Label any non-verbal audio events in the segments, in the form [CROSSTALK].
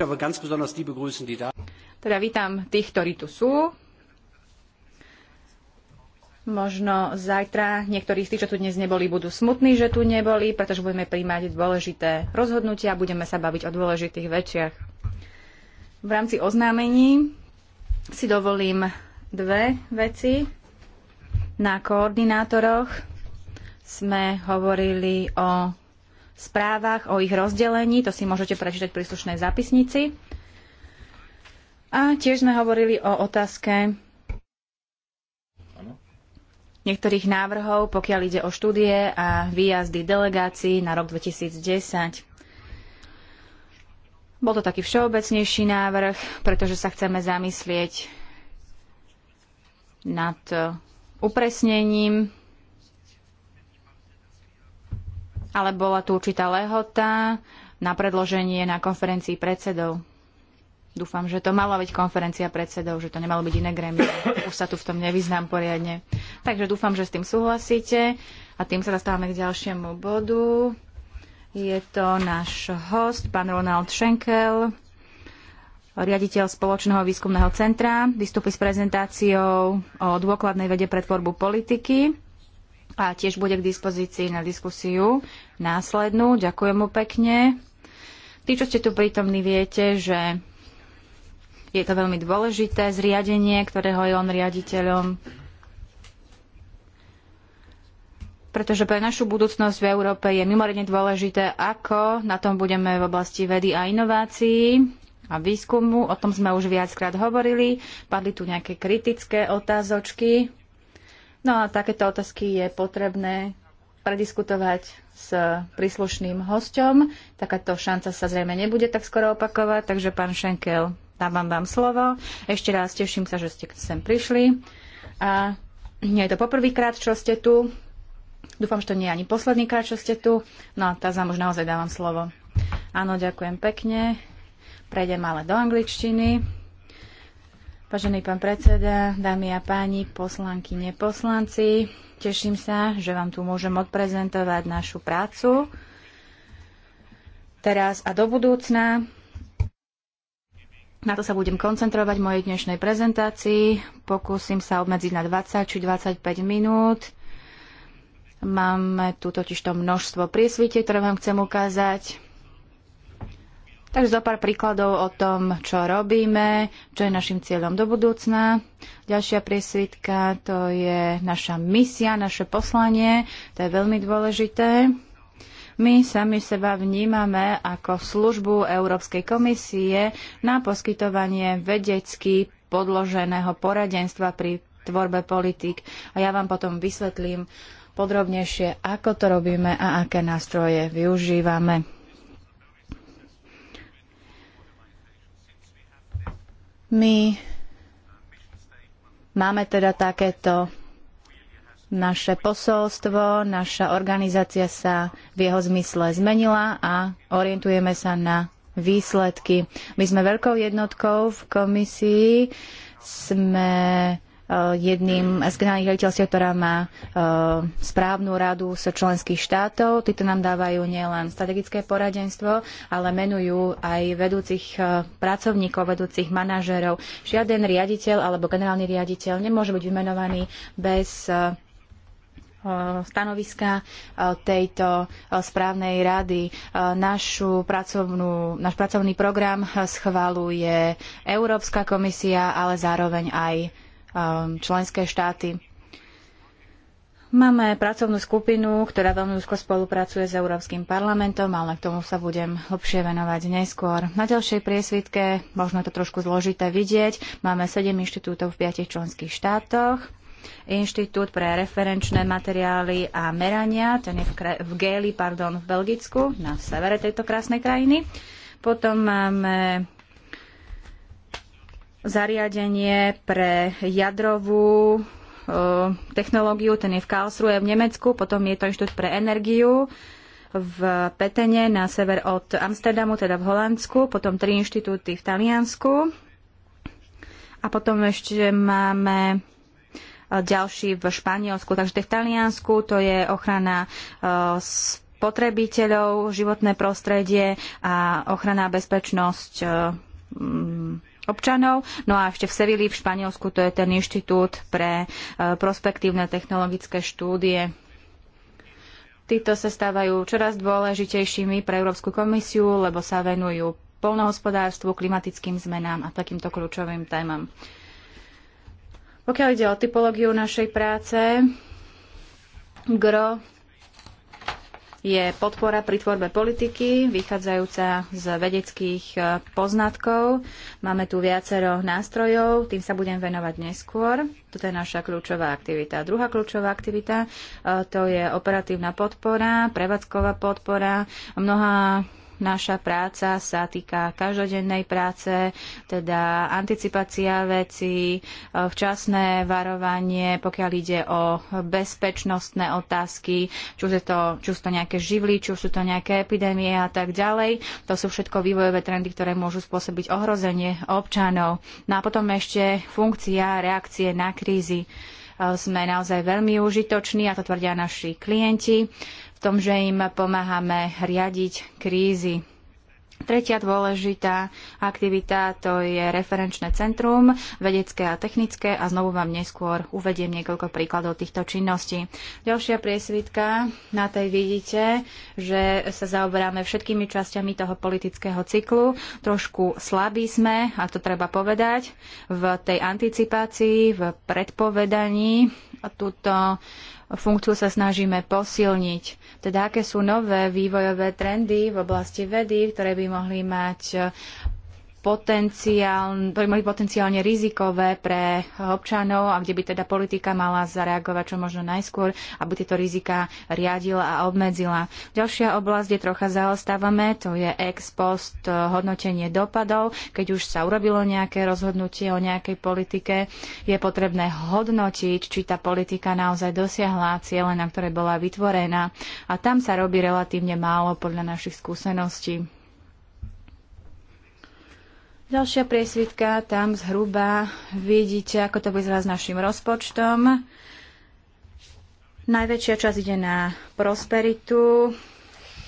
Teda vítam tých, ktorí tu sú. Možno zajtra niektorí z tých, čo tu dnes neboli, budú smutní, že tu neboli, pretože budeme príjmať dôležité rozhodnutia a budeme sa baviť o dôležitých veciach. V rámci oznámení si dovolím dve veci. Na koordinátoroch sme hovorili o správach o ich rozdelení, to si môžete prečítať v príslušnej zápisnici. A tiež sme hovorili o otázke niektorých návrhov, pokiaľ ide o štúdie a výjazdy delegácií na rok 2010. Bol to taký všeobecnejší návrh, pretože sa chceme zamyslieť nad upresnením ale bola tu určitá lehota na predloženie na konferencii predsedov. Dúfam, že to mala byť konferencia predsedov, že to nemalo byť iné gremie. Už sa tu v tom nevyznám poriadne. Takže dúfam, že s tým súhlasíte. A tým sa dostávame k ďalšiemu bodu. Je to náš host, pán Ronald Schenkel, riaditeľ Spoločného výskumného centra. Vystúpi s prezentáciou o dôkladnej vede pre tvorbu politiky a tiež bude k dispozícii na diskusiu následnú. Ďakujem mu pekne. Tí, čo ste tu prítomní, viete, že je to veľmi dôležité zriadenie, ktorého je on riaditeľom. Pretože pre našu budúcnosť v Európe je mimoriadne dôležité, ako na tom budeme v oblasti vedy a inovácií a výskumu. O tom sme už viackrát hovorili. Padli tu nejaké kritické otázočky. No a takéto otázky je potrebné prediskutovať s príslušným hosťom. Takáto šanca sa zrejme nebude tak skoro opakovať, takže pán Šenkel, dávam vám slovo. Ešte raz teším sa, že ste sem prišli. A nie je to poprvýkrát, čo ste tu. Dúfam, že to nie je ani posledný krát, čo ste tu. No a teraz vám už naozaj dávam slovo. Áno, ďakujem pekne. Prejdem ale do angličtiny. Vážený pán predseda, dámy a páni, poslanky, neposlanci, teším sa, že vám tu môžem odprezentovať našu prácu teraz a do budúcna. Na to sa budem koncentrovať v mojej dnešnej prezentácii. Pokúsim sa obmedziť na 20 či 25 minút. Máme tu totižto množstvo priesvite, ktoré vám chcem ukázať. Takže zo pár príkladov o tom, čo robíme, čo je našim cieľom do budúcna. Ďalšia priesvitka to je naša misia, naše poslanie. To je veľmi dôležité. My sami seba vnímame ako službu Európskej komisie na poskytovanie vedecky podloženého poradenstva pri tvorbe politik. A ja vám potom vysvetlím podrobnejšie, ako to robíme a aké nástroje využívame. My máme teda takéto naše posolstvo, naša organizácia sa v jeho zmysle zmenila a orientujeme sa na výsledky. My sme veľkou jednotkou v komisii, sme Eh, jedným z generálnych riaditeľstiev, ktorá má eh, správnu radu z členských štátov. Títo nám dávajú nielen strategické poradenstvo, ale menujú aj vedúcich eh, pracovníkov, vedúcich manažérov. Žiaden riaditeľ alebo generálny riaditeľ nemôže byť vymenovaný bez stanoviska tejto správnej rady. Našu pracovnú, náš pracovný program schvaluje Európska komisia, ale zároveň aj Um, členské štáty. Máme pracovnú skupinu, ktorá veľmi úzko spolupracuje s Európskym parlamentom, ale k tomu sa budem hlbšie venovať neskôr. Na ďalšej priesvitke, možno to trošku zložité vidieť, máme 7 inštitútov v 5 členských štátoch. Inštitút pre referenčné materiály a merania, ten je v, kre- v Géli, pardon, v Belgicku, na severe tejto krásnej krajiny. Potom máme zariadenie pre jadrovú e, technológiu, ten je v Karlsruhe v Nemecku, potom je to Inštitút pre energiu v Petene na sever od Amsterdamu, teda v Holandsku, potom tri inštitúty v Taliansku a potom ešte máme e, ďalší v Španielsku. Takže to je v Taliansku, to je ochrana e, spotrebiteľov, životné prostredie a ochrana a bezpečnosť občanov. No a ešte v Sevili v Španielsku to je ten inštitút pre e, prospektívne technologické štúdie. Títo sa stávajú čoraz dôležitejšími pre Európsku komisiu, lebo sa venujú polnohospodárstvu, klimatickým zmenám a takýmto kľúčovým témam. Pokiaľ ide o typológiu našej práce, gro je podpora pri tvorbe politiky, vychádzajúca z vedeckých e, poznatkov. Máme tu viacero nástrojov, tým sa budem venovať neskôr. Toto je naša kľúčová aktivita. Druhá kľúčová aktivita e, to je operatívna podpora, prevádzková podpora. Mnohá naša práca sa týka každodennej práce, teda anticipácia vecí, eh, včasné varovanie, pokiaľ ide o bezpečnostné otázky, či sú to, či sú to nejaké živly, či sú to nejaké epidémie a tak ďalej. To sú všetko vývojové trendy, ktoré môžu spôsobiť ohrozenie občanov. No a potom ešte funkcia reakcie na krízy eh, sme naozaj veľmi užitoční a to tvrdia naši klienti tom, že im pomáhame riadiť krízy. Tretia dôležitá aktivita to je referenčné centrum, vedecké a technické a znovu vám neskôr uvediem niekoľko príkladov týchto činností. Ďalšia priesvitka, na tej vidíte, že sa zaoberáme všetkými časťami toho politického cyklu. Trošku slabí sme, a to treba povedať, v tej anticipácii, v predpovedaní. Tuto funkciu sa snažíme posilniť. Teda aké sú nové vývojové trendy v oblasti vedy, ktoré by mohli mať potenciál, boli, potenciálne rizikové pre občanov a kde by teda politika mala zareagovať čo možno najskôr, aby tieto rizika riadila a obmedzila. Ďalšia oblasť, kde trocha zaostávame, to je ex post hodnotenie dopadov. Keď už sa urobilo nejaké rozhodnutie o nejakej politike, je potrebné hodnotiť, či tá politika naozaj dosiahla ciele, na ktoré bola vytvorená. A tam sa robí relatívne málo podľa našich skúseností. Ďalšia priesvitka, tam zhruba vidíte, ako to vyzerá s našim rozpočtom. Najväčšia časť ide na prosperitu,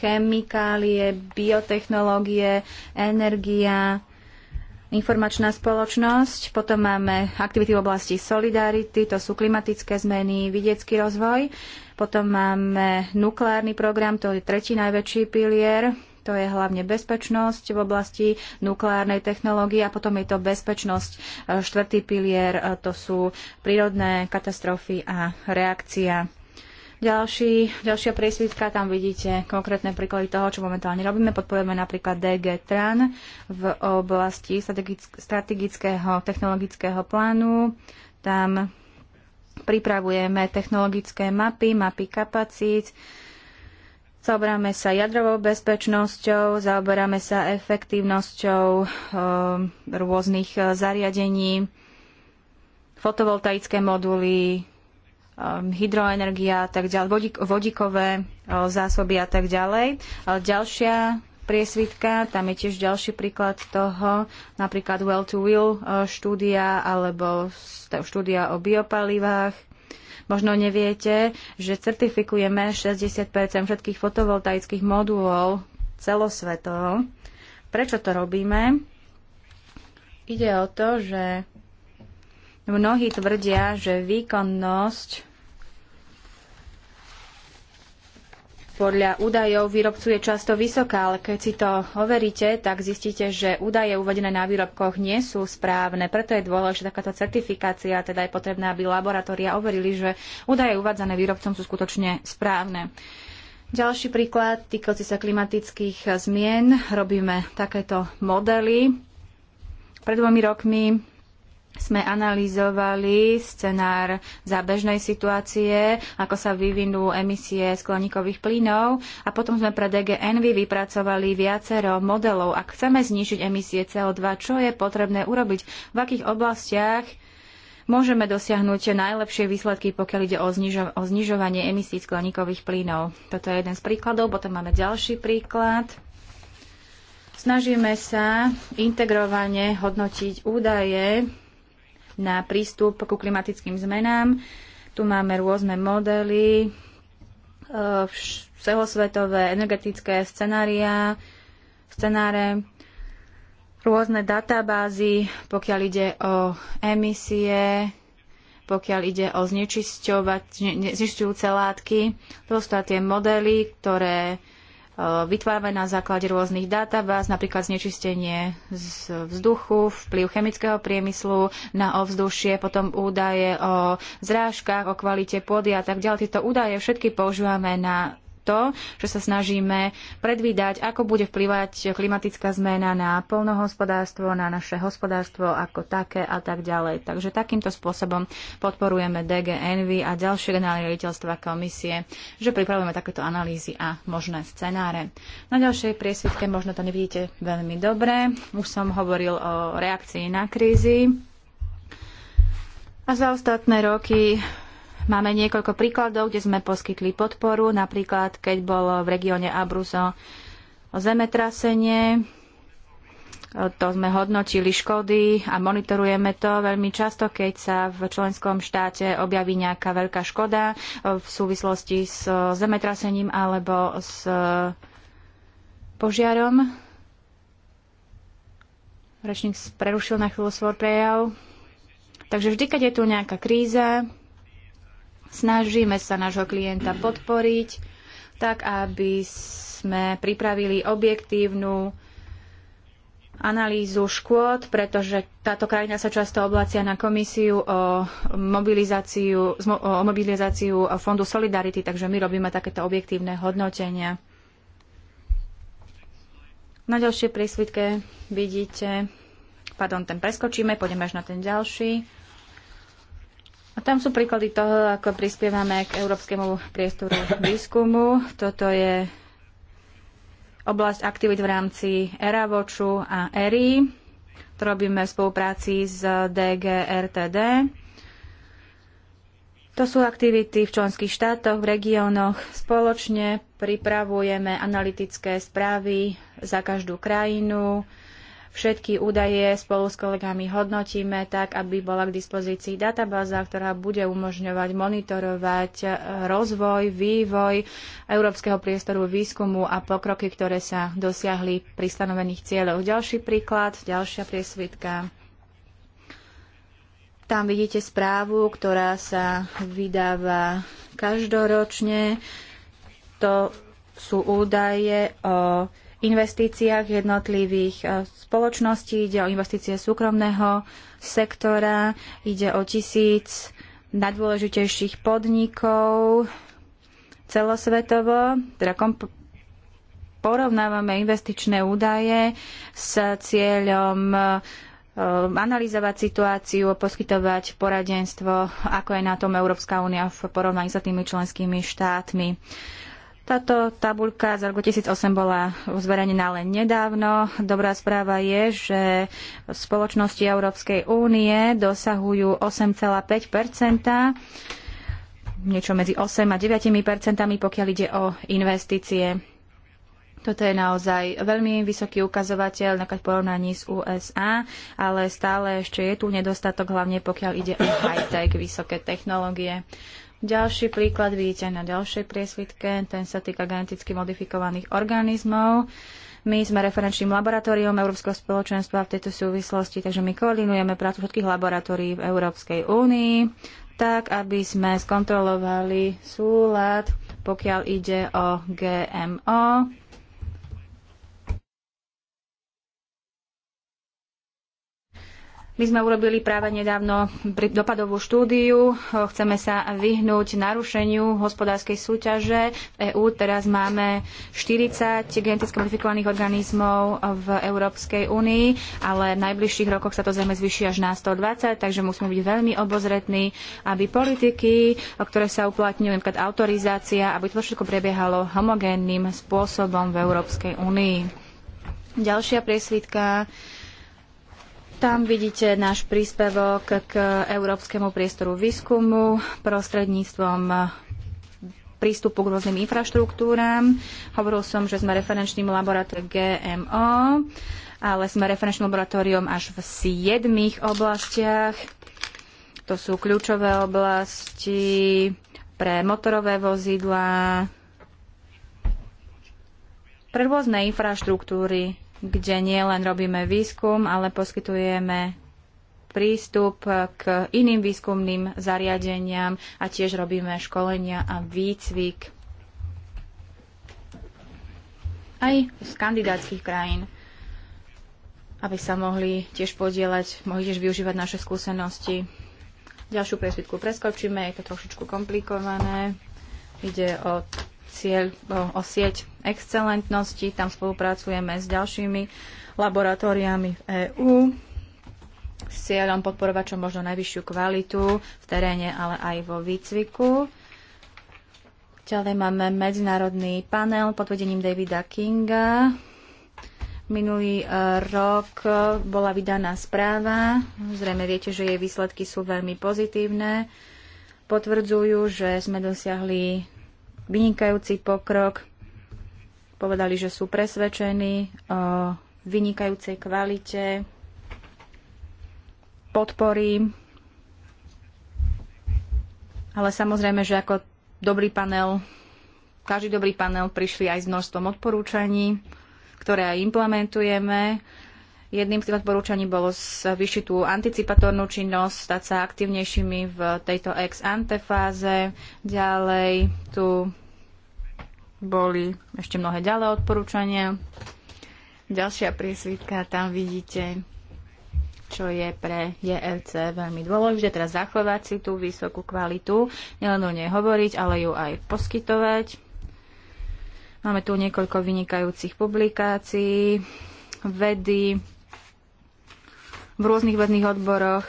chemikálie, biotechnológie, energia, informačná spoločnosť. Potom máme aktivity v oblasti solidarity, to sú klimatické zmeny, vidiecký rozvoj. Potom máme nukleárny program, to je tretí najväčší pilier, to je hlavne bezpečnosť v oblasti nukleárnej technológie a potom je to bezpečnosť. E, štvrtý pilier e, to sú prírodné katastrofy a reakcia. Ďalší, ďalšia priesvitka, tam vidíte konkrétne príklady toho, čo momentálne robíme. Podporujeme napríklad DG TRAN v oblasti strategického technologického plánu. Tam pripravujeme technologické mapy, mapy kapacít, Zaoberáme sa jadrovou bezpečnosťou, zaoberáme sa efektívnosťou e, rôznych eh, zariadení, fotovoltaické moduly, e, hydroenergia a tak ďalej, vodík, vodíkové e, zásoby a tak ďalej. ďalšia priesvitka, tam je tiež ďalší príklad toho, napríklad well-to-wheel štúdia alebo štúdia o biopalivách Možno neviete, že certifikujeme 60 všetkých fotovoltaických modulov celosvetovo. Prečo to robíme? Ide o to, že mnohí tvrdia, že výkonnosť podľa údajov výrobcu je často vysoká, ale keď si to overíte, tak zistíte, že údaje uvedené na výrobkoch nie sú správne. Preto je dôležitá takáto certifikácia, teda je potrebné, aby laboratória overili, že údaje uvádzané výrobcom sú skutočne správne. Ďalší príklad týkajúci sa klimatických zmien. Robíme takéto modely. Pred dvomi rokmi sme analyzovali scenár zábežnej situácie, ako sa vyvinú emisie skleníkových plynov a potom sme pre DGNV vypracovali viacero modelov. Ak chceme znižiť emisie CO2, čo je potrebné urobiť, v akých oblastiach môžeme dosiahnuť najlepšie výsledky, pokiaľ ide o, znižo- o znižovanie emisí skleníkových plynov. Toto je jeden z príkladov, potom máme ďalší príklad. Snažíme sa integrovane hodnotiť údaje na prístup ku klimatickým zmenám. Tu máme rôzne modely, eh, celosvetové energetické scenária, scenáre, rôzne databázy, pokiaľ ide o emisie, pokiaľ ide o znečisťujúce látky. To sú teda tie modely, ktoré vytvárame na základe rôznych databáz, napríklad znečistenie z vzduchu, vplyv chemického priemyslu na ovzdušie, potom údaje o zrážkach, o kvalite pôdy a tak ďalej. Tieto údaje všetky používame na to, že sa snažíme predvídať, ako bude vplyvať klimatická zmena na polnohospodárstvo, na naše hospodárstvo ako také a tak ďalej. Takže takýmto spôsobom podporujeme DGNV a ďalšie generálne riaditeľstva komisie, že pripravujeme takéto analýzy a možné scenáre. Na ďalšej priesvitke možno to nevidíte veľmi dobre. Už som hovoril o reakcii na krízy. A za ostatné roky Máme niekoľko príkladov, kde sme poskytli podporu, napríklad keď bolo v regióne Abruso zemetrasenie, to sme hodnotili škody a monitorujeme to veľmi často, keď sa v členskom štáte objaví nejaká veľká škoda v súvislosti s zemetrasením alebo s požiarom. Rečník prerušil na chvíľu svoj prejav. Takže vždy, keď je tu nejaká kríza, Snažíme sa nášho klienta podporiť, tak aby sme pripravili objektívnu analýzu škôd, pretože táto krajina sa často oblacia na komisiu o mobilizáciu, o mobilizáciu Fondu Solidarity, takže my robíme takéto objektívne hodnotenia. Na ďalšej prísvitke vidíte, pardon, ten preskočíme, pôjdeme až na ten ďalší. A tam sú príklady toho, ako prispievame k európskemu priestoru výskumu. Toto je oblasť aktivít v rámci ERAVOČu a ERI. To robíme v spolupráci s DGRTD. To sú aktivity v členských štátoch, v regiónoch. Spoločne pripravujeme analytické správy za každú krajinu, Všetky údaje spolu s kolegami hodnotíme tak, aby bola k dispozícii databáza, ktorá bude umožňovať monitorovať eh, rozvoj, vývoj európskeho priestoru výskumu a pokroky, ktoré sa dosiahli pri stanovených cieľoch. Ďalší príklad, ďalšia priesvitka. Tam vidíte správu, ktorá sa vydáva každoročne. To sú údaje o investíciách jednotlivých e, spoločností, ide o investície súkromného sektora, ide o tisíc najdôležitejších podnikov celosvetovo, teda porovnávame investičné údaje s cieľom e, analyzovať situáciu, poskytovať poradenstvo, ako je na tom Európska únia v porovnaní s tými členskými štátmi. Táto tabuľka z roku 2008 bola zverejnená len nedávno. Dobrá správa je, že spoločnosti Európskej únie dosahujú 8,5 niečo medzi 8 a 9 percentami, pokiaľ ide o investície. Toto je naozaj veľmi vysoký ukazovateľ, na porovnaní s USA, ale stále ešte je tu nedostatok, hlavne pokiaľ ide o high-tech, vysoké technológie. Ďalší príklad vidíte na ďalšej priesvitke, ten sa týka geneticky modifikovaných organizmov. My sme referenčným laboratóriom Európskeho spoločenstva v tejto súvislosti, takže my koordinujeme prácu všetkých laboratórií v Európskej únii, tak aby sme skontrolovali súlad, pokiaľ ide o GMO My sme urobili práve nedávno dopadovú štúdiu. Chceme sa vyhnúť narušeniu hospodárskej súťaže v EÚ. Teraz máme 40 geneticky modifikovaných organizmov v Európskej únii, ale v najbližších rokoch sa to zrejme zvyší až na 120, takže musíme byť veľmi obozretní, aby politiky, ktoré sa uplatňujú, napríklad autorizácia, aby to všetko prebiehalo homogénnym spôsobom v Európskej únii. Ďalšia priesvitka tam vidíte náš príspevok k európskemu priestoru výskumu prostredníctvom prístupu k rôznym infraštruktúram. Hovoril som, že sme referenčným laboratóriom GMO, ale sme referenčným laboratóriom až v siedmých oblastiach. To sú kľúčové oblasti pre motorové vozidlá, pre rôzne infraštruktúry, kde nielen robíme výskum, ale poskytujeme prístup k iným výskumným zariadeniam a tiež robíme školenia a výcvik aj z kandidátskych krajín, aby sa mohli tiež podielať, mohli tiež využívať naše skúsenosti. Ďalšiu presvitku preskočíme, je to trošičku komplikované. Ide o cieľ, o sieť excelentnosti. Tam spolupracujeme s ďalšími laboratóriami v EÚ s cieľom podporovať čo možno najvyššiu kvalitu v teréne, ale aj vo výcviku. Ďalej máme medzinárodný panel pod vedením Davida Kinga. Minulý e, rok bola vydaná správa. Zrejme viete, že jej výsledky sú veľmi pozitívne. Potvrdzujú, že sme dosiahli vynikajúci pokrok. Povedali, že sú presvedčení o vynikajúcej kvalite podpory. Ale samozrejme, že ako dobrý panel, každý dobrý panel prišli aj s množstvom odporúčaní, ktoré aj implementujeme Jedným z tých odporúčaní bolo zvýšiť tú anticipatórnu činnosť, stať sa aktívnejšími v tejto ex ante fáze. Ďalej tu boli ešte mnohé ďalej odporúčania. Ďalšia prísvitka, tam vidíte, čo je pre JLC veľmi dôležité, teda zachovať si tú vysokú kvalitu, nielen o nej hovoriť, ale ju aj poskytovať. Máme tu niekoľko vynikajúcich publikácií, vedy, v rôznych vedných odboroch.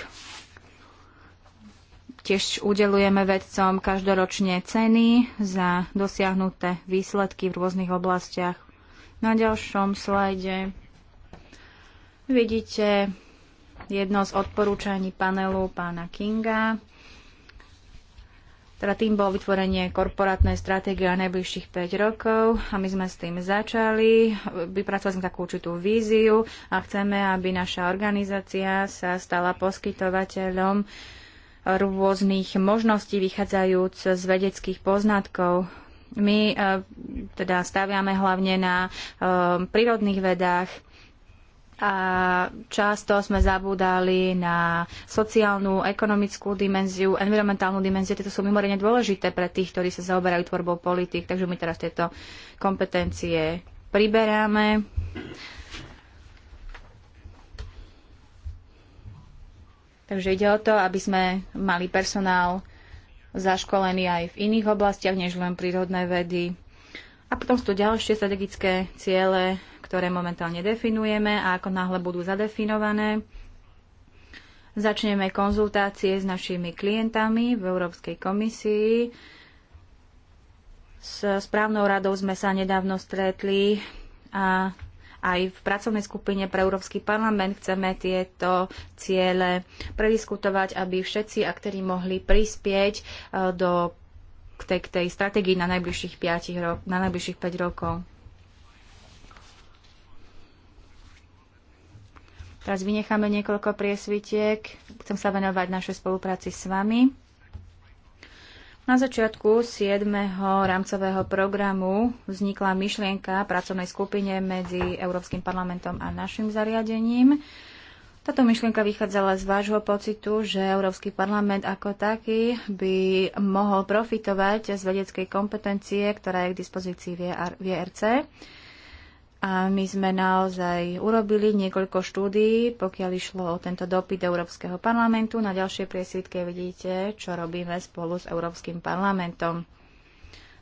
Tiež udelujeme vedcom každoročne ceny za dosiahnuté výsledky v rôznych oblastiach. Na ďalšom slajde vidíte jedno z odporúčaní panelu pána Kinga teda tým bolo vytvorenie korporátnej stratégie na najbližších 5 rokov a my sme s tým začali. Vypracovali sme takú určitú víziu a chceme, aby naša organizácia sa stala poskytovateľom rôznych možností vychádzajúc z vedeckých poznatkov. My eh, teda staviame hlavne na eh, prírodných vedách, a často sme zabúdali na sociálnu, ekonomickú dimenziu, environmentálnu dimenziu. Tieto sú mimoriadne dôležité pre tých, ktorí sa zaoberajú tvorbou politik, takže my teraz tieto kompetencie priberáme. Takže ide o to, aby sme mali personál zaškolený aj v iných oblastiach, než len prírodné vedy. A potom sú tu ďalšie strategické ciele ktoré momentálne definujeme a ako náhle budú zadefinované, začneme konzultácie s našimi klientami v Európskej komisii. S správnou radou sme sa nedávno stretli a aj v pracovnej skupine pre Európsky parlament chceme tieto ciele prediskutovať, aby všetci aktéri mohli prispieť eh, do k tej, k tej stratégii na najbližších, 5 rok, na najbližších 5 rokov. Teraz vynecháme niekoľko priesvitiek. Chcem sa venovať našej spolupráci s vami. Na začiatku 7. rámcového programu vznikla myšlienka pracovnej skupine medzi Európskym parlamentom a našim zariadením. Táto myšlienka vychádzala z vášho pocitu, že Európsky parlament ako taký by mohol profitovať z vedeckej kompetencie, ktorá je k dispozícii VRC e a my sme naozaj urobili niekoľko štúdií, pokiaľ išlo o tento dopyt Európskeho parlamentu. Na ďalšej priesvitke vidíte, čo robíme spolu s Európskym parlamentom.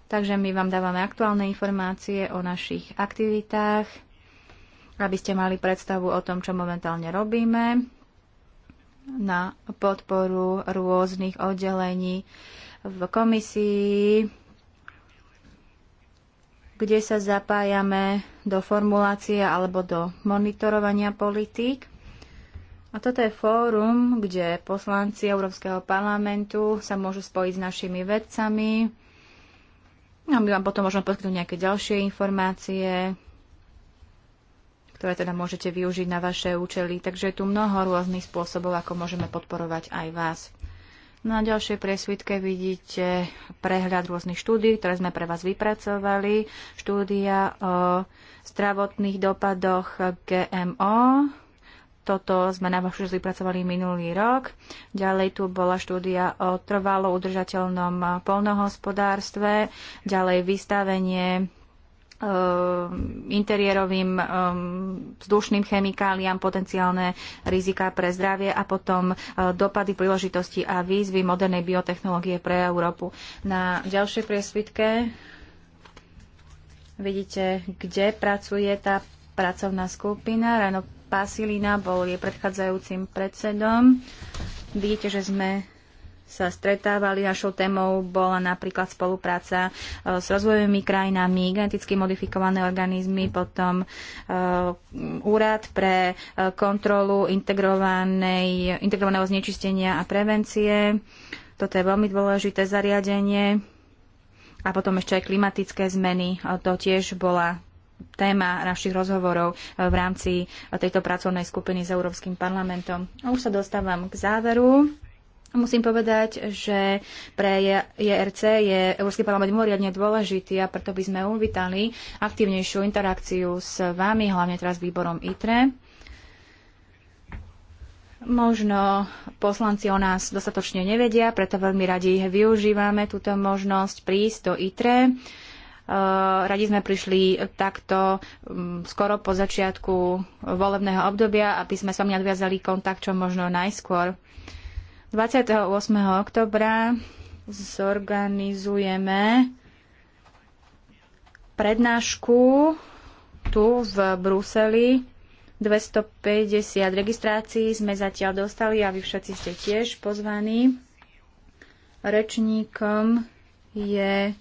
Takže my vám dávame aktuálne informácie o našich aktivitách, aby ste mali predstavu o tom, čo momentálne robíme na podporu rôznych oddelení v komisii, kde sa zapájame do formulácie alebo do monitorovania politík. A toto je fórum, kde poslanci Európskeho parlamentu sa môžu spojiť s našimi vedcami. A my vám potom môžeme poskytnúť nejaké ďalšie informácie, ktoré teda môžete využiť na vaše účely. Takže je tu mnoho rôznych spôsobov, ako môžeme podporovať aj vás. Na ďalšej presvitke vidíte prehľad rôznych štúdí, ktoré sme pre vás vypracovali. Štúdia o zdravotných dopadoch GMO. Toto sme na vašu vypracovali minulý rok. Ďalej tu bola štúdia o trvalo udržateľnom polnohospodárstve. Ďalej vystavenie Ehm, interiérovým ehm, vzdušným chemikáliám, potenciálne rizika pre zdravie a potom e, dopady, príležitosti a výzvy modernej biotechnológie pre Európu. Na ďalšej priesvitke vidíte, kde pracuje tá pracovná skupina. Rano Pasilina bol jej predchádzajúcim predsedom. Vidíte, že sme sa stretávali. Našou témou bola napríklad spolupráca e, s rozvojovými krajinami, geneticky modifikované organizmy, potom e, úrad pre e, kontrolu integrovaného znečistenia a prevencie. Toto je veľmi dôležité zariadenie. A potom ešte aj klimatické zmeny. To tiež bola téma našich rozhovorov v rámci tejto pracovnej skupiny s Európskym parlamentom. A už sa dostávam k záveru. Musím povedať, že pre JRC je Európsky parlament mimoriadne dôležitý a preto by sme uvítali aktívnejšiu interakciu s vami, hlavne teraz výborom ITRE. Možno poslanci o nás dostatočne nevedia, preto veľmi radi využívame túto možnosť prísť do ITRE. Uh, radi sme prišli takto um, skoro po začiatku volebného obdobia, aby sme s vami nadviazali kontakt čo možno najskôr. 28. oktobra zorganizujeme prednášku tu v Bruseli. 250 registrácií sme zatiaľ dostali a vy všetci ste tiež pozvaní. Rečníkom je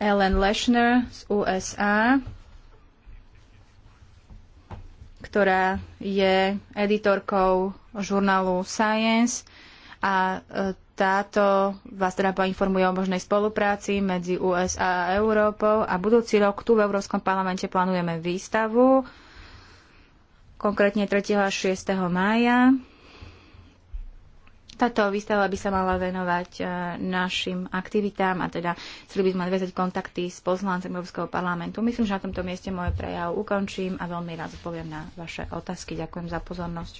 Ellen Leschner z USA, ktorá je editorkou žurnálu Science a e, táto vás teda poinformuje o možnej spolupráci medzi USA a Európou a budúci rok tu v Európskom parlamente plánujeme výstavu, konkrétne 3. a 6. mája. Táto výstava by sa mala venovať e, našim aktivitám a teda chceli by sme nadviazať kontakty s poslancem Európskeho parlamentu. Myslím, že na tomto mieste môj prejav ukončím a veľmi rád odpoviem na vaše otázky. Ďakujem za pozornosť.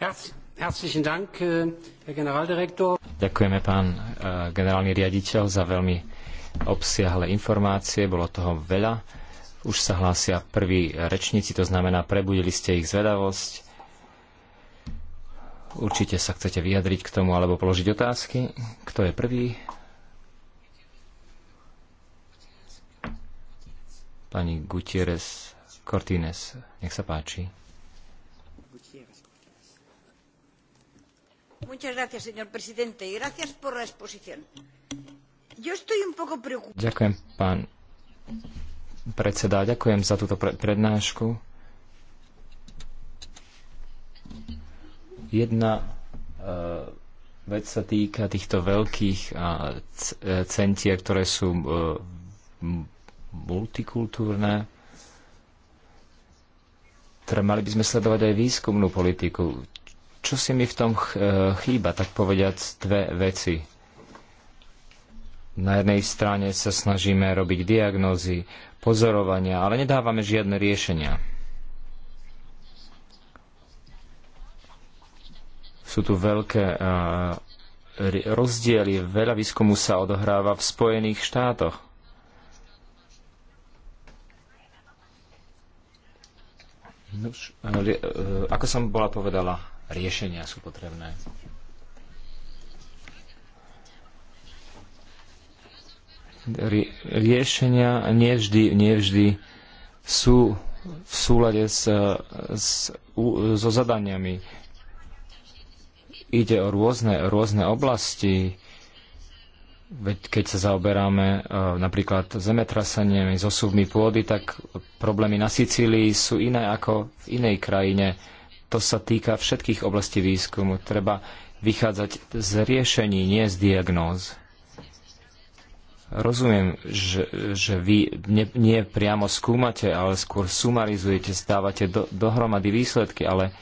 Äh, Ďakujeme, pán äh, generálny riaditeľ, za veľmi obsiahle informácie. Bolo toho veľa. Už sa hlásia prví rečníci, to znamená, prebudili ste ich zvedavosť. Určite sa chcete vyjadriť k tomu alebo položiť otázky. Kto je prvý? Pani Gutierrez Cortines, nech sa páči. Ďakujem, pán predseda. Ďakujem za túto prednášku. Jedna uh, vec sa týka týchto veľkých uh, centier, ktoré sú uh, multikultúrne. Teda mali by sme sledovať aj výskumnú politiku. Čo si mi v tom e, chýba, tak povediať dve veci. Na jednej strane sa snažíme robiť diagnózy, pozorovania, ale nedávame žiadne riešenia. Sú tu veľké e, rozdiely. Veľa výskumu sa odohráva v Spojených štátoch. Nož, e, ako som bola povedala, riešenia sú potrebné. Riešenia nevždy, nevždy sú v súlade s, s, so zadaniami. Ide o rôzne, rôzne oblasti, Veď keď sa zaoberáme e, napríklad zemetraseniami, zosuvmi pôdy, tak problémy na Sicílii sú iné ako v inej krajine to sa týka všetkých oblastí výskumu. Treba vychádzať z riešení, nie z diagnóz. Rozumiem, že, že vy ne, nie priamo skúmate, ale skôr sumarizujete, stávate do, dohromady výsledky, ale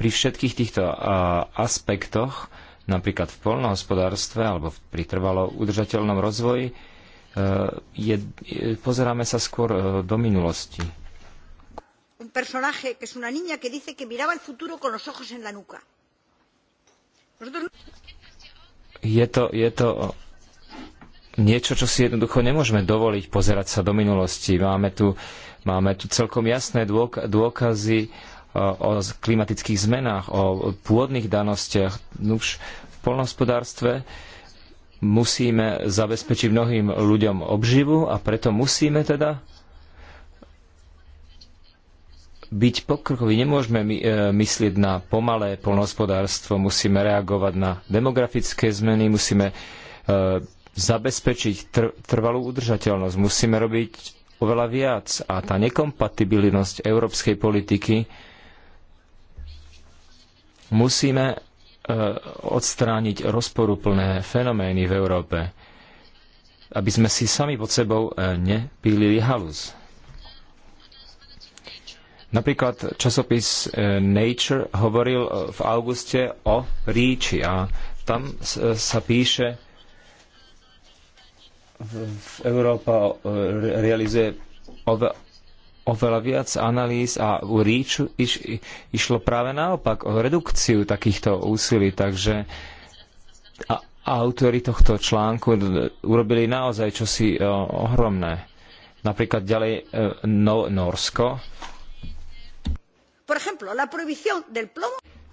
pri všetkých týchto a, aspektoch, napríklad v polnohospodárstve alebo pri trvalo udržateľnom rozvoji, je, je, e, pozeráme sa skôr e, do minulosti un personaje que es una niña que dice que miraba el futuro con los ojos en la nuca. Nosotros... No- je to, y esto... niečo, čo si jednoducho nemôžeme dovoliť pozerať sa do minulosti. Máme tu, máme tu celkom jasné dôkazy e, o, klimatických zmenách, o, o pôdnych danostiach. Už v polnohospodárstve musíme zabezpečiť mnohým ľuďom obživu a preto musíme teda byť pokrokoví. Nemôžeme my, e, myslieť na pomalé polnohospodárstvo, musíme reagovať na demografické zmeny, musíme e, zabezpečiť tr- trvalú udržateľnosť, musíme robiť oveľa viac a tá nekompatibilnosť európskej politiky musíme e, odstrániť rozporuplné fenomény v Európe, aby sme si sami pod sebou e, nepílili halus. Napríklad časopis e, Nature hovoril e, v auguste o ríči a tam e, sa píše, Európa realizuje oveľa viac analýz a u ríču iš, išlo práve naopak o redukciu takýchto úsilí, takže a autory tohto článku urobili naozaj čosi ohromné. Napríklad ďalej no, Norsko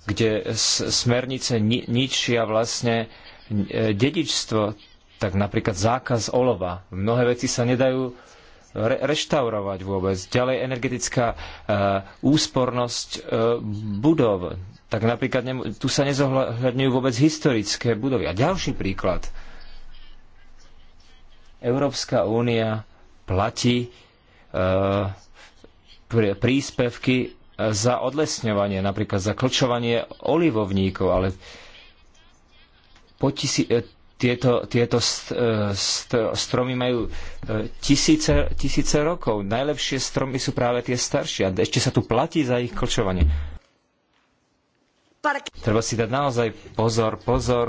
kde smernice ni- ničia vlastne e, dedičstvo, tak napríklad zákaz olova. Mnohé veci sa nedajú re- reštaurovať vôbec. Ďalej energetická uh, úspornosť uh, budov. Tak napríklad ne- tu sa nezohľadňujú vôbec historické budovy. A ďalší príklad. Európska únia platí uh, príspevky za odlesňovanie, napríklad za klčovanie olivovníkov, ale po tisi- e, tieto, tieto st- e, st- stromy majú e, tisíce, tisíce rokov. Najlepšie stromy sú práve tie staršie a ešte sa tu platí za ich klčovanie. Treba si dať naozaj pozor, pozor.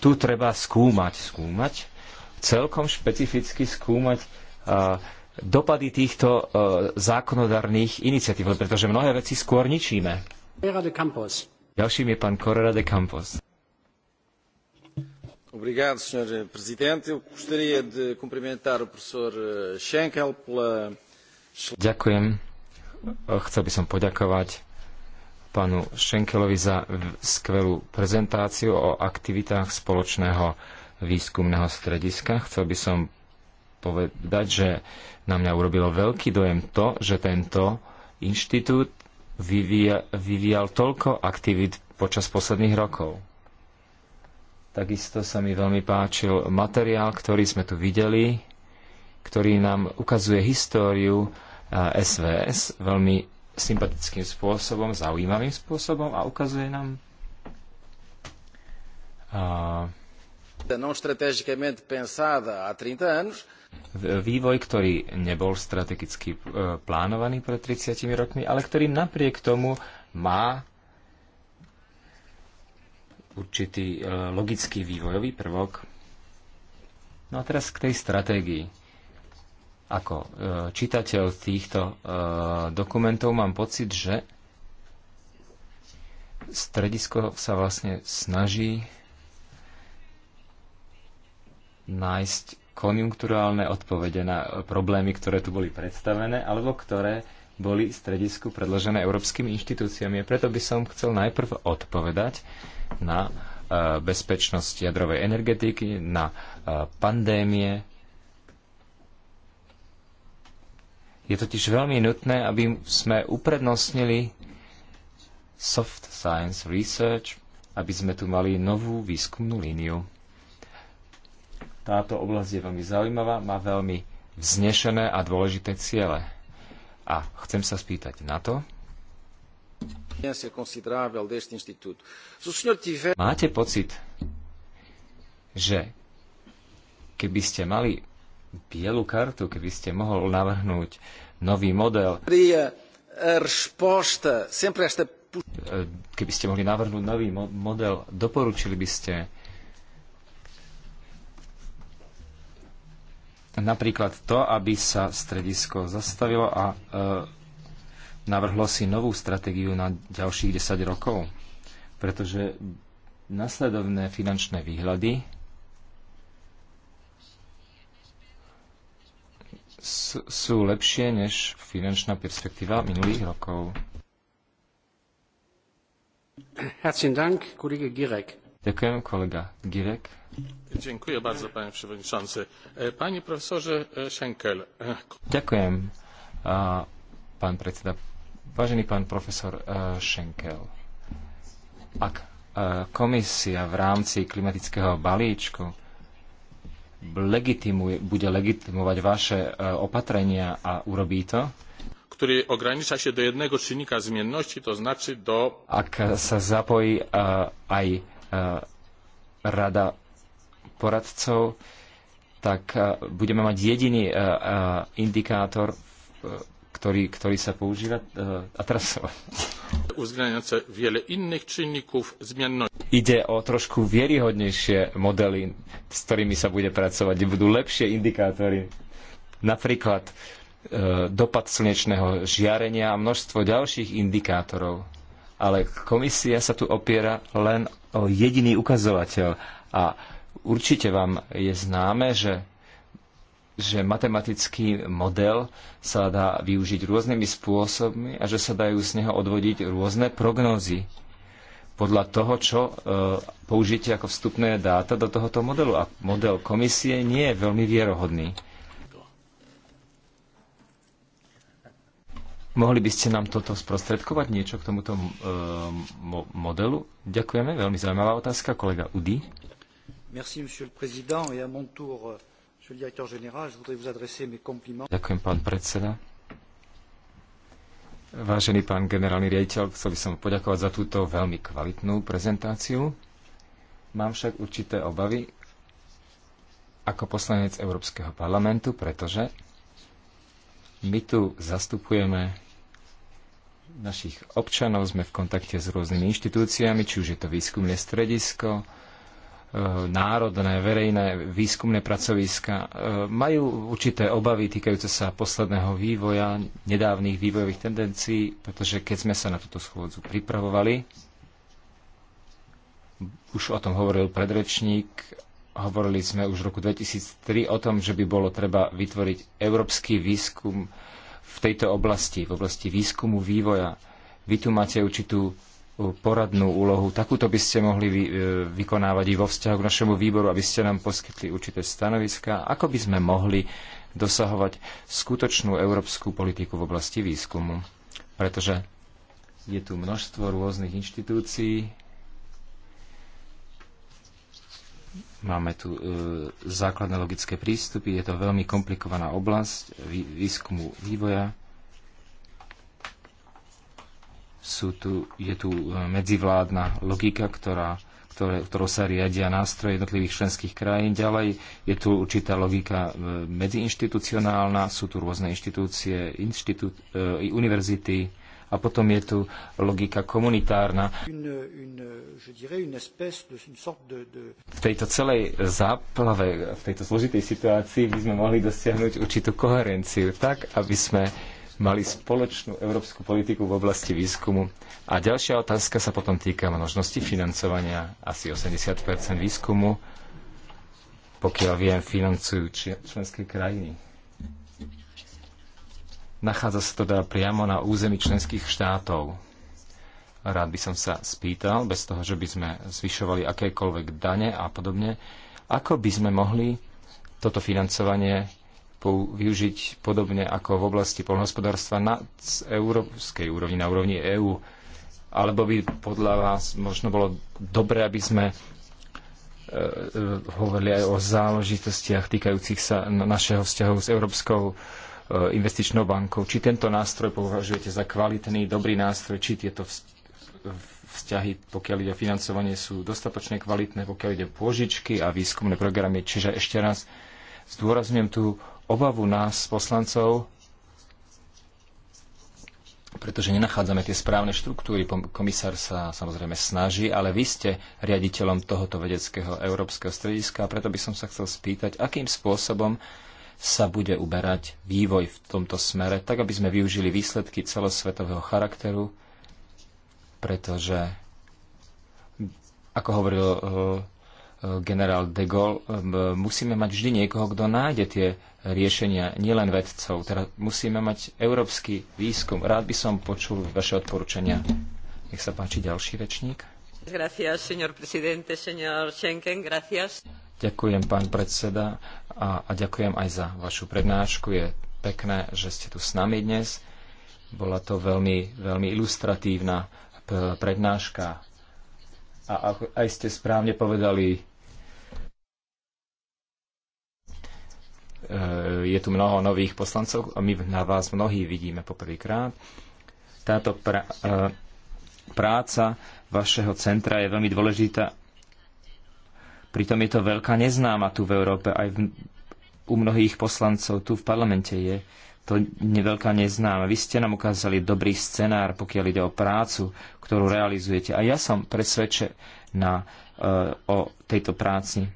Tu treba skúmať, skúmať, celkom špecificky skúmať uh, dopady týchto e, zákonodarných iniciatív, pretože mnohé veci skôr ničíme. Ďalším je pán Correra de Campos. Obrigado, senhor Presidente. Eu gostaria de cumprimentar o professor eh, Schenkel pela... Ďakujem. Chcel by som poďakovať pánu Schenkelovi za skvelú prezentáciu o aktivitách spoločného výskumného strediska. Chcel by som povedať, že na mňa urobilo veľký dojem to, že tento inštitút vyvíja, vyvíjal toľko aktivít počas posledných rokov. Takisto sa mi veľmi páčil materiál, ktorý sme tu videli, ktorý nám ukazuje históriu SVS veľmi sympatickým spôsobom, zaujímavým spôsobom a ukazuje nám a... não pensada há 30 anos, vývoj, ktorý nebol strategicky e, plánovaný pred 30 rokmi, ale ktorý napriek tomu má určitý e, logický vývojový prvok. No a teraz k tej stratégii. Ako e, čitateľ týchto dokumentov mám pocit, že stredisko sa vlastne snaží nájsť konjunkturálne odpovede na e, problémy, ktoré tu boli predstavené, alebo ktoré boli v stredisku predložené európskymi inštitúciami. A preto by som chcel najprv odpovedať na e, bezpečnosť jadrovej energetiky, na e, pandémie. Je totiž veľmi nutné, aby sme uprednostnili soft science research, aby sme tu mali novú výskumnú líniu. Táto oblasť je veľmi zaujímavá, má veľmi vznešené a dôležité ciele. A chcem sa spýtať na to, Máte pocit, že keby ste mali bielu kartu, keby ste mohol navrhnúť nový model, eh, keby ste mohli navrhnúť nový model, doporučili by ste Napríklad to, aby sa stredisko zastavilo a e, navrhlo si novú stratégiu na ďalších 10 rokov. Pretože nasledovné finančné výhľady sú lepšie než finančná perspektíva minulých rokov. Ďakujem, kolega Girek. Dziękuję e, profesorze e, Schenkel. E, Ďakujem, pán predseda. Vážený pán profesor schnkel ak komisia v rámci klimatického balíčku bude legitimovať vaše opatrenia a urobí to? ktorý ogranicza się do jednego czynnika zmienności, to znaczy do... Ak sa zapojí aj rada poradcov, tak e, budeme mať jediný e, e, indikátor, ktorý, ktorý sa používa a teraz uwzględniające [LAUGHS] wiele innych czynników zmienności. Ide o trošku vieryhodnejšie modely, s ktorými sa bude pracovať, kde budú lepšie indikátory. Napríklad e, dopad slnečného žiarenia a množstvo ďalších indikátorov. Ale komisia sa tu opiera len o jediný ukazovateľ a Určite vám je známe, že, že matematický model sa dá využiť rôznymi spôsobmi a že sa dajú z neho odvodiť rôzne prognózy podľa toho, čo e, použite ako vstupné dáta do tohoto modelu. A model komisie nie je veľmi vierohodný. Mohli by ste nám toto sprostredkovať, niečo k tomuto e, mo, modelu? Ďakujeme, veľmi zaujímavá otázka, kolega Udy. Merci, monsieur le président, et à mon tour, euh, monsieur le directeur général, je voudrais vous adresser mes compliments. Ďakujem, pán predseda. Vážený pán generálny riaditeľ, chcel by som poďakovať za túto veľmi kvalitnú prezentáciu. Mám však určité obavy ako poslanec Európskeho parlamentu, pretože my tu zastupujeme našich občanov, sme v kontakte s rôznymi inštitúciami, či už je to výskumné stredisko, Eh, národné, verejné výskumné pracoviska eh, majú určité obavy týkajúce sa posledného vývoja, nedávnych vývojových tendencií, pretože keď sme sa na túto schôdzu pripravovali, už o tom hovoril predrečník, hovorili sme už v roku 2003 o tom, že by bolo treba vytvoriť európsky výskum v tejto oblasti, v oblasti výskumu vývoja. Vy tu máte určitú poradnú úlohu. Takúto by ste mohli vy, e, vykonávať i vo vzťahu k našemu výboru, aby ste nám poskytli určité stanoviska. ako by sme mohli dosahovať skutočnú európsku politiku v oblasti výskumu. Pretože je tu množstvo rôznych inštitúcií, máme tu e, základné logické prístupy, je to veľmi komplikovaná oblasť výskumu vývoja sú tu, je tu e, medzivládna logika, ktorá, ktoré, ktorou sa riadia nástroje jednotlivých členských krajín. Ďalej je tu určitá logika e, medziinštitucionálna, sú tu rôzne inštitúcie, inštitú, e, univerzity a potom je tu logika komunitárna. V tejto celej záplave, v tejto zložitej situácii by sme mohli dosiahnuť určitú koherenciu, tak aby sme mali spoločnú európsku politiku v oblasti výskumu. A ďalšia otázka sa potom týka množnosti financovania. Asi 80 výskumu, pokiaľ viem, financujú členské krajiny. Nachádza sa to teda priamo na území členských štátov. Rád by som sa spýtal, bez toho, že by sme zvyšovali akékoľvek dane a podobne, ako by sme mohli toto financovanie využiť podobne ako v oblasti polnohospodárstva na európskej úrovni, na úrovni EÚ? Alebo by podľa vás možno bolo dobré, aby sme e, e, hovorili aj o záležitostiach týkajúcich sa našeho vzťahu s Európskou e, investičnou bankou. Či tento nástroj považujete za kvalitný, dobrý nástroj, či tieto vzťahy, pokiaľ ide o financovanie, sú dostatočne kvalitné, pokiaľ ide o pôžičky a výskumné programy. Čiže ešte raz zdôrazňujem tú obavu nás, poslancov, pretože nenachádzame tie správne štruktúry. Komisár sa samozrejme snaží, ale vy ste riaditeľom tohoto vedeckého európskeho strediska a preto by som sa chcel spýtať, akým spôsobom sa bude uberať vývoj v tomto smere, tak aby sme využili výsledky celosvetového charakteru, pretože, ako hovoril eh, generál de Gaulle, musíme mať vždy niekoho, kto nájde tie riešenia, nielen vedcov. Teda musíme mať európsky výskum. Rád by som počul vaše odporúčania. Nech sa páči ďalší rečník. Gracias, señor presidente, señor Schenken, gracias. Ďakujem, pán predseda, a, a ďakujem aj za vašu prednášku. Je pekné, že ste tu s nami dnes. Bola to veľmi, veľmi ilustratívna prednáška. A aj ste správne povedali, Eh, je tu mnoho nových poslancov a my na vás mnohí vidíme poprvýkrát. Táto pra, eh, práca vašeho centra je veľmi dôležitá. Pritom je to veľká neznáma tu v Európe, aj v, u mnohých poslancov tu v parlamente je to neveľká neznáma. Vy ste nám ukázali dobrý scenár, pokiaľ ide o prácu, ktorú realizujete. A ja som presvedčená eh, o tejto práci.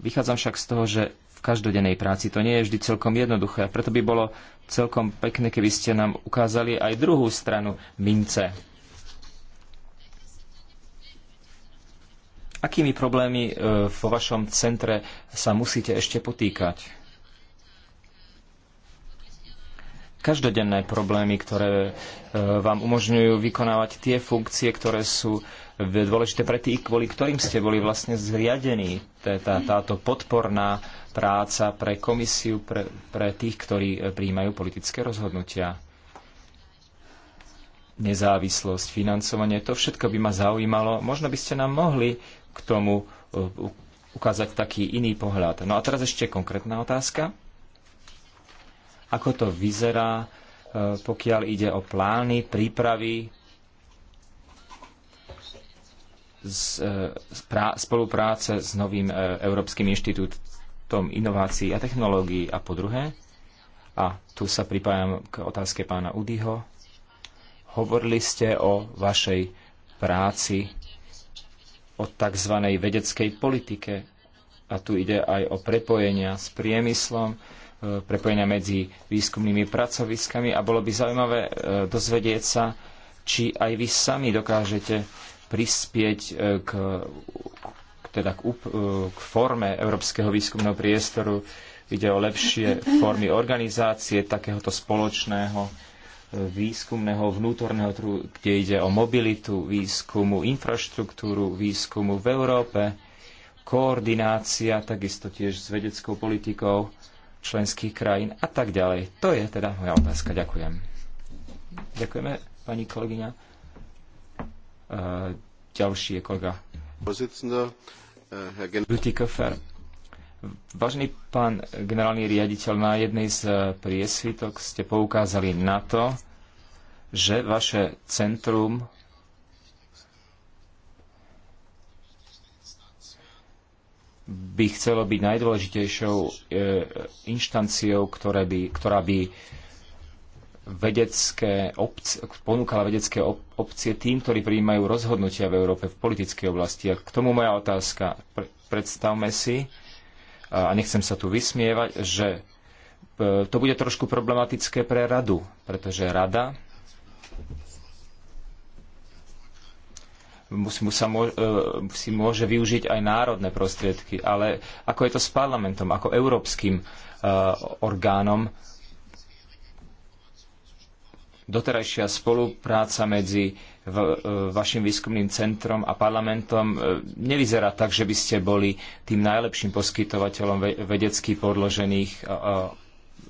Vychádzam však z toho, že v každodennej práci. To nie je vždy celkom jednoduché. A preto by bolo celkom pekné, keby ste nám ukázali aj druhú stranu mince. Akými problémy e, vo vašom centre sa musíte ešte potýkať? každodenné problémy, ktoré e, vám umožňujú vykonávať tie funkcie, ktoré sú e, dôležité pre tých, kvôli ktorým ste boli vlastne zriadení. Tá, táto podporná práca pre komisiu, pre, pre tých, ktorí eh, príjmajú politické rozhodnutia. Nezávislosť, financovanie, to všetko by ma zaujímalo. Možno by ste nám mohli k tomu eh, ukázať taký iný pohľad. No a teraz ešte konkrétna otázka. Ako to vyzerá, eh, pokiaľ ide o plány, prípravy z, spolupráce s novým Európskym inštitútom projektom inovácií a technológií a po druhé, a tu sa pripájam k otázke pána Udyho, hovorili ste o vašej práci o tzv. vedeckej politike a tu ide aj o prepojenia s priemyslom, e, prepojenia medzi výskumnými pracoviskami a bolo by zaujímavé e, dozvedieť sa, či aj vy sami dokážete prispieť e, k teda k, e, k forme Európskeho výskumného priestoru. Ide o lepšie formy organizácie takéhoto spoločného e, výskumného vnútorného trhu, kde ide o mobilitu výskumu, infraštruktúru výskumu v Európe, koordinácia takisto tiež s vedeckou politikou členských krajín a tak ďalej. To je teda moja otázka. Ďakujem. Ďakujeme, pani kolegyňa. E, ďalší je kolega Eh, Vážený pán generálny riaditeľ, na jednej z eh, priesvitok ste poukázali na to, že vaše centrum by chcelo byť najdôležitejšou eh, inštanciou, ktoré by, ktorá by vedecké ponúkala vedecké obcie opcie tým, ktorí prijímajú rozhodnutia v Európe v politickej oblasti. A k tomu moja otázka. predstavme si, a nechcem sa tu vysmievať, že e, to bude trošku problematické pre radu, pretože rada e, si môže využiť aj národné prostriedky, ale ako je to s parlamentom, ako európskym e, orgánom, doterajšia spolupráca medzi e, vašim výskumným centrom a parlamentom e, nevyzerá tak, že by ste boli tým najlepším poskytovateľom vedecky podložených e,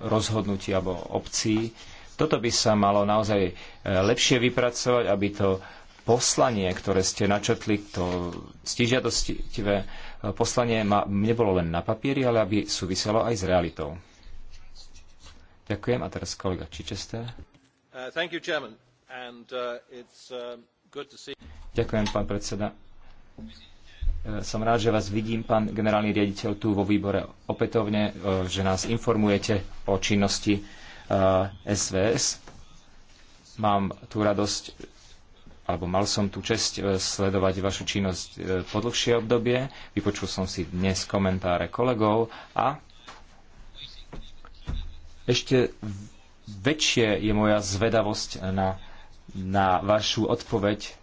rozhodnutí alebo obcí. Toto by sa malo naozaj lepšie vypracovať, aby to poslanie, ktoré ste načetli, to stižiadostivé poslanie nebolo len na papieri, ale aby súviselo aj s realitou. Ďakujem a teraz kolega Čičester. Uh, uh, uh, Ďakujem, pán predseda. Som rád, že vás vidím, pán generálny riaditeľ, tu vo výbore opätovne, že nás informujete o činnosti SVS. Mám tú radosť, alebo mal som tú čest sledovať vašu činnosť po dlhšie obdobie. Vypočul som si dnes komentáre kolegov a ešte väčšie je moja zvedavosť na, na vašu odpoveď,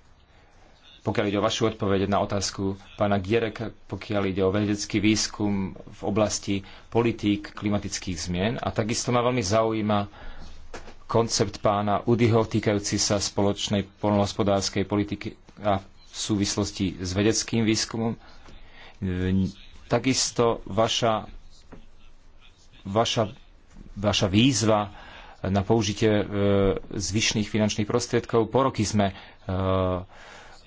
pokiaľ ide o vašu odpoveď na otázku pána Gierek, pokiaľ ide o vedecký výskum v oblasti politík klimatických zmien. A takisto ma veľmi zaujíma koncept pána Udyho týkajúci sa spoločnej poľnohospodárskej politiky a v súvislosti s vedeckým výskumom. Takisto vaša, vaša, vaša výzva na použitie e, zvyšných finančných prostriedkov. Po roky sme e,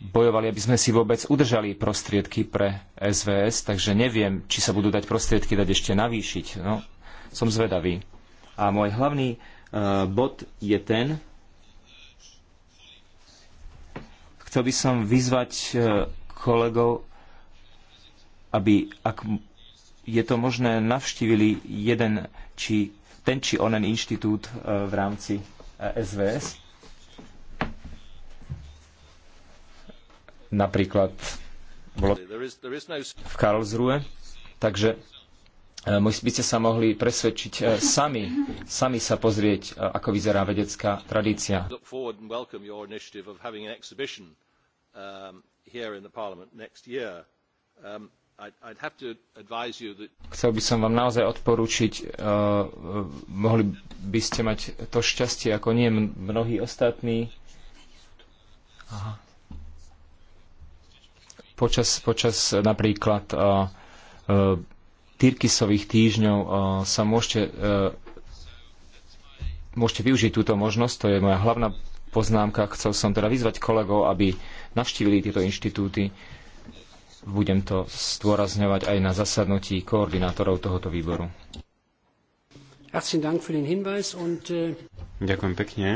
bojovali, aby sme si vôbec udržali prostriedky pre SVS, takže neviem, či sa budú dať prostriedky dať ešte navýšiť. No, som zvedavý. A môj hlavný e, bod je ten, chcel by som vyzvať kolegov, aby, ak je to možné, navštívili jeden či ten či onen inštitút e, v rámci SVS. E, Napríklad no v Karlsruhe. Takže e, by ste sa mohli presvedčiť sami, sami sa pozrieť, ako vyzerá vedecká tradícia. Um, Chcel by som vám naozaj odporúčiť, uh, mohli by ste mať to šťastie, ako nie mnohí ostatní. Aha. Počas, počas napríklad uh, uh, Tyrkisových týždňov uh, sa môžete, uh, môžete využiť túto možnosť, to je moja hlavná poznámka. Chcel som teda vyzvať kolegov, aby navštívili tieto inštitúty budem to stôrazňovať aj na zasadnutí koordinátorov tohoto výboru. Äh, Ďakujem pekne.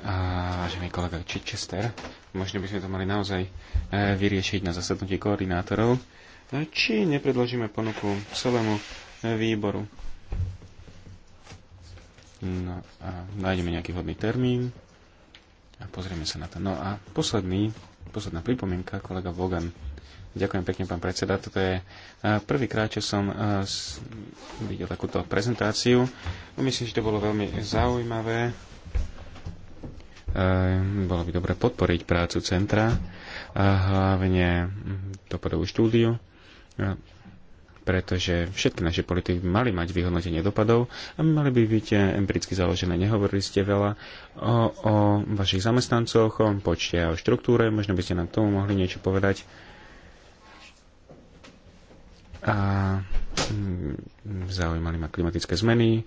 Vážený kolega Chichester, možno by sme to mali naozaj e, vyriešiť na zasadnutí koordinátorov, e, či nepredložíme ponuku celému e, výboru. No a nájdeme nejaký hodný termín a pozrieme sa na to. No a posledný posledná pripomienka, kolega Vogan. Ďakujem pekne, pán predseda. Toto je e, prvýkrát, čo som e, videl takúto prezentáciu. No, myslím, že to bolo veľmi zaujímavé. E, bolo by dobre podporiť prácu centra, hlavne podobu štúdiu pretože všetky naše politiky mali mať vyhodnotenie dopadov a mali by byť eh, empiricky založené. Nehovorili ste veľa o, o vašich zamestnancoch, o počte a o štruktúre, možno by ste nám tomu mohli niečo povedať. A mm, zaujímali ma klimatické zmeny,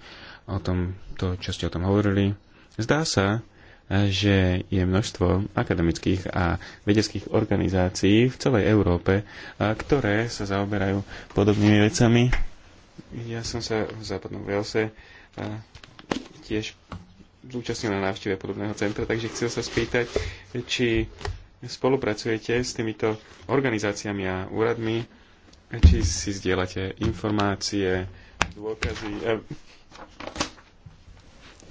o tom, to, čo ste o tom hovorili. Zdá sa, že je množstvo akademických a vedeckých organizácií v celej Európe, ktoré sa zaoberajú podobnými vecami. Ja som sa v západnom Velse tiež zúčastnil na návšteve podobného centra, takže chcel sa spýtať, či spolupracujete s týmito organizáciami a úradmi, či si zdieľate informácie, dôkazy,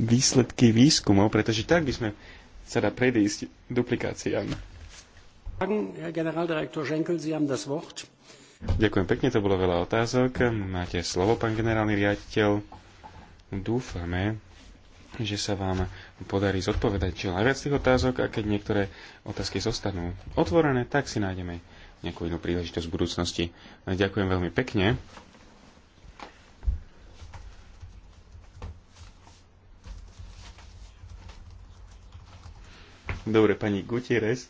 výsledky výskumov, pretože tak by sme sa dá predísť duplikáciám. Ďakujem pekne, to bolo veľa otázok. Máte slovo, pán generálny riaditeľ. Dúfame, že sa vám podarí zodpovedať čo najviac tých otázok a keď niektoré otázky zostanú otvorené, tak si nájdeme nejakú inú príležitosť v budúcnosti. Ďakujem veľmi pekne. Dobre, pani Gutierrez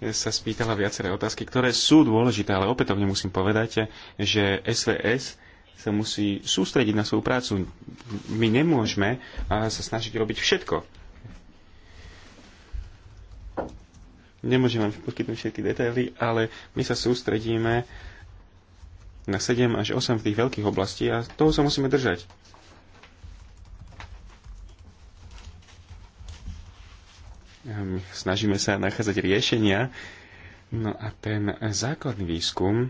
sa spýtala viaceré otázky, ktoré sú dôležité, ale opätovne musím povedať, že SVS sa musí sústrediť na svoju prácu. My nemôžeme sa snažiť robiť všetko. Nemôžem vám poskytnúť všetky detaily, ale my sa sústredíme na 7 až 8 v tých veľkých oblastí a toho sa musíme držať. Ehm, snažíme sa nachádzať riešenia. No a ten základný výskum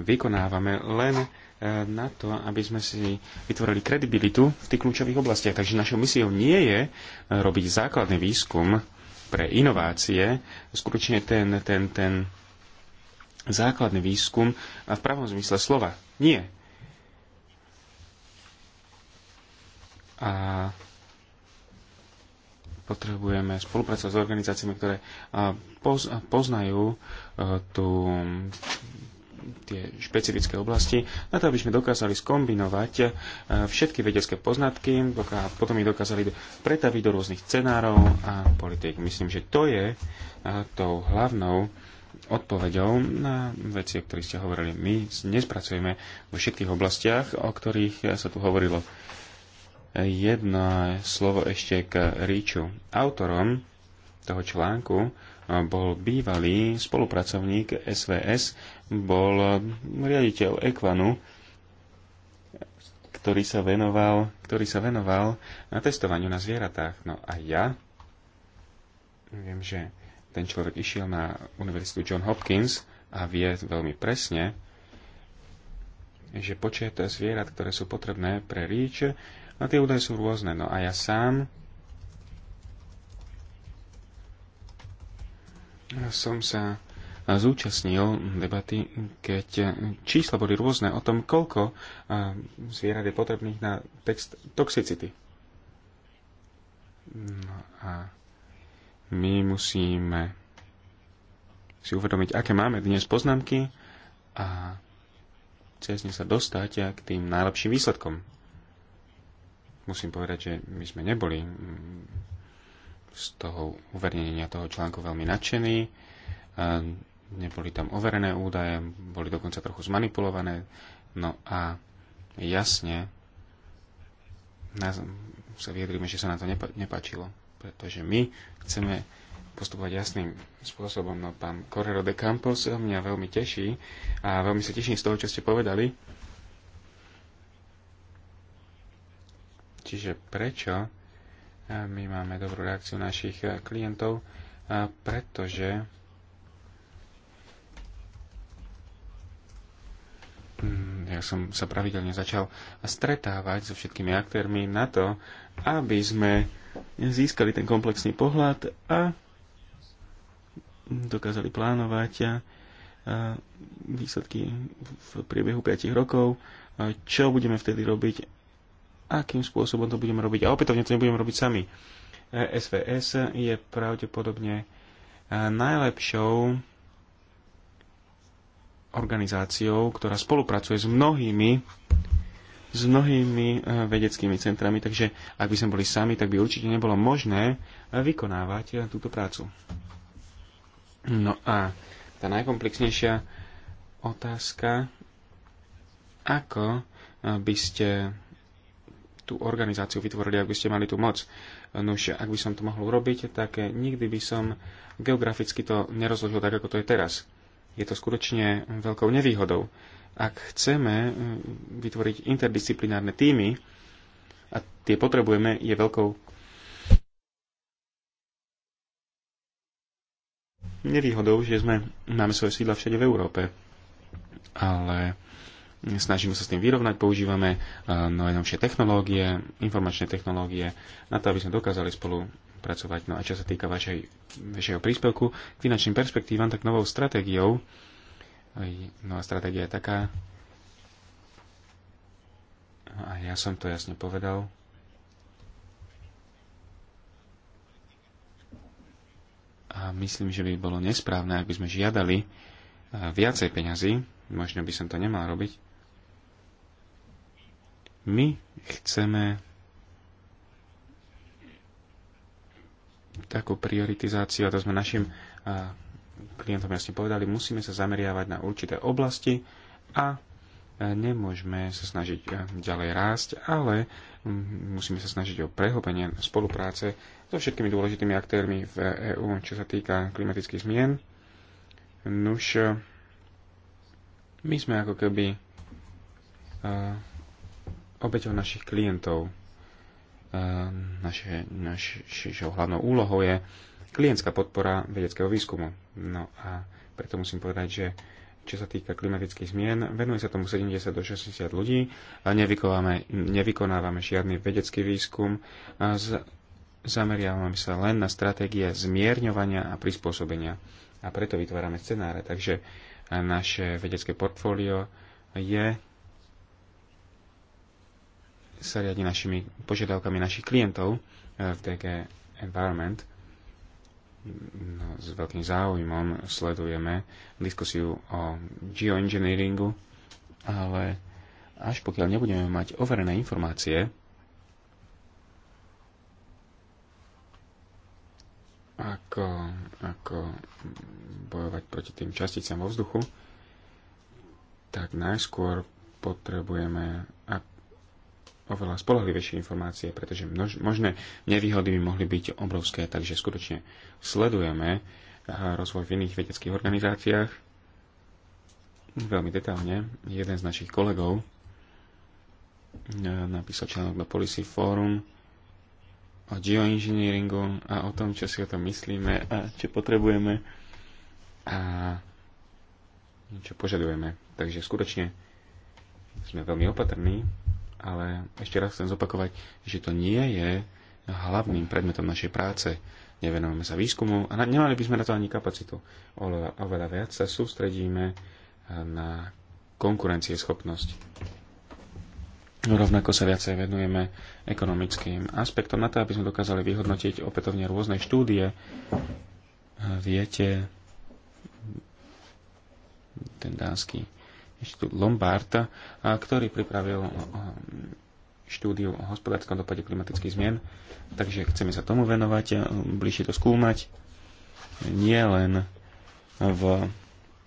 vykonávame len eh, na to, aby sme si vytvorili kredibilitu v tých kľúčových oblastiach. Takže našou misiou nie je eh, robiť základný výskum pre inovácie. Skutočne ten, ten, ten základný výskum a eh, v pravom zmysle slova. Nie a potrebujeme spolupracovať s organizáciami, ktoré poznajú tú, tie špecifické oblasti, na to, aby sme dokázali skombinovať všetky vedecké poznatky, potom ich dokázali pretaviť do rôznych scenárov a politik. Myslím, že to je tou hlavnou odpovedou na veci, o ktorých ste hovorili. My nespracujeme vo všetkých oblastiach, o ktorých sa tu hovorilo jedno slovo ešte k Ríču. Autorom toho článku eh, bol bývalý spolupracovník SVS, bol eh, riaditeľ Ekvanu, ktorý sa venoval, ktorý sa venoval na testovaniu na zvieratách. No a ja viem, že ten človek išiel na univerzitu John Hopkins a vie veľmi presne, že počet zvierat, ktoré sú potrebné pre ríč, No tie údaje sú rôzne. No a ja sám som sa zúčastnil debaty, keď čísla boli rôzne o tom, koľko zvierat je potrebných na text toxicity. No a my musíme si uvedomiť, aké máme dnes poznámky a cez ne sa dostať k tým najlepším výsledkom musím povedať, že my sme neboli mm, z toho uvernenia toho článku veľmi nadšení. Neboli tam overené údaje, boli dokonca trochu zmanipulované. No a jasne sa vyjadríme, že sa na to nepačilo, pretože my chceme postupovať jasným spôsobom. No pán Correro de Campos mňa veľmi teší a veľmi sa teším z toho, čo ste povedali Čiže prečo e, my máme dobrú reakciu našich e, klientov? E, pretože mm, ja som sa pravidelne začal stretávať so všetkými aktérmi na to, aby sme získali ten komplexný pohľad a dokázali plánovať výsledky v priebehu 5 rokov, čo budeme vtedy robiť akým spôsobom to budeme robiť. A opätovne to nebudeme robiť sami. SVS e je pravdepodobne e, najlepšou organizáciou, ktorá spolupracuje s mnohými s mnohými e, vedeckými centrami, takže ak by sme boli sami, tak by určite nebolo možné vykonávať túto prácu. No a tá najkomplexnejšia otázka, ako by ste tú organizáciu vytvorili, ak by ste mali tú moc. Nož, ak by som to mohol urobiť, tak nikdy by som geograficky to nerozložil tak, ako to je teraz. Je to skutočne veľkou nevýhodou. Ak chceme eh, vytvoriť interdisciplinárne týmy, a tie potrebujeme, je veľkou nevýhodou, že sme, máme svoje sídla všade v Európe. Ale snažíme sa s tým vyrovnať, používame eh, najnovšie technológie, informačné technológie, na to, aby sme dokázali spolu pracovať. No a čo sa týka vašej, vašeho príspevku k finančným perspektívam, tak novou stratégiou, no a stratégia je taká, no a ja som to jasne povedal, a myslím, že by bolo nesprávne, ak by sme žiadali eh, viacej peňazí, možno by som to nemal robiť, my chceme takú prioritizáciu, a to sme našim klientom jasne povedali, musíme sa zameriavať na určité oblasti a e, nemôžeme sa snažiť e, ďalej rásť, ale musíme sa snažiť o prehlbenie spolupráce so všetkými dôležitými aktérmi v EÚ, čo sa týka klimatických zmien. Nuž, e, my sme ako keby obeťou našich klientov. Ehm, naše, našou hlavnou úlohou je klientská podpora vedeckého výskumu. No a preto musím povedať, že čo sa týka klimatických zmien, venuje sa tomu 70 do 60 ľudí a nevykonávame, nevykonávame žiadny vedecký výskum. A z, zameriavame sa len na stratégie zmierňovania a prispôsobenia a preto vytvárame scenáre. Takže naše vedecké portfólio je sa riadi našimi požiadavkami našich klientov e, v DG Environment. No, s veľkým záujmom sledujeme diskusiu o geoengineeringu, ale až pokiaľ nebudeme mať overené informácie, ako, ako bojovať proti tým časticám vo vzduchu, tak najskôr potrebujeme, ak oveľa spolahlivejšie informácie, pretože množ, možné nevýhody by mohli byť obrovské, takže skutočne sledujeme eh, rozvoj v iných vedeckých organizáciách veľmi detálne. Jeden z našich kolegov eh, napísal článok na Policy Forum o geoengineeringu a o tom, čo si o tom myslíme a čo potrebujeme a čo požadujeme. Takže skutočne sme veľmi opatrní ale ešte raz chcem zopakovať, že to nie je hlavným predmetom našej práce. Nevenujeme sa výskumu a nemali by sme na to ani kapacitu. Oveľa, oveľa viac sa sústredíme eh, na konkurencieschopnosť. Rovnako sa viacej venujeme ekonomickým aspektom na to, aby sme dokázali vyhodnotiť opätovne rôzne štúdie. Eh, viete, ten dánsky inštitút Lombard, ktorý pripravil štúdiu o hospodárskom dopade klimatických zmien. Takže chceme sa tomu venovať, bližšie to skúmať. Nie len v,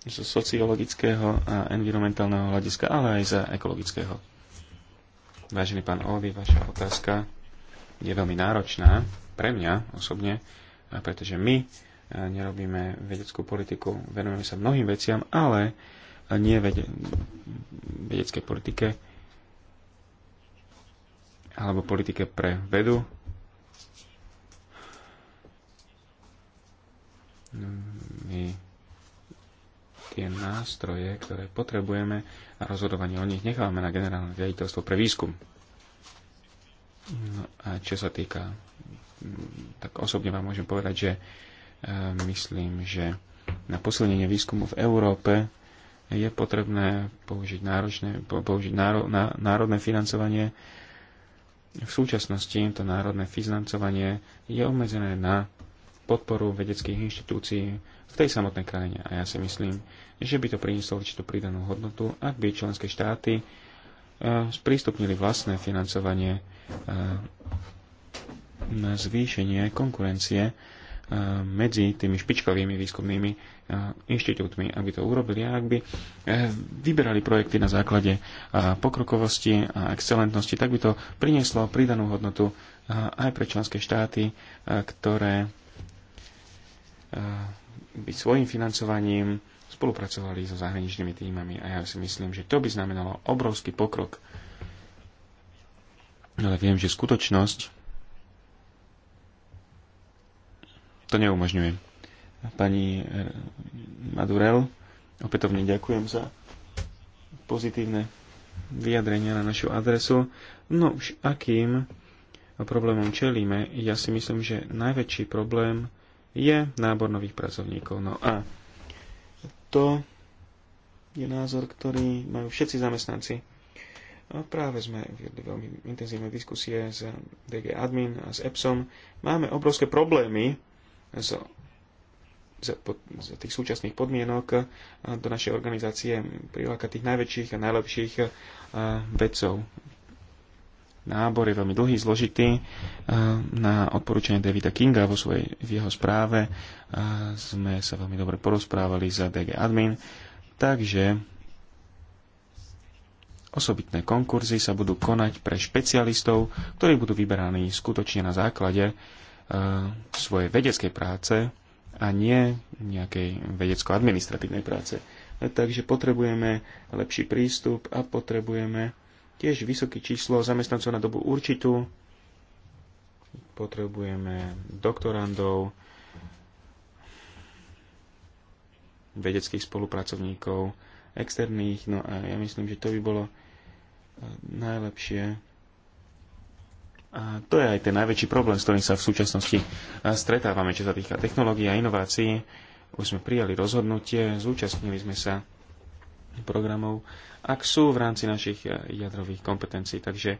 z sociologického a environmentálneho hľadiska, ale aj za ekologického. Vážený pán Ovi, vaša otázka je veľmi náročná pre mňa osobne, pretože my nerobíme vedeckú politiku, venujeme sa mnohým veciam, ale a nie vede, vedeckej politike alebo politike pre vedu. My tie nástroje, ktoré potrebujeme a rozhodovanie o nich nechávame na generálne riaditeľstvo pre výskum. No a čo sa týka, tak osobne vám môžem povedať, že eh, myslím, že na posilnenie výskumu v Európe je potrebné použiť, náročné, použiť náro, ná, národné financovanie. V súčasnosti to národné financovanie je obmedzené na podporu vedeckých inštitúcií v tej samotnej krajine. A ja si myslím, že by to prinieslo určitú pridanú hodnotu, ak by členské štáty e, sprístupnili vlastné financovanie e, na zvýšenie konkurencie Eh, medzi tými špičkovými výskumnými eh, inštitútmi, aby to urobili a ak by eh, vyberali projekty na základe pokrokovosti a excelentnosti, tak by to prinieslo pridanú hodnotu aj pre členské štáty, ktoré by svojim financovaním spolupracovali so zahraničnými týmami a ja si myslím, že to by znamenalo obrovský pokrok. Ale viem, že skutočnosť, to neumožňuje. Pani eh, Madurel, opätovne ďakujem za pozitívne vyjadrenia na našu adresu. No už akým problémom čelíme, ja si myslím, že najväčší problém je nábor nových pracovníkov. No a to je názor, ktorý majú všetci zamestnanci. A práve sme viedli veľmi intenzívne diskusie s DG Admin a s EPSom. Máme obrovské problémy z, z, pod, z tých súčasných podmienok e, do našej organizácie priláka tých najväčších a najlepších e, vedcov. Nábor je veľmi dlhý, zložitý. E, na odporúčanie Davida Kinga vo svojej, v jeho správe sme sa veľmi dobre porozprávali za DG Admin. Takže Osobitné konkurzy sa budú konať pre špecialistov, ktorí budú vyberaní skutočne na základe svojej vedeckej práce a nie nejakej vedecko-administratívnej práce. Takže potrebujeme lepší prístup a potrebujeme tiež vysoké číslo zamestnancov na dobu určitú. Potrebujeme doktorandov, vedeckých spolupracovníkov, externých. No a ja myslím, že to by bolo e, najlepšie a to je aj ten najväčší problém, s ktorým sa v súčasnosti stretávame, čo sa týka technológií a inovácií. Už sme prijali rozhodnutie, zúčastnili sme sa programov, ak sú v rámci našich e, jadrových kompetencií. Takže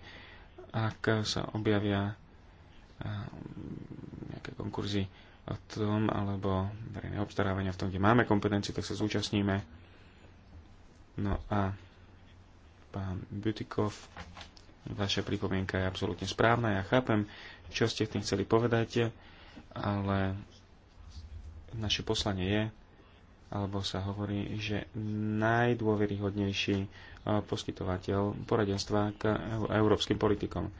ak sa objavia e, nejaké konkurzy o tom, alebo verejné obstarávania v tom, kde máme kompetencie, tak sa zúčastníme. No a pán Butikov Vaša pripomienka je absolútne správna, ja chápem, čo ste tým chceli povedať, ale naše poslanie je, alebo sa hovorí, že najdôveryhodnejší eh, poskytovateľ poradenstva k e-, európskym politikom.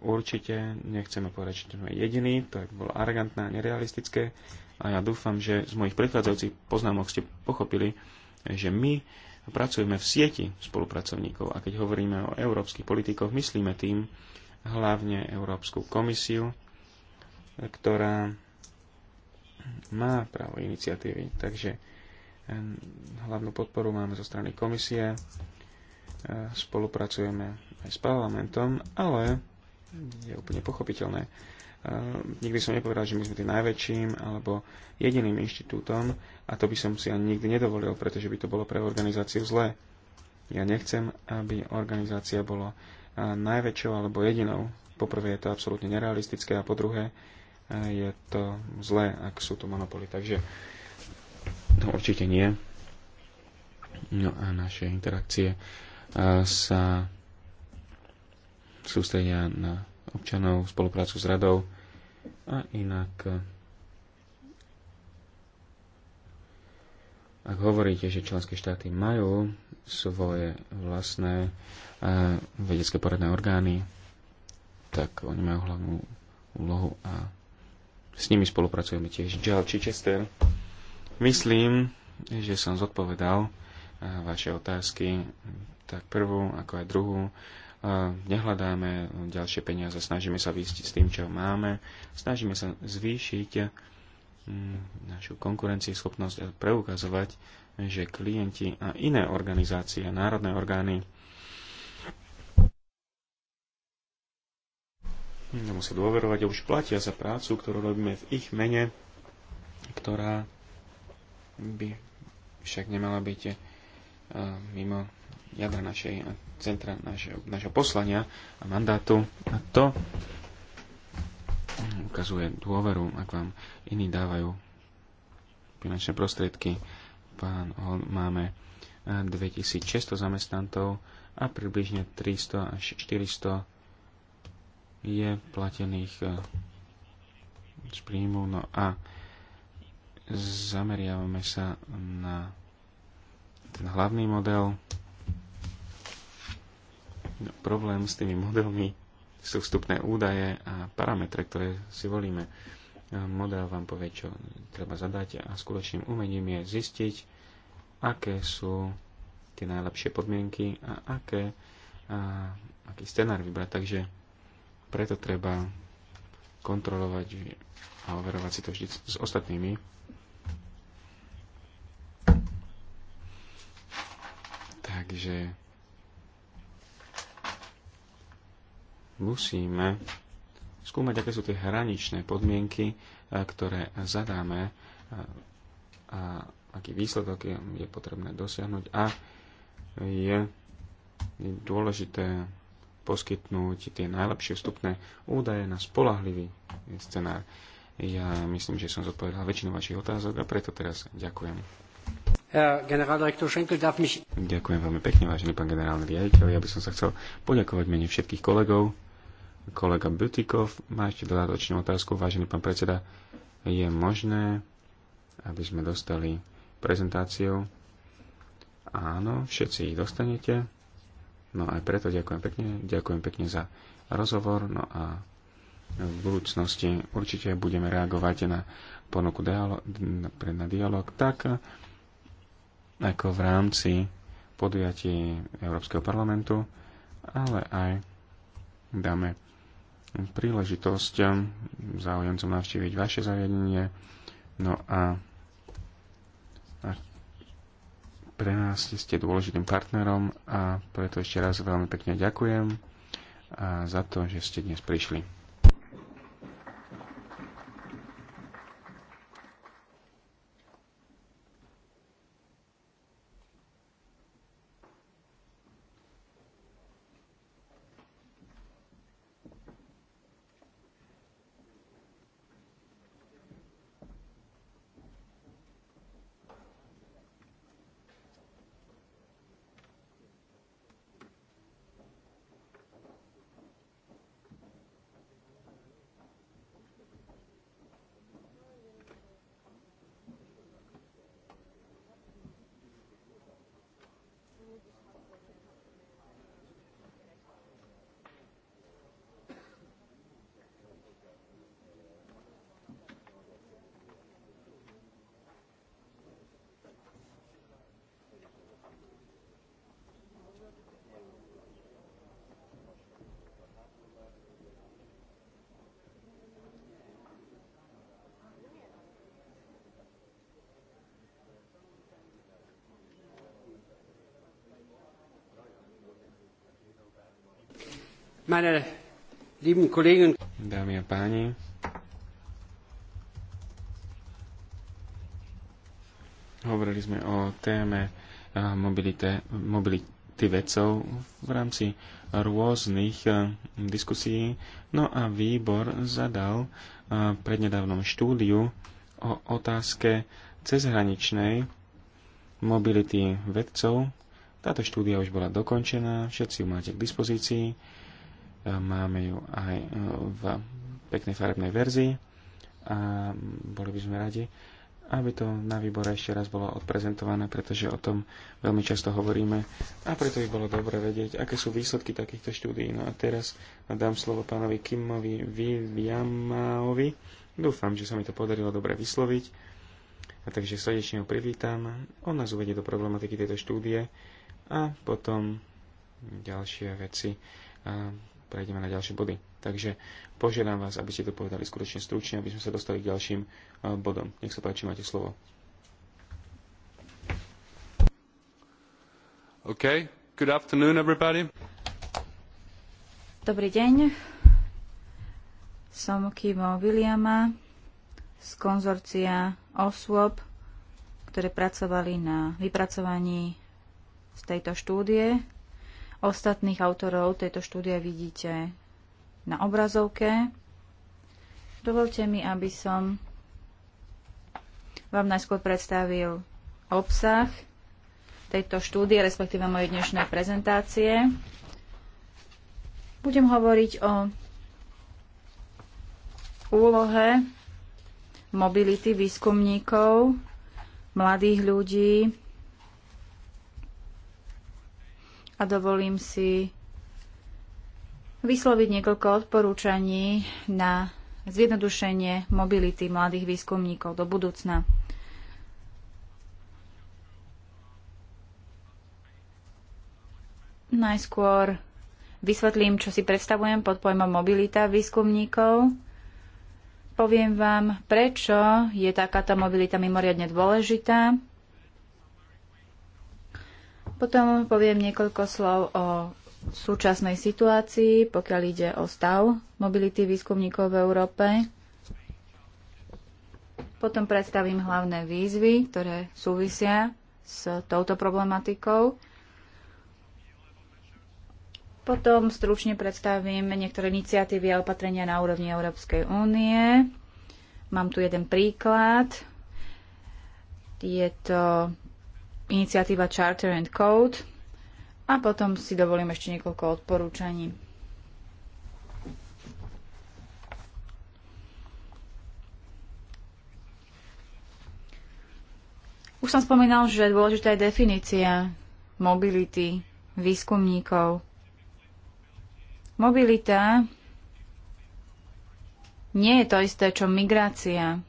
Určite nechceme povedať, že sme jediní, to je bolo arrogantné a nerealistické a ja dúfam, že z mojich predchádzajúcich poznámok ste pochopili, že my pracujeme v sieti spolupracovníkov a keď hovoríme o európskych politikoch, myslíme tým hlavne Európsku komisiu, ktorá má právo iniciatívy. Takže hlavnú podporu máme zo strany komisie, e, spolupracujeme aj s parlamentom, ale je úplne pochopiteľné, Ehm, nikdy som nepovedal, že my sme tým najväčším alebo jediným inštitútom a to by som si ani nikdy nedovolil, pretože by to bolo pre organizáciu zlé. Ja nechcem, aby organizácia bola e, najväčšou alebo jedinou. Poprvé je to absolútne nerealistické a po druhé e, je to zlé, ak sú to monopoly. Takže to určite nie. No a naše interakcie e, sa sústredia na občanov, spoluprácu s radou a inak ak hovoríte, že členské štáty majú svoje vlastné eh, vedecké poradné orgány, tak oni majú hlavnú úlohu a s nimi spolupracujeme tiež. Joel Chichester, myslím, že som zodpovedal eh, vaše otázky, tak prvú ako aj druhú nehľadáme ďalšie peniaze, snažíme sa výjsť s tým, čo máme, snažíme sa zvýšiť mm, našu konkurencieschopnosť a preukazovať, že klienti a iné organizácie, národné orgány nemusia dôverovať a už platia za prácu, ktorú robíme v ich mene, ktorá by však nemala byť eh, mimo jadra našej centra našeho, našeho poslania a mandátu. A to ukazuje dôveru, ak vám iní dávajú finančné prostriedky. Pán, máme 2600 e, zamestnantov a približne 300 až 400 je platených e, z príjmu. No a zameriavame sa na ten hlavný model, No, problém s tými modelmi sú vstupné údaje a parametre, ktoré si volíme. Model vám povie, čo treba zadať a skutočným umením je zistiť, aké sú tie najlepšie podmienky a, aké, a aký scenár vybrať. Takže preto treba kontrolovať a overovať si to vždy s ostatnými. Takže musíme skúmať, aké sú tie hraničné podmienky, e, ktoré zadáme e, a aký výsledok je, potrebné dosiahnuť a je dôležité poskytnúť tie najlepšie vstupné údaje na spolahlivý scenár. Ja myslím, že som zodpovedal väčšinu vašich otázok a preto teraz ďakujem. Ďakujem veľmi pekne, vážený pán generálny riaditeľ. Ja by som sa chcel poďakovať mene všetkých kolegov, Kolega Butikov má ešte dodatočnú otázku. Vážený pán predseda, je možné, aby sme dostali prezentáciu? Áno, všetci ich dostanete. No aj preto ďakujem pekne. Ďakujem pekne za rozhovor. No a v budúcnosti určite budeme reagovať na ponuku dialog, na dialog tak, ako v rámci podujatí Európskeho parlamentu, ale aj dáme príležitosť záujemcom navštíviť vaše zariadenie. No a, a pre nás ste dôležitým partnerom a preto ešte raz veľmi pekne ďakujem a za to, že ste dnes prišli. meine lieben Kollegen. Dámy a páni, hovorili sme o téme eh, mobilite, mobility vedcov v rámci rôznych eh, diskusí. No a výbor zadal eh, prednedávnom štúdiu o otázke cezhraničnej mobility vedcov. Táto štúdia už bola dokončená, všetci ju máte k dispozícii. Máme ju aj e, v peknej farebnej verzii a boli by sme radi, aby to na výbore ešte raz bolo odprezentované, pretože o tom veľmi často hovoríme a preto by bolo dobre vedieť, aké sú výsledky takýchto štúdií. No a teraz dám slovo pánovi Kimovi Viviamaovi. Dúfam, že sa mi to podarilo dobre vysloviť. A takže srdečne ho privítam. On nás uvedie do problematiky tejto štúdie a potom ďalšie veci. A prejdeme na ďalšie body. Takže požiadam vás, aby ste to povedali skutočne stručne, aby sme sa dostali k ďalším eh, bodom. Nech sa páči, máte slovo. OK, Good afternoon, everybody. Dobrý deň. Som Kimo Williama z konzorcia osôb, ktoré pracovali na vypracovaní z tejto štúdie Ostatných autorov tejto štúdie vidíte na obrazovke. Dovolte mi, aby som vám najskôr predstavil obsah tejto štúdie, respektíve mojej dnešnej prezentácie. Budem hovoriť o úlohe mobility výskumníkov, mladých ľudí a dovolím si vysloviť niekoľko odporúčaní na zjednodušenie mobility mladých výskumníkov do budúcna. Najskôr vysvetlím, čo si predstavujem pod pojmom mobilita výskumníkov. Poviem vám, prečo je takáto mobilita mimoriadne dôležitá potom poviem niekoľko slov o súčasnej situácii, pokiaľ ide o stav mobility výskumníkov v Európe. Potom predstavím hlavné výzvy, ktoré súvisia s touto problematikou. Potom stručne predstavím niektoré iniciatívy a opatrenia na úrovni Európskej únie. Mám tu jeden príklad. Je to iniciatíva Charter and Code a potom si dovolím ešte niekoľko odporúčaní. Už som spomínal, že dôležitá je definícia mobility výskumníkov. Mobilita nie je to isté, čo migrácia.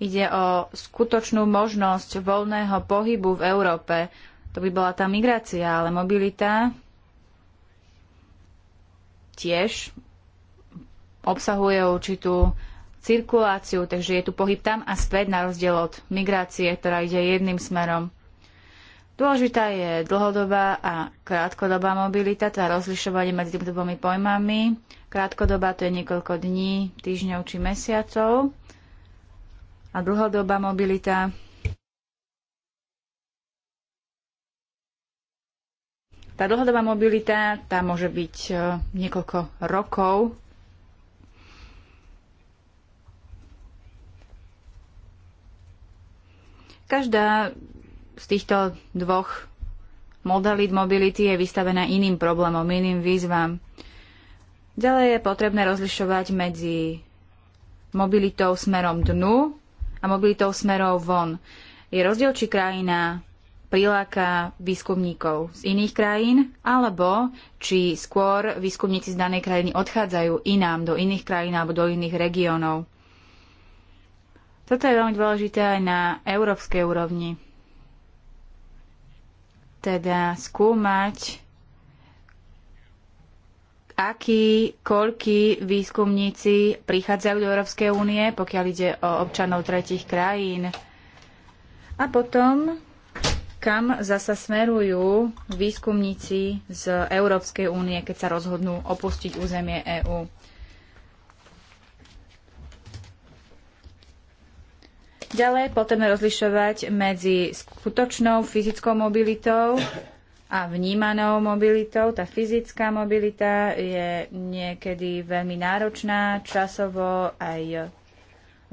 Ide o skutočnú možnosť voľného pohybu v Európe. To by bola tá migrácia, ale mobilita tiež obsahuje určitú cirkuláciu, takže je tu pohyb tam a späť na rozdiel od migrácie, ktorá ide jedným smerom. Dôležitá je dlhodobá a krátkodobá mobilita, teda rozlišovanie medzi dvomi pojmami. Krátkodobá to je niekoľko dní, týždňov či mesiacov a dlhodobá mobilita. Tá dlhodobá mobilita, tá môže byť e, niekoľko rokov. Každá z týchto dvoch modalít mobility je vystavená iným problémom, iným výzvam. Ďalej je potrebné rozlišovať medzi mobilitou smerom dnu a mobilitou smerov von. Je rozdiel, či krajina priláka výskumníkov z iných krajín, alebo či skôr výskumníci z danej krajiny odchádzajú inám, do iných krajín alebo do iných regiónov. Toto je veľmi dôležité aj na európskej úrovni. Teda skúmať akí, koľkí výskumníci prichádzajú do Európskej únie, pokiaľ ide o občanov tretich krajín. A potom, kam zasa smerujú výskumníci z Európskej únie, keď sa rozhodnú opustiť územie EÚ. Ďalej potrebujeme rozlišovať medzi skutočnou fyzickou mobilitou a vnímanou mobilitou. Tá fyzická mobilita je niekedy veľmi náročná časovo aj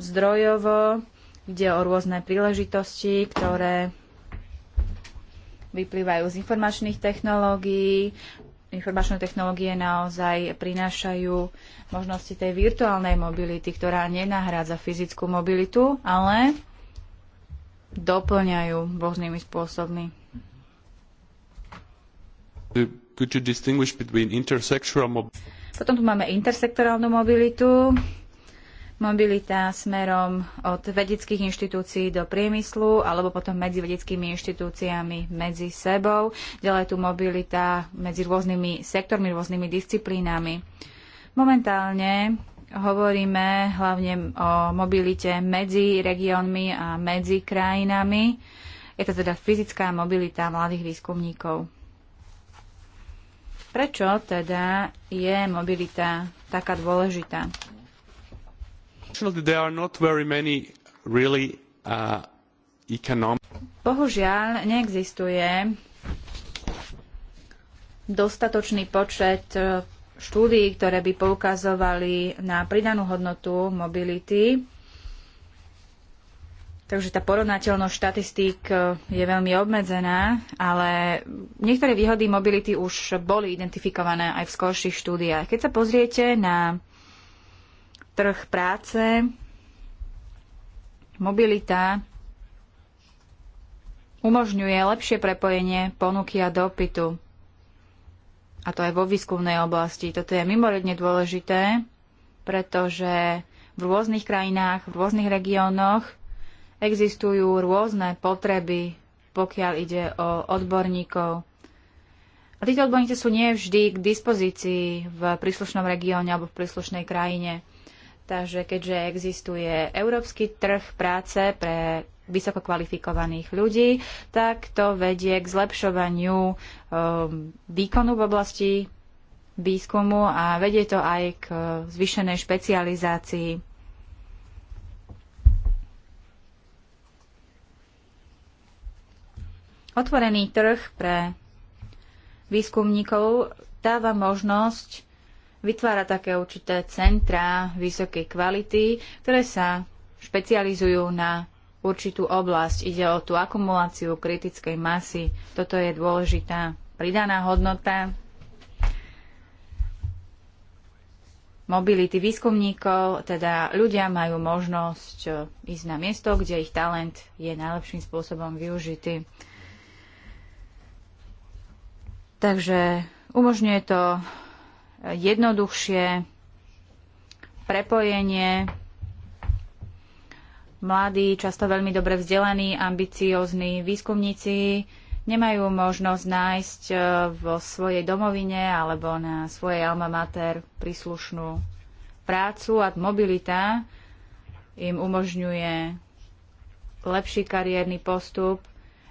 zdrojovo, kde o rôzne príležitosti, ktoré vyplývajú z informačných technológií. Informačné technológie naozaj prinášajú možnosti tej virtuálnej mobility, ktorá nenahrádza fyzickú mobilitu, ale doplňajú rôznymi spôsobmi. Could you distinguish between intersexual Potom tu máme intersektorálnu mobilitu, mobilita smerom od vedeckých inštitúcií do priemyslu alebo potom medzi vedeckými inštitúciami medzi sebou. Ďalej tu mobilita medzi rôznymi sektormi, rôznymi disciplínami. Momentálne hovoríme hlavne o mobilite medzi regiónmi a medzi krajinami. Je to teda fyzická mobilita mladých výskumníkov. Prečo teda je mobilita taká dôležitá? Uh, Bohužiaľ, neexistuje dostatočný počet uh, štúdií, ktoré by poukazovali na pridanú hodnotu mobility Takže tá porovnateľnosť štatistík e, je veľmi obmedzená, ale niektoré výhody mobility už boli identifikované aj v skorších štúdiách. Keď sa pozriete na trh práce, mobilita umožňuje lepšie prepojenie ponuky a dopytu. A to aj vo výskumnej oblasti. Toto je mimoriadne dôležité, pretože v rôznych krajinách, v rôznych regiónoch existujú rôzne potreby, pokiaľ ide o odborníkov. A títo odborníci sú nie vždy k dispozícii v príslušnom regióne alebo v príslušnej krajine. Takže keďže existuje európsky trh práce pre vysoko kvalifikovaných ľudí, tak to vedie k zlepšovaniu um, výkonu v oblasti výskumu a vedie to aj k zvyšenej špecializácii. Otvorený trh pre výskumníkov dáva možnosť vytvára také určité centrá vysokej kvality, ktoré sa špecializujú na určitú oblasť. Ide o tú akumuláciu kritickej masy. Toto je dôležitá pridaná hodnota mobility výskumníkov, teda ľudia majú možnosť eh, ísť na miesto, kde ich talent je najlepším spôsobom využitý. Takže umožňuje to jednoduchšie prepojenie. Mladí, často veľmi dobre vzdelaní, ambiciózni výskumníci nemajú možnosť nájsť e, vo svojej domovine alebo na svojej alma mater príslušnú prácu a mobilita im umožňuje lepší kariérny postup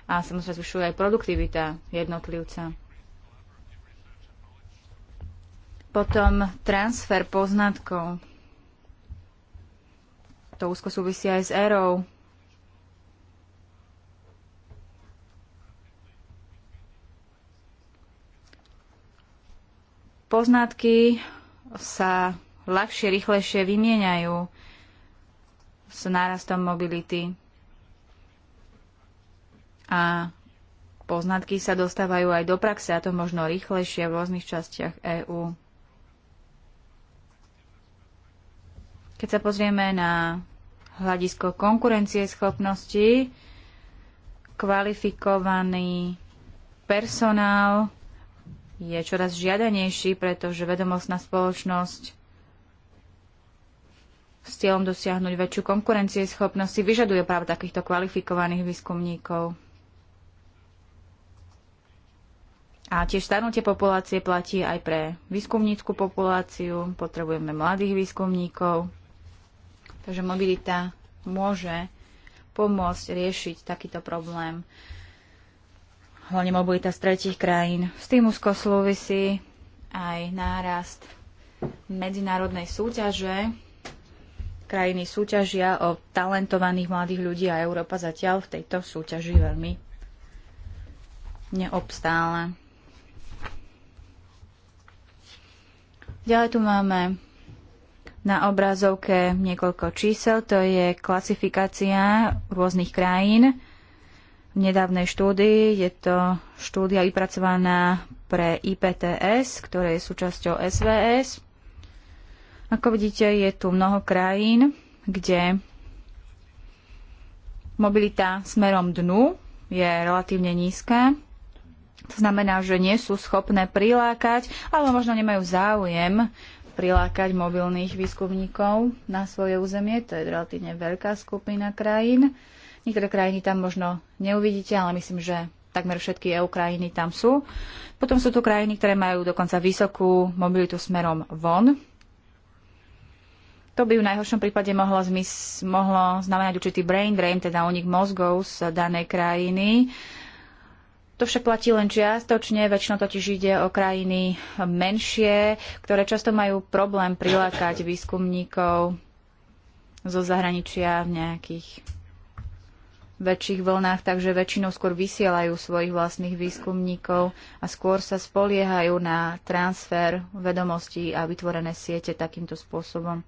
a samozrejme zvyšuje aj produktivita jednotlivca. Potom transfer poznatkov. To úzko súvisí aj s erou. Poznatky sa ľahšie, rýchlejšie vymieňajú s nárastom mobility. A poznatky sa dostávajú aj do praxe, a to možno rýchlejšie v rôznych častiach EÚ. Keď sa pozrieme na hľadisko konkurencie schopnosti, kvalifikovaný personál je čoraz žiadanejší, pretože vedomostná spoločnosť s cieľom dosiahnuť väčšiu konkurencie schopnosti, vyžaduje práve takýchto kvalifikovaných výskumníkov. A tiež starnutie populácie platí aj pre výskumníckú populáciu. Potrebujeme mladých výskumníkov. Takže mobilita môže pomôcť riešiť takýto problém. Hlavne mobilita z tretich krajín. S tým úzko súvisí aj nárast medzinárodnej súťaže. Krajiny súťažia o talentovaných mladých ľudí a Európa zatiaľ v tejto súťaži veľmi neobstále. Ďalej tu máme na obrazovke niekoľko čísel. To je klasifikácia rôznych krajín. V nedávnej štúdii je to štúdia vypracovaná pre IPTS, ktoré je súčasťou SVS. Ako vidíte, je tu mnoho krajín, kde mobilita smerom dnu je relatívne nízka. To znamená, že nie sú schopné prilákať, alebo možno nemajú záujem prilákať mobilných výskumníkov na svoje územie. To je relatívne veľká skupina krajín. Niektoré krajiny tam možno neuvidíte, ale myslím, že takmer všetky EU krajiny tam sú. Potom sú tu krajiny, ktoré majú dokonca vysokú mobilitu smerom von. To by v najhoršom prípade mohlo, zmys- mohlo znamenať určitý brain drain, teda unik mozgov z danej krajiny. To však platí len čiastočne, väčšinou totiž ide o krajiny menšie, ktoré často majú problém prilákať výskumníkov zo zahraničia v nejakých väčších vlnách, takže väčšinou skôr vysielajú svojich vlastných výskumníkov a skôr sa spoliehajú na transfer vedomostí a vytvorené siete takýmto spôsobom.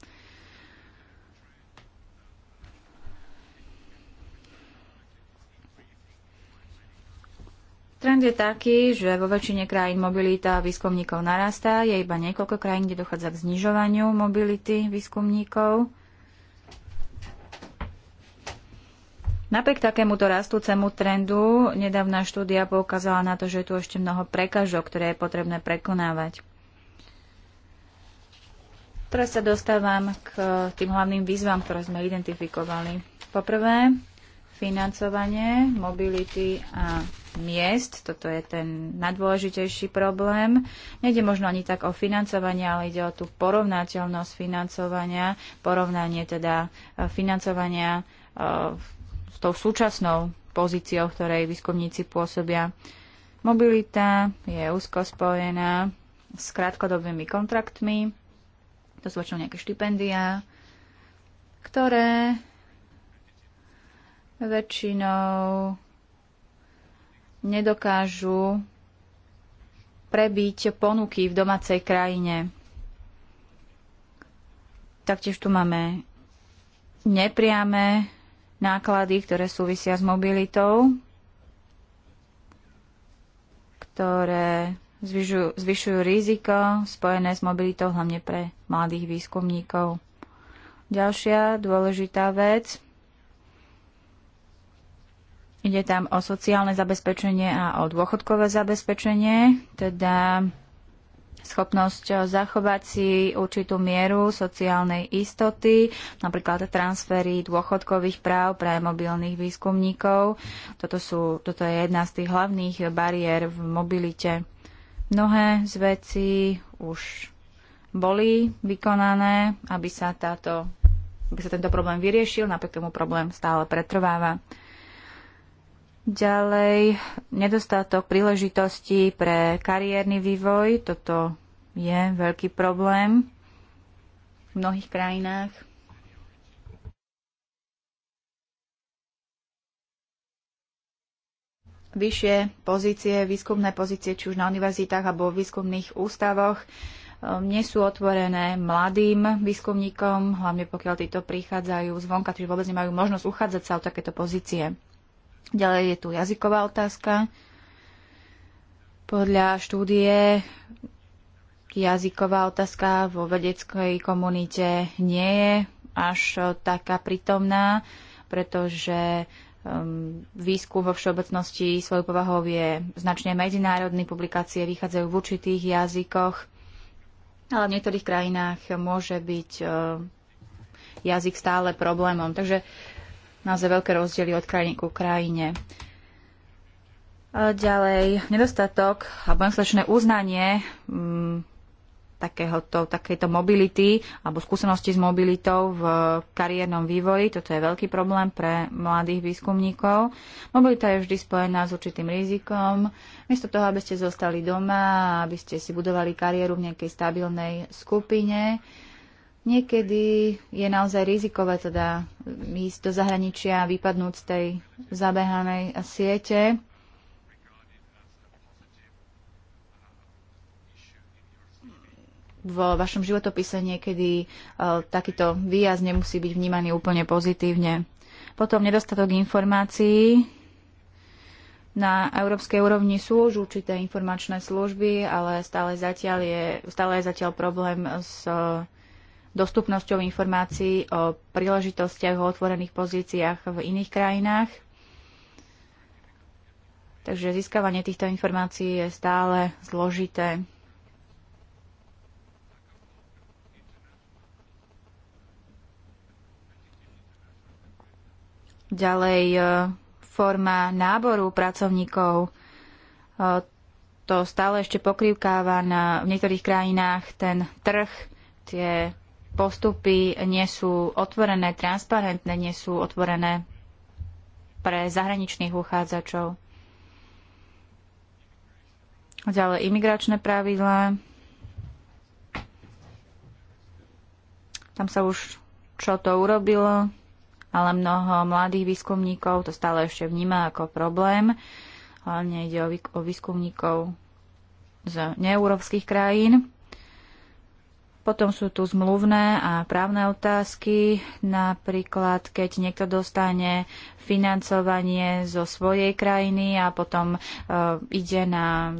Trend je taký, že vo väčšine krajín mobilita výskumníkov narastá. Je iba niekoľko krajín, kde dochádza k znižovaniu mobility výskumníkov. Napriek takémuto rastúcemu trendu nedávna štúdia poukázala na to, že je tu ešte mnoho prekažok, ktoré je potrebné prekonávať. Teraz sa dostávam k tým hlavným výzvam, ktoré sme identifikovali. Poprvé, financovanie mobility a miest. Toto je ten najdôležitejší problém. Nejde možno ani tak o financovanie, ale ide o tú porovnateľnosť financovania, porovnanie teda e, financovania e, s tou súčasnou pozíciou, v ktorej výskumníci pôsobia. Mobilita je úzko spojená s krátkodobými kontraktmi, to sú väčšinou nejaké štipendia, ktoré väčšinou nedokážu prebiť ponuky v domácej krajine. Taktiež tu máme nepriame náklady, ktoré súvisia s mobilitou, ktoré zvyšujú, zvyšujú riziko spojené s mobilitou hlavne pre mladých výskumníkov. Ďalšia dôležitá vec – Ide tam o sociálne zabezpečenie a o dôchodkové zabezpečenie, teda schopnosť zachovať si určitú mieru sociálnej istoty, napríklad transfery dôchodkových práv pre mobilných výskumníkov. Toto, sú, toto je jedna z tých hlavných bariér v mobilite. Mnohé z vecí už boli vykonané, aby sa, táto, aby sa tento problém vyriešil, napriek tomu problém stále pretrváva. Ďalej, nedostatok príležitostí pre kariérny vývoj. Toto je veľký problém v mnohých krajinách. Vyššie pozície, výskumné pozície, či už na univerzitách alebo v výskumných ústavoch, ehm, nie sú otvorené mladým výskumníkom, hlavne pokiaľ títo prichádzajú zvonka, čiže vôbec nemajú možnosť uchádzať sa o takéto pozície. Ďalej je tu jazyková otázka. Podľa štúdie jazyková otázka vo vedeckej komunite nie je až taká prítomná, pretože um, výskum vo všeobecnosti svojou povahou je značne medzinárodný, publikácie vychádzajú v určitých jazykoch, ale v niektorých krajinách môže byť uh, jazyk stále problémom. Takže naozaj veľké rozdiely od krajiny ku krajine. Ďalej, nedostatok alebo neslečné uznanie m, mm, takéhoto, takéto mobility alebo skúsenosti s mobilitou v kariérnom vývoji. Toto je veľký problém pre mladých výskumníkov. Mobilita je vždy spojená s určitým rizikom. Miesto toho, aby ste zostali doma, aby ste si budovali kariéru v nejakej stabilnej skupine, Niekedy je naozaj rizikové teda ísť do zahraničia a vypadnúť z tej zabehanej siete. V vašom životopise niekedy e, takýto výjazd nemusí byť vnímaný úplne pozitívne. Potom nedostatok informácií. Na európskej úrovni sú už určité informačné služby, ale stále zatiaľ je, stále je zatiaľ problém s uh, dostupnosťou informácií o príležitostiach, o otvorených pozíciách v iných krajinách. Takže získavanie týchto informácií je stále zložité. Ďalej e, forma náboru pracovníkov. E, to stále ešte pokrývkáva na, v niektorých krajinách ten trh, tie postupy nie sú otvorené, transparentné, nie sú otvorené pre zahraničných uchádzačov. Ďalej imigračné pravidlá. Tam sa už čo to urobilo, ale mnoho mladých výskumníkov to stále ešte vníma ako problém. Hlavne ide o, výskumníkov z neeurópskych krajín. Potom sú tu zmluvné a právne otázky, napríklad keď niekto dostane financovanie zo svojej krajiny a potom e, ide na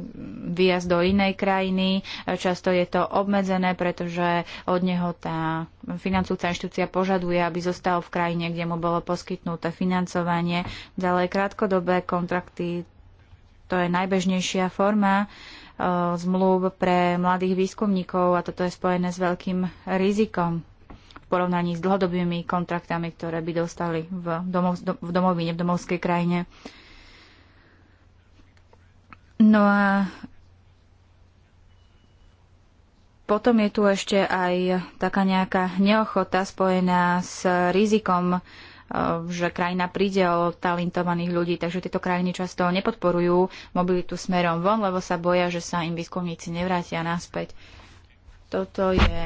výjazd do inej krajiny. E, často je to obmedzené, pretože od neho tá financujúca inštitúcia požaduje, aby zostal v krajine, kde mu bolo poskytnuté financovanie. Ďalej krátkodobé kontrakty, to je najbežnejšia forma. E, Eh, zmluv pre mladých výskumníkov a toto je spojené s veľkým rizikom v porovnaní s dlhodobými kontraktami, ktoré by dostali v, domov, v domovine, v domovskej krajine. No a potom je tu ešte aj taká nejaká neochota spojená s rizikom Eh, že krajina príde o talentovaných ľudí, takže tieto krajiny často nepodporujú mobilitu smerom von, lebo sa boja, že sa im výskumníci nevrátia naspäť. Toto je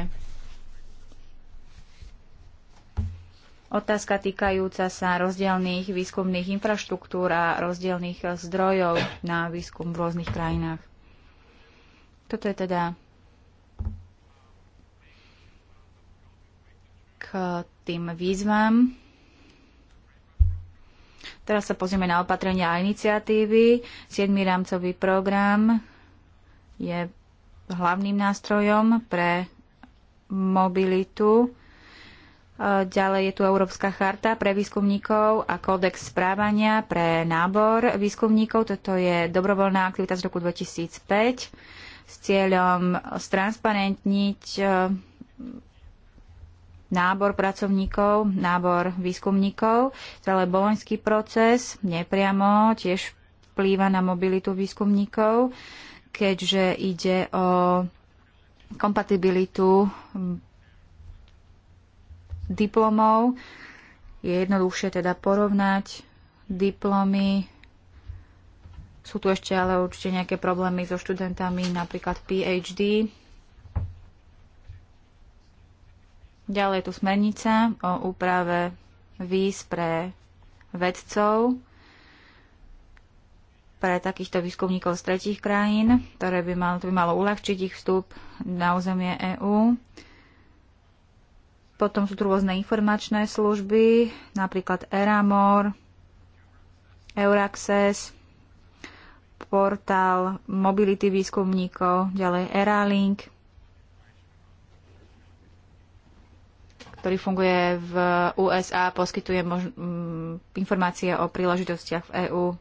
otázka týkajúca sa rozdielných výskumných infraštruktúr a rozdielných zdrojov na výskum v rôznych krajinách. Toto je teda k tým výzvam, Teraz sa pozrieme na opatrenia a iniciatívy. Siedmý rámcový program je hlavným nástrojom pre mobilitu. E, ďalej je tu Európska charta pre výskumníkov a kódex správania pre nábor výskumníkov. Toto je dobrovoľná aktivita z roku 2005 s cieľom stransparentniť e, nábor pracovníkov, nábor výskumníkov, celé boloňský proces nepriamo tiež vplýva na mobilitu výskumníkov, keďže ide o kompatibilitu diplomov. Je jednoduchšie teda porovnať diplomy. Sú tu ešte ale určite nejaké problémy so študentami, napríklad PhD, Ďalej je tu smernica o úprave víz pre vedcov, pre takýchto výskumníkov z tretich krajín, ktoré by malo, to by malo uľahčiť ich vstup na územie EÚ. Potom sú tu rôzne informačné služby, napríklad Eramor, Euraxes, portál mobility výskumníkov, ďalej Eralink, ktorý funguje v USA, poskytuje mož- mm, informácie o príležitostiach v EÚ.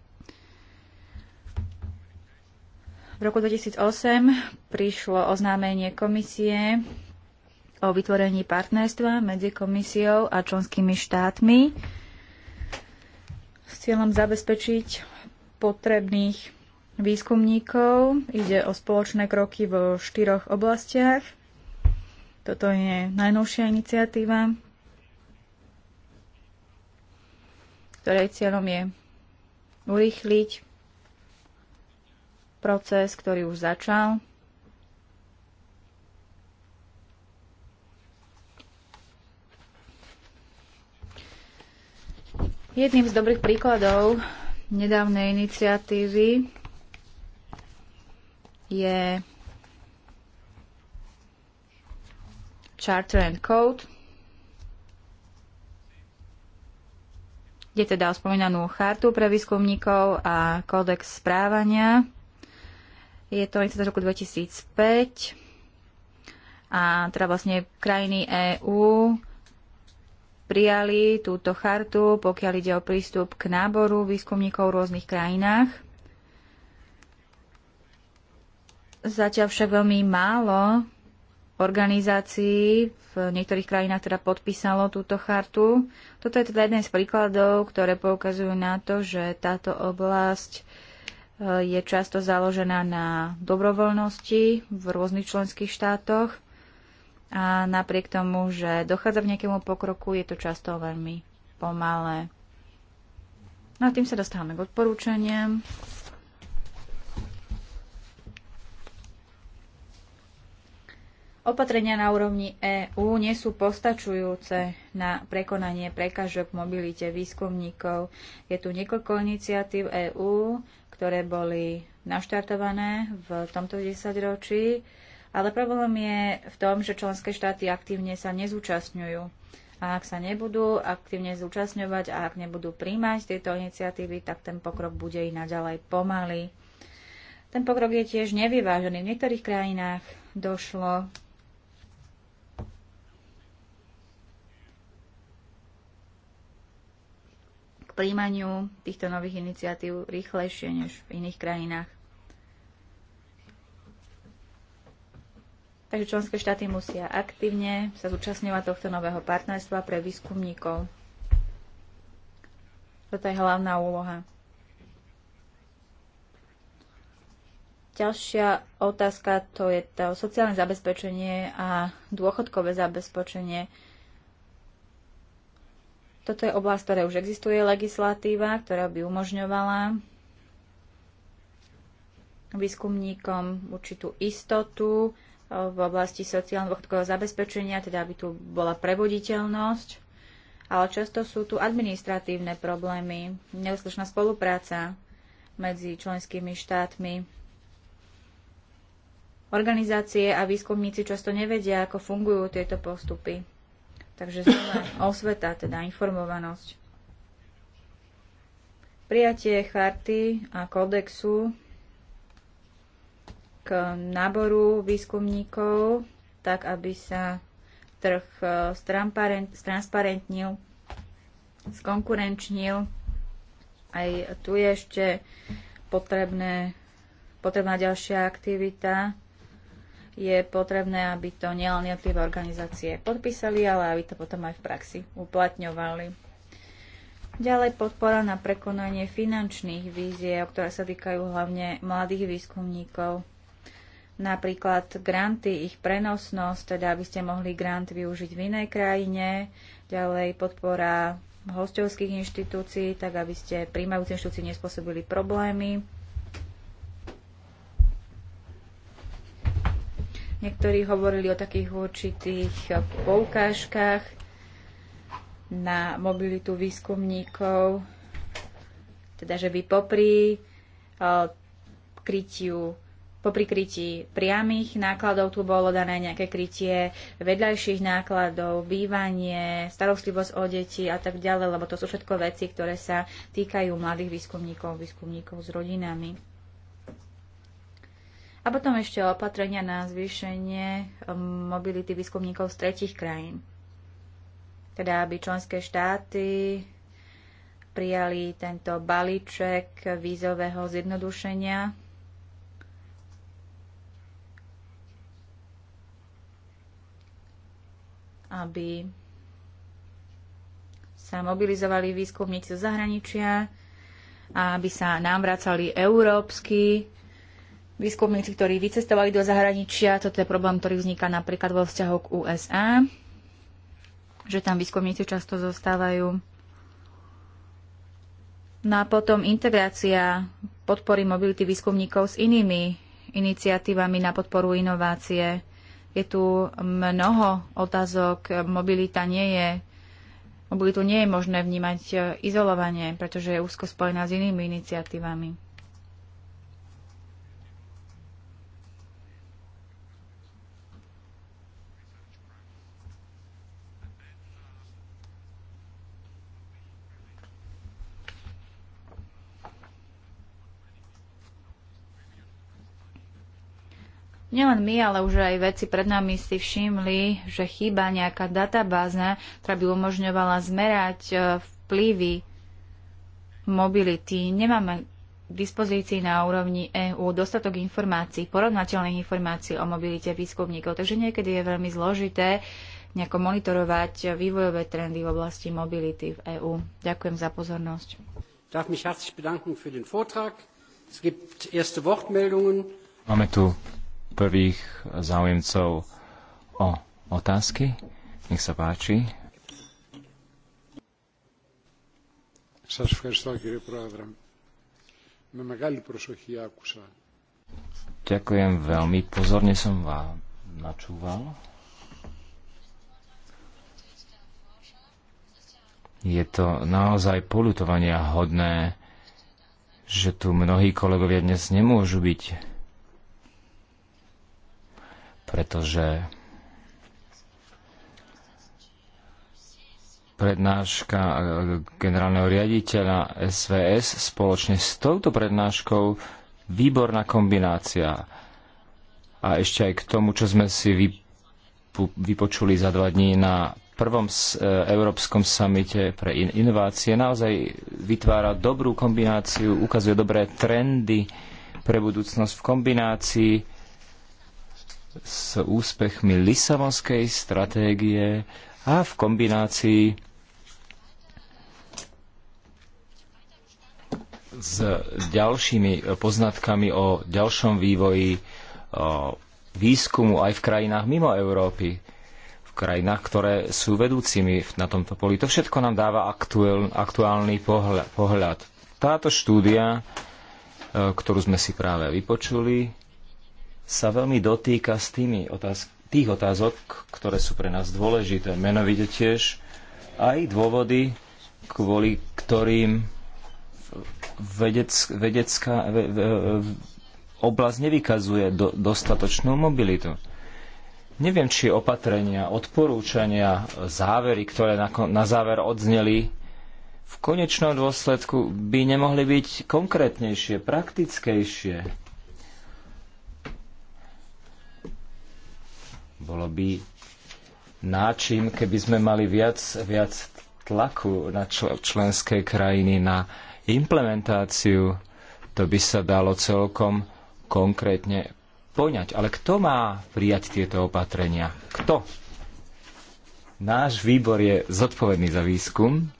V roku 2008 prišlo oznámenie komisie o vytvorení partnerstva medzi komisiou a členskými štátmi s cieľom zabezpečiť potrebných výskumníkov. Ide o spoločné kroky vo štyroch oblastiach – toto je najnovšia iniciatíva, ktorej cieľom je urýchliť proces, ktorý už začal. Jedným z dobrých príkladov nedávnej iniciatívy je Charter and Code, kde teda o spomínanú chartu pre výskumníkov a kódex správania. Je to z roku 2005 a teda vlastne krajiny EÚ prijali túto chartu, pokiaľ ide o prístup k náboru výskumníkov v rôznych krajinách. Zatiaľ však veľmi málo organizácií v niektorých krajinách teda podpísalo túto chartu. Toto je teda jeden z príkladov, ktoré poukazujú na to, že táto oblasť eh, je často založená na dobrovoľnosti v rôznych členských štátoch a napriek tomu, že dochádza k nejakému pokroku, je to často veľmi pomalé. No a tým sa dostávame k odporúčaniam. Opatrenia na úrovni EÚ nie sú postačujúce na prekonanie prekažok mobilite výskumníkov. Je tu niekoľko iniciatív EÚ, ktoré boli naštartované v tomto desaťročí, ale problém je v tom, že členské štáty aktívne sa nezúčastňujú. A ak sa nebudú aktívne zúčastňovať a ak nebudú príjmať tieto iniciatívy, tak ten pokrok bude i naďalej pomalý. Ten pokrok je tiež nevyvážený. V niektorých krajinách došlo príjmaniu týchto nových iniciatív rýchlejšie než v iných krajinách. Takže členské štáty musia aktívne sa zúčastňovať tohto nového partnerstva pre výskumníkov. Toto je hlavná úloha. Ďalšia otázka to je to sociálne zabezpečenie a dôchodkové zabezpečenie. Toto je oblasť, ktoré už existuje legislatíva, ktorá by umožňovala výskumníkom určitú istotu e, v oblasti sociálneho zabezpečenia, teda aby tu bola prevoditeľnosť. Ale často sú tu administratívne problémy, neúslušná spolupráca medzi členskými štátmi. Organizácie a výskumníci často nevedia, ako fungujú tieto postupy. Takže znova [CLEARS THROAT] osveta, teda informovanosť. Prijatie charty a kodexu k náboru výskumníkov, tak aby sa trh e, stransparentnil, skonkurenčnil. Aj tu je ešte potrebné, potrebná ďalšia aktivita, je potrebné, aby to nielen jednotlivé organizácie podpísali, ale aby to potom aj v praxi uplatňovali. Ďalej podpora na prekonanie finančných o ktoré sa týkajú hlavne mladých výskumníkov. Napríklad granty, ich prenosnosť, teda aby ste mohli grant využiť v inej krajine. Ďalej podpora hostovských inštitúcií, tak aby ste príjmajúce inštitúcii nespôsobili problémy Niektorí hovorili o takých určitých poukážkach na mobilitu výskumníkov, teda že by popri krytiu po prikrytí priamých nákladov tu bolo dané nejaké krytie vedľajších nákladov, bývanie, starostlivosť o deti a tak ďalej, lebo to sú všetko veci, ktoré sa týkajú mladých výskumníkov, výskumníkov s rodinami. A potom ešte opatrenia na zvýšenie um, mobility výskumníkov z tretich krajín. Teda, aby členské štáty prijali tento balíček vízového zjednodušenia. aby sa mobilizovali výskumníci zo zahraničia a aby sa nám vracali európsky výskumníci, ktorí vycestovali do zahraničia. Toto je problém, ktorý vzniká napríklad vo vzťahu k USA, že tam výskumníci často zostávajú. No a potom integrácia podpory mobility výskumníkov s inými iniciatívami na podporu inovácie. Je tu mnoho otázok. Mobilita nie je Mobilitu nie je možné vnímať izolovanie, pretože je úzko spojená s inými iniciatívami. Nielen my, ale už aj veci pred nami si všimli, že chýba nejaká databáza, ktorá by umožňovala zmerať e, vplyvy mobility. Nemáme k dispozícii na úrovni EÚ dostatok informácií, porovnateľných informácií o mobilite výskumníkov, takže niekedy je veľmi zložité nejako monitorovať vývojové trendy v oblasti mobility v EÚ. Ďakujem za pozornosť. Máme tu prvých záujemcov o otázky. Nech sa páči. Ďakujem veľmi. Pozorne som vám načúval. Je to naozaj polutovania hodné, že tu mnohí kolegovia dnes nemôžu byť pretože prednáška generálneho riaditeľa SVS spoločne s touto prednáškou výborná kombinácia. A ešte aj k tomu, čo sme si vypočuli za dva dní na prvom e, európskom samite pre inovácie, naozaj vytvára dobrú kombináciu, ukazuje dobré trendy pre budúcnosť v kombinácii s úspechmi Lisabonskej stratégie a v kombinácii s ďalšími poznatkami o ďalšom vývoji o výskumu aj v krajinách mimo Európy, v krajinách, ktoré sú vedúcimi na tomto poli. To všetko nám dáva aktuál, aktuálny pohľad. Táto štúdia, e, ktorú sme si práve vypočuli, sa veľmi dotýka s tými otázk- tých otázok, ktoré sú pre nás dôležité. Menovite tiež aj dôvody, kvôli ktorým vedec, vedecká oblasť nevykazuje do, dostatočnú mobilitu. Neviem, či opatrenia, odporúčania, závery, ktoré na, na záver odzneli, v konečnom dôsledku by nemohli byť konkrétnejšie, praktickejšie Bolo by náčin, keby sme mali viac, viac tlaku na čl- členské krajiny na implementáciu. To by sa dalo celkom konkrétne poňať. Ale kto má prijať tieto opatrenia? Kto? Náš výbor je zodpovedný za výskum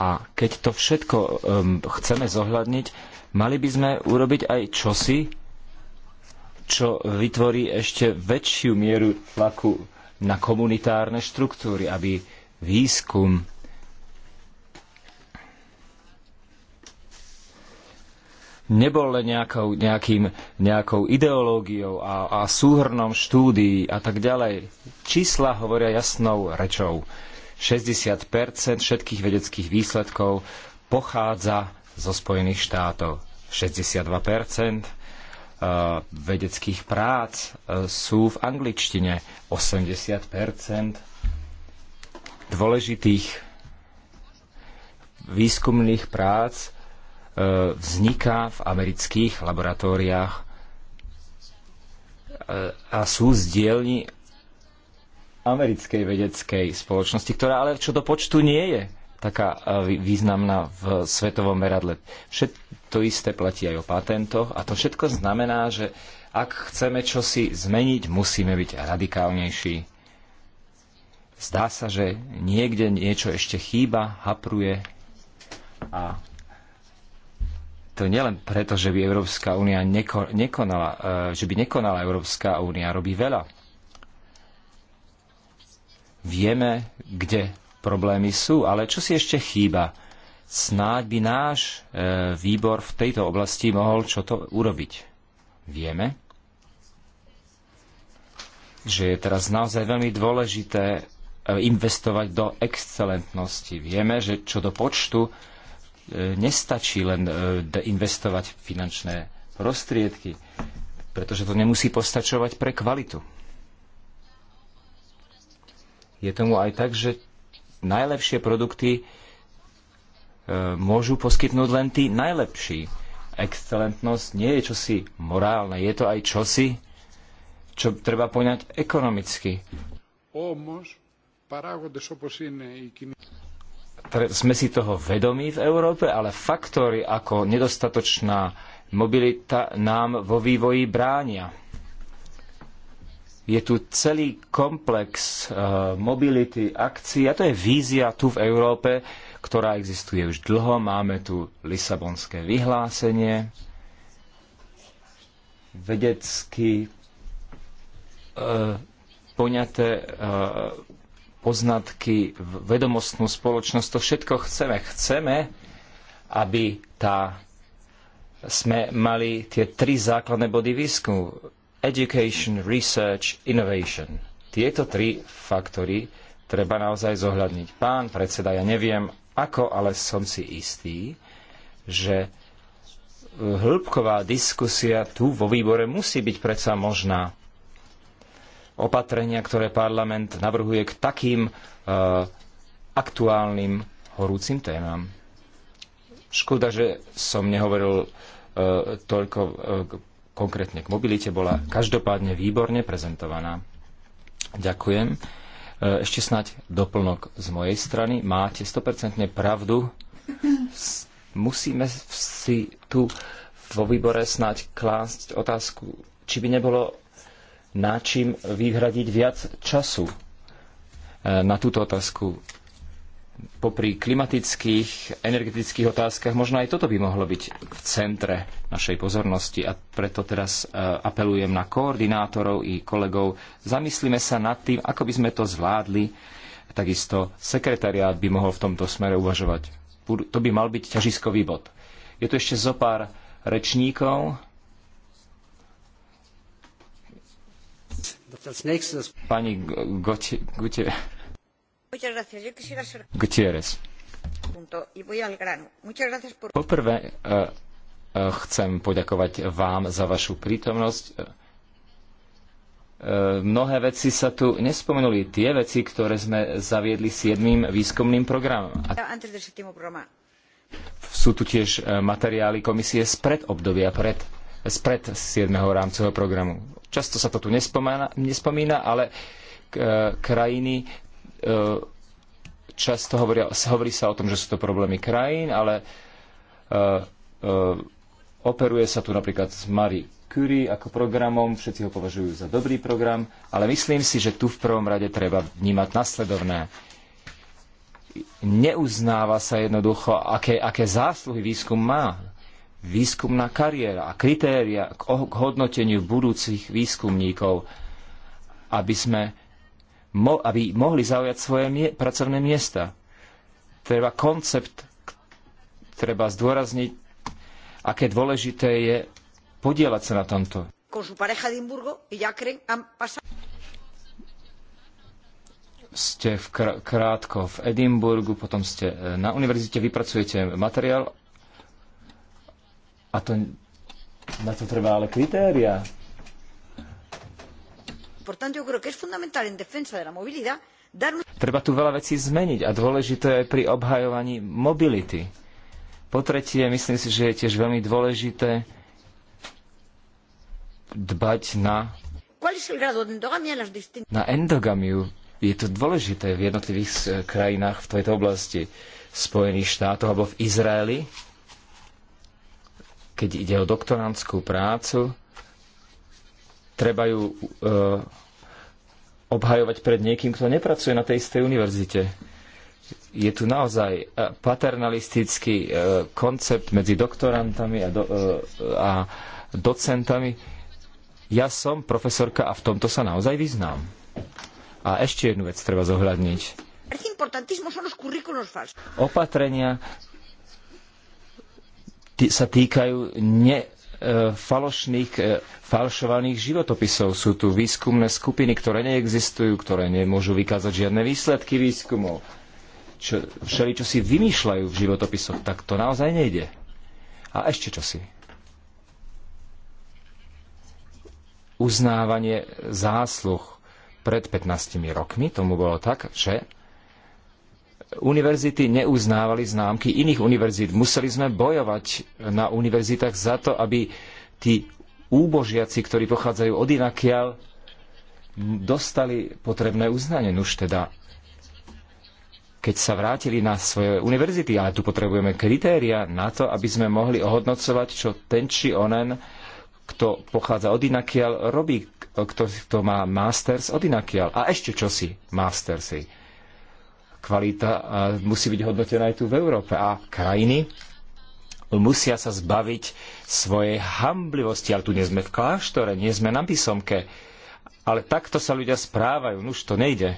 a keď to všetko um, chceme zohľadniť, mali by sme urobiť aj čosi, čo vytvorí ešte väčšiu mieru tlaku na komunitárne štruktúry, aby výskum nebol len nejakou, nejakým, nejakou ideológiou a, a súhrnom štúdií a tak ďalej. Čísla hovoria jasnou rečou. 60 všetkých vedeckých výsledkov pochádza zo Spojených štátov. 62 Eh, vedeckých prác eh, sú v angličtine. 80 dôležitých výskumných prác eh, vzniká v amerických laboratóriách a sú z americkej vedeckej spoločnosti, ktorá ale čo do počtu nie je taká e, významná v svetovom meradle. Všet, to isté platí aj o patentoch a to všetko znamená, že ak chceme čosi zmeniť, musíme byť radikálnejší. Zdá sa, že niekde niečo ešte chýba, hapruje a to nielen preto, že by Európska únia neko, nekonala, e, že by nekonala Európska únia, robí veľa. Vieme, kde problémy sú, ale čo si ešte chýba? Snáď by náš e, výbor v tejto oblasti mohol čo to urobiť. Vieme, že je teraz naozaj veľmi dôležité e, investovať do excelentnosti. Vieme, že čo do počtu e, nestačí len e, investovať finančné prostriedky, pretože to nemusí postačovať pre kvalitu. Je tomu aj tak, že najlepšie produkty e, môžu poskytnúť len tí najlepší. Excelentnosť nie je čosi morálne, je to aj čosi, čo treba poňať ekonomicky. Sme si toho vedomí v Európe, ale faktory ako nedostatočná mobilita nám vo vývoji bránia je tu celý komplex uh, mobility, akcií a to je vízia tu v Európe, ktorá existuje už dlho. Máme tu Lisabonské vyhlásenie, vedecky uh, poňaté uh, poznatky, vedomostnú spoločnosť, to všetko chceme. Chceme, aby tá, sme mali tie tri základné body výskumu education, research, innovation. Tieto tri faktory treba naozaj zohľadniť. Pán predseda, ja neviem ako, ale som si istý, že e, hĺbková diskusia tu vo výbore musí byť predsa možná. Opatrenia, ktoré parlament navrhuje k takým e, aktuálnym horúcim témam. Škoda, že som nehovoril e, toľko e, konkrétne k mobilite bola každopádne výborne prezentovaná. Ďakujem. E, ešte snáď doplnok z mojej strany. Máte 100% pravdu. Musíme si tu vo výbore snáď klásť otázku, či by nebolo na čím vyhradiť viac času. E, na túto otázku popri klimatických, energetických otázkach, možno aj toto by mohlo byť v centre našej pozornosti a preto teraz e, apelujem na koordinátorov i kolegov, zamyslíme sa nad tým, ako by sme to zvládli, takisto sekretariát by mohol v tomto smere uvažovať. To by mal byť ťažiskový bod. Je tu ešte zo pár rečníkov. Pani Gote, Gutierrez. Poprvé eh, eh, chcem poďakovať vám za vašu prítomnosť. Eh, mnohé veci sa tu nespomenuli, tie veci, ktoré sme zaviedli siedmým výskumným programom. Sú tu tiež materiály komisie spred obdobia, pred, spred 7. rámcového programu. Často sa to tu nespomína, nespomína ale krajiny E, často hovoria, hovorí sa o tom, že sú to problémy krajín, ale e, e, operuje sa tu napríklad s Marie Curie ako programom, všetci ho považujú za dobrý program, ale myslím si, že tu v prvom rade treba vnímať nasledovné neuznáva sa jednoducho, aké, aké zásluhy výskum má. Výskumná kariéra a kritéria k, hodnoteniu budúcich výskumníkov, aby sme mo- aby mohli zaujať svoje mie- pracovné miesta. Treba koncept, treba zdôrazniť, aké dôležité je podielať sa na tomto. Ste v kr- krátko v Edimburgu, potom ste e, na univerzite, vypracujete materiál a to, na to treba ale kritéria Treba tu veľa vecí zmeniť a dôležité je pri obhajovaní mobility. Po tretie, myslím si, že je tiež veľmi dôležité dbať na, na endogamiu. Je to dôležité v jednotlivých eh, krajinách v tejto oblasti Spojených štátov alebo v Izraeli, keď ide o doktorantskú prácu, treba ju e, obhajovať pred niekým, kto nepracuje na tej istej univerzite. Je tu naozaj eh, paternalistický e, koncept medzi doktorantami a, do, e, a docentami. Ja som profesorka a v tomto sa naozaj vyznám. A ešte jednu vec treba zohľadniť. Opatrenia sa týkajú ne, E, falošných, e, falšovaných životopisov. Sú tu výskumné skupiny, ktoré neexistujú, ktoré nemôžu vykázať žiadne výsledky výskumov. Čo, všeli, čo si vymýšľajú v životopisoch, tak to naozaj nejde. A ešte si. Uznávanie zásluh pred 15 rokmi, tomu bolo tak, že univerzity neuznávali známky iných univerzít. Museli sme bojovať na univerzitách za to, aby tí úbožiaci, ktorí pochádzajú od inakiaľ, dostali potrebné uznanie. Nuž teda, keď sa vrátili na svoje univerzity, ale tu potrebujeme kritéria na to, aby sme mohli ohodnocovať, čo ten či onen, kto pochádza od inakiaľ, robí, kto, kto má masters od inakiaľ. A ešte čosi mastersy kvalita musí byť hodnotená aj tu v Európe. A krajiny musia sa zbaviť svojej hamblivosti. Ale tu nie sme v kláštore, nie sme na písomke. Ale takto sa ľudia správajú. No už to nejde.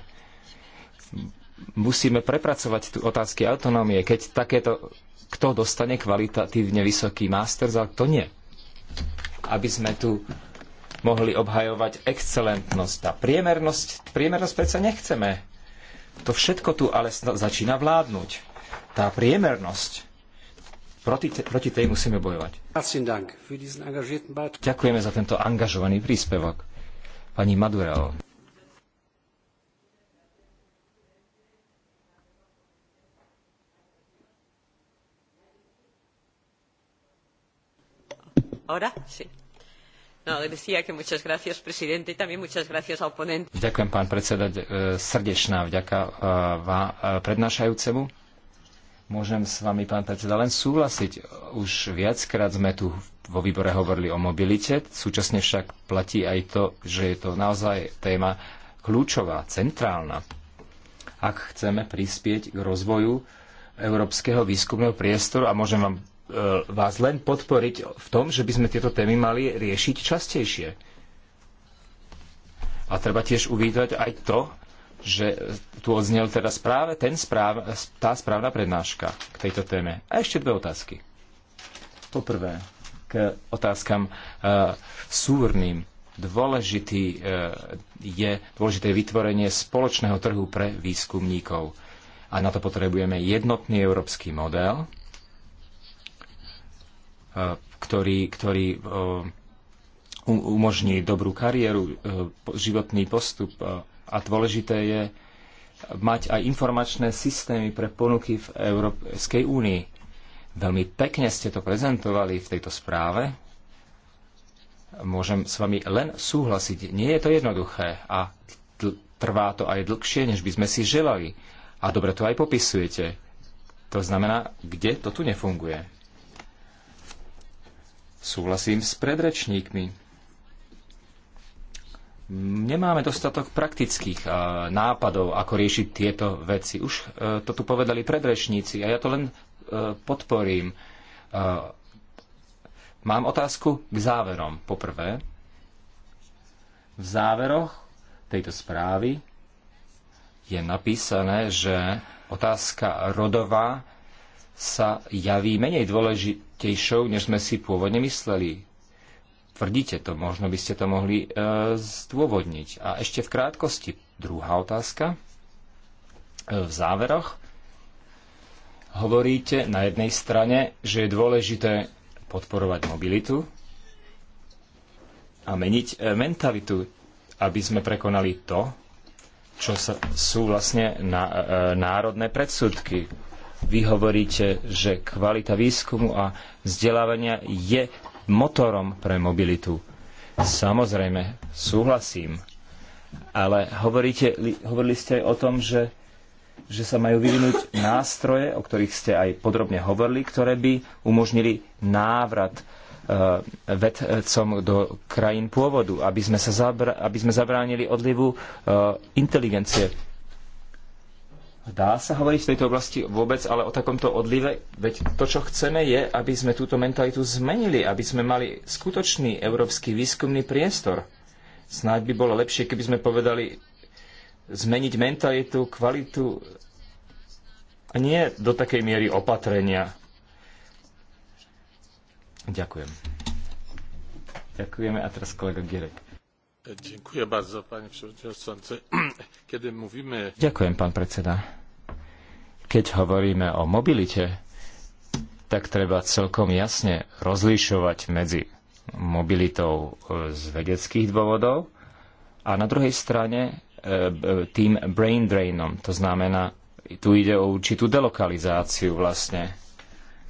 Musíme prepracovať tu otázky autonómie. Keď takéto, kto dostane kvalitatívne vysoký master, ale kto nie. Aby sme tu mohli obhajovať excelentnosť. A priemernosť, priemernosť predsa nechceme to všetko tu ale začína vládnuť. Tá priemernosť, proti, te, proti tej musíme bojovať. Ďakujeme za tento angažovaný príspevok. Pani Madurel. Ahora sí. No, decía que muchas gracias, presidente, también muchas gracias al ponente. Ďakujem, pán predseda, e, srdečná vďaka e, vám e, prednášajúcemu. Môžem s vami, pán predseda, len súhlasiť. Už viackrát sme tu vo výbore hovorili o mobilite, súčasne však platí aj to, že je to naozaj téma kľúčová, centrálna. Ak chceme prispieť k rozvoju európskeho výskumného priestoru, a môžem vám E, vás len podporiť v tom, že by sme tieto témy mali riešiť častejšie. A treba tiež uvítať aj to, že tu odznel teraz práve ten správ, tá správna prednáška k tejto téme. A ešte dve otázky. Poprvé, k otázkam uh, súrnym. Dôležitý, uh, je dôležité vytvorenie spoločného trhu pre výskumníkov. A na to potrebujeme jednotný európsky model, E, ktorý, ktorý e, umožní dobrú kariéru, e, životný postup a dôležité je mať aj informačné systémy pre ponuky v Európskej únii. Veľmi pekne ste to prezentovali v tejto správe. Môžem s vami len súhlasiť. Nie je to jednoduché a trvá to aj dlhšie, než by sme si želali. A dobre to aj popisujete. To znamená, kde to tu nefunguje. Súhlasím s predrečníkmi. Nemáme dostatok praktických eh, nápadov, ako riešiť tieto veci. Už eh, to tu povedali predrečníci a ja to len eh, podporím. Mám otázku k záverom. Poprvé, v záveroch tejto správy je napísané, že otázka rodová sa javí menej dôležitá častejšou, než sme si pôvodne mysleli. Tvrdíte to, možno by ste to mohli e, zdôvodniť. A ešte v krátkosti druhá otázka. E, v záveroch hovoríte na jednej strane, že je dôležité podporovať mobilitu a meniť e, mentalitu, aby sme prekonali to, čo sa, sú vlastne na, e, e národné predsudky. Vy hovoríte, že kvalita výskumu a vzdelávania je motorom pre mobilitu. Samozrejme, súhlasím. Ale hovoríte, hovorili ste aj o tom, že, že sa majú vyvinúť nástroje, o ktorých ste aj podrobne hovorili, ktoré by umožnili návrat e, vedcom do krajín pôvodu, aby sme, sa aby sme zabránili odlivu e, inteligencie Dá sa hovoriť v tejto oblasti vôbec ale o takomto odlive? Veď to, čo chceme, je, aby sme túto mentalitu zmenili, aby sme mali skutočný európsky výskumný priestor. Snáď by bolo lepšie, keby sme povedali zmeniť mentalitu, kvalitu a nie do takej miery opatrenia. Ďakujem. Ďakujeme a teraz kolega Girek. Ďakujem, pán [CLEARS THROAT] predseda. Keď hovoríme o mobilite, tak treba celkom jasne rozlišovať medzi mobilitou e, z vedeckých dôvodov a na druhej strane e, tým brain drainom. To znamená, tu ide o určitú delokalizáciu vlastne.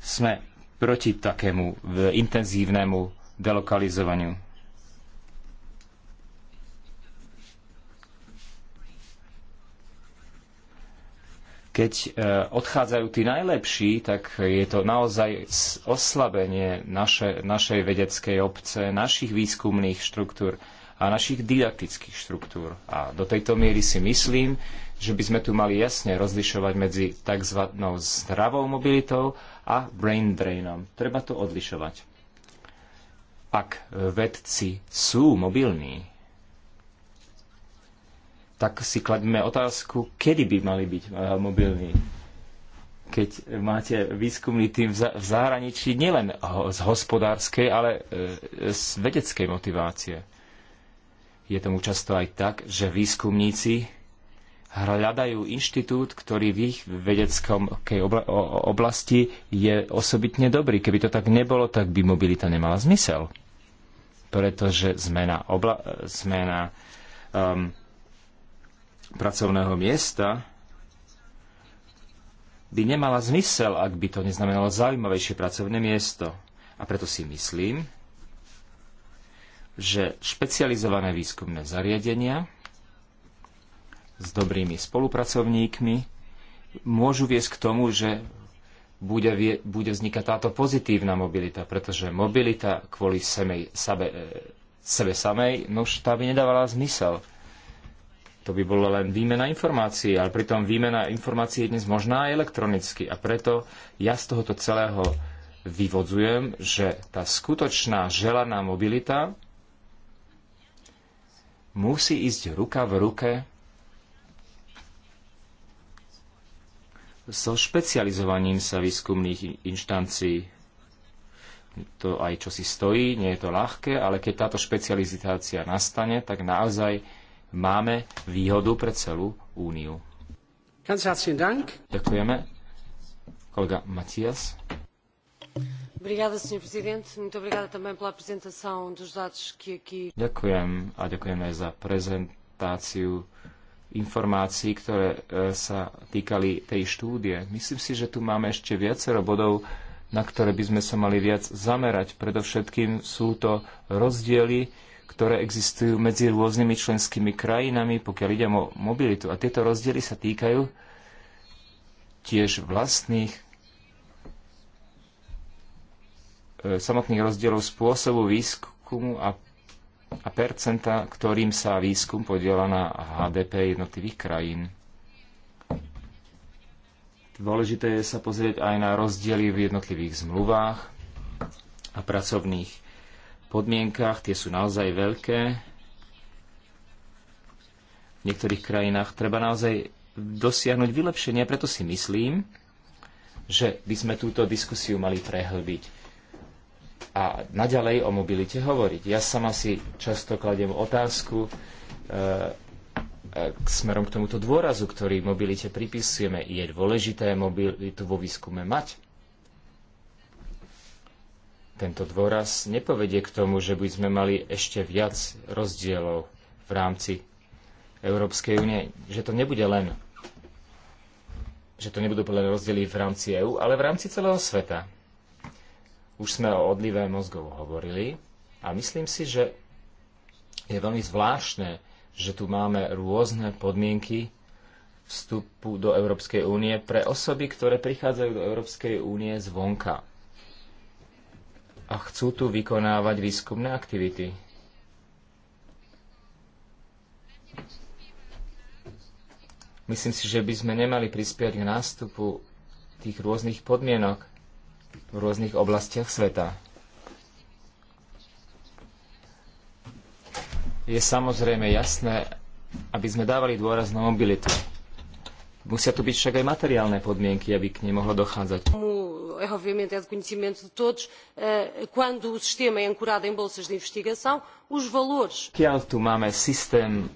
Sme proti takému intenzívnemu delokalizovaniu keď e, odchádzajú tí najlepší, tak je to naozaj oslabenie naše, našej vedeckej obce, našich výskumných štruktúr a našich didaktických štruktúr. A do tejto miery si myslím, že by sme tu mali jasne rozlišovať medzi tzv. zdravou mobilitou a brain drainom. Treba to odlišovať. Ak vedci sú mobilní, tak si kladme otázku, kedy by mali byť eh, mobilní. Keď máte výskumný tým v zahraničí nielen z hospodárskej, ale eh, z vedeckej motivácie. Je tomu často aj tak, že výskumníci hľadajú inštitút, ktorý v ich vedeckom oblasti je osobitne dobrý. Keby to tak nebolo, tak by mobilita nemala zmysel. Pretože zmena, obla- eh, zmena um, pracovného miesta by nemala zmysel, ak by to neznamenalo zaujímavejšie pracovné miesto. A preto si myslím, že špecializované výskumné zariadenia s dobrými spolupracovníkmi môžu viesť k tomu, že bude, bude vznikať táto pozitívna mobilita, pretože mobilita kvôli semej, sabe, e, sebe samej, no už tá by nedávala zmysel. To by bolo len výmena informácií, ale pritom výmena informácií je dnes možná aj elektronicky. A preto ja z tohoto celého vyvodzujem, že tá skutočná želaná mobilita musí ísť ruka v ruke so špecializovaním sa výskumných inštancií. To aj čo si stojí, nie je to ľahké, ale keď táto špecializácia nastane, tak naozaj máme výhodu pre celú úniu. Ďakujeme. Kolega Matias. Obrigada, Presidente. Muito obrigada também pela apresentação dos dados que aqui... Ďakujem a ďakujem aj za prezentáciu informácií, ktoré e, sa týkali tej štúdie. Myslím si, že tu máme ešte viacero bodov, na ktoré by sme sa mali viac zamerať. Predovšetkým sú to rozdiely ktoré existujú medzi rôznymi členskými krajinami, pokiaľ ide o mobilitu. A tieto rozdiely sa týkajú tiež vlastných e, samotných rozdielov spôsobu výskumu a, a percenta, ktorým sa výskum podiela na HDP jednotlivých krajín. Dôležité je sa pozrieť aj na rozdiely v jednotlivých zmluvách a pracovných podmienkach, tie sú naozaj veľké. V niektorých krajinách treba naozaj dosiahnuť vylepšenie, preto si myslím, že by sme túto diskusiu mali prehlbiť a naďalej o mobilite hovoriť. Ja sama si často kladiem otázku e, e k smerom k tomuto dôrazu, ktorý mobilite pripisujeme. Je dôležité mobilitu vo výskume mať? tento dôraz nepovedie k tomu, že by sme mali ešte viac rozdielov v rámci Európskej únie. Že to nebude len že to nebudú len rozdiely v rámci EÚ, ale v rámci celého sveta. Už sme o odlive mozgov hovorili a myslím si, že je veľmi zvláštne, že tu máme rôzne podmienky vstupu do Európskej únie pre osoby, ktoré prichádzajú do Európskej únie zvonka a chcú tu vykonávať výskumné aktivity. Myslím si, že by sme nemali prispieť k nástupu tých rôznych podmienok v rôznych oblastiach sveta. Je samozrejme jasné, aby sme dávali dôraz na mobilitu. Musia tu byť však aj materiálne podmienky, aby k nej mohlo dochádzať. É obviamente é de conhecimento de todos, eh, quando o sistema é ancorado em bolsas de investigação, os valores. Kiaľ tu máme systém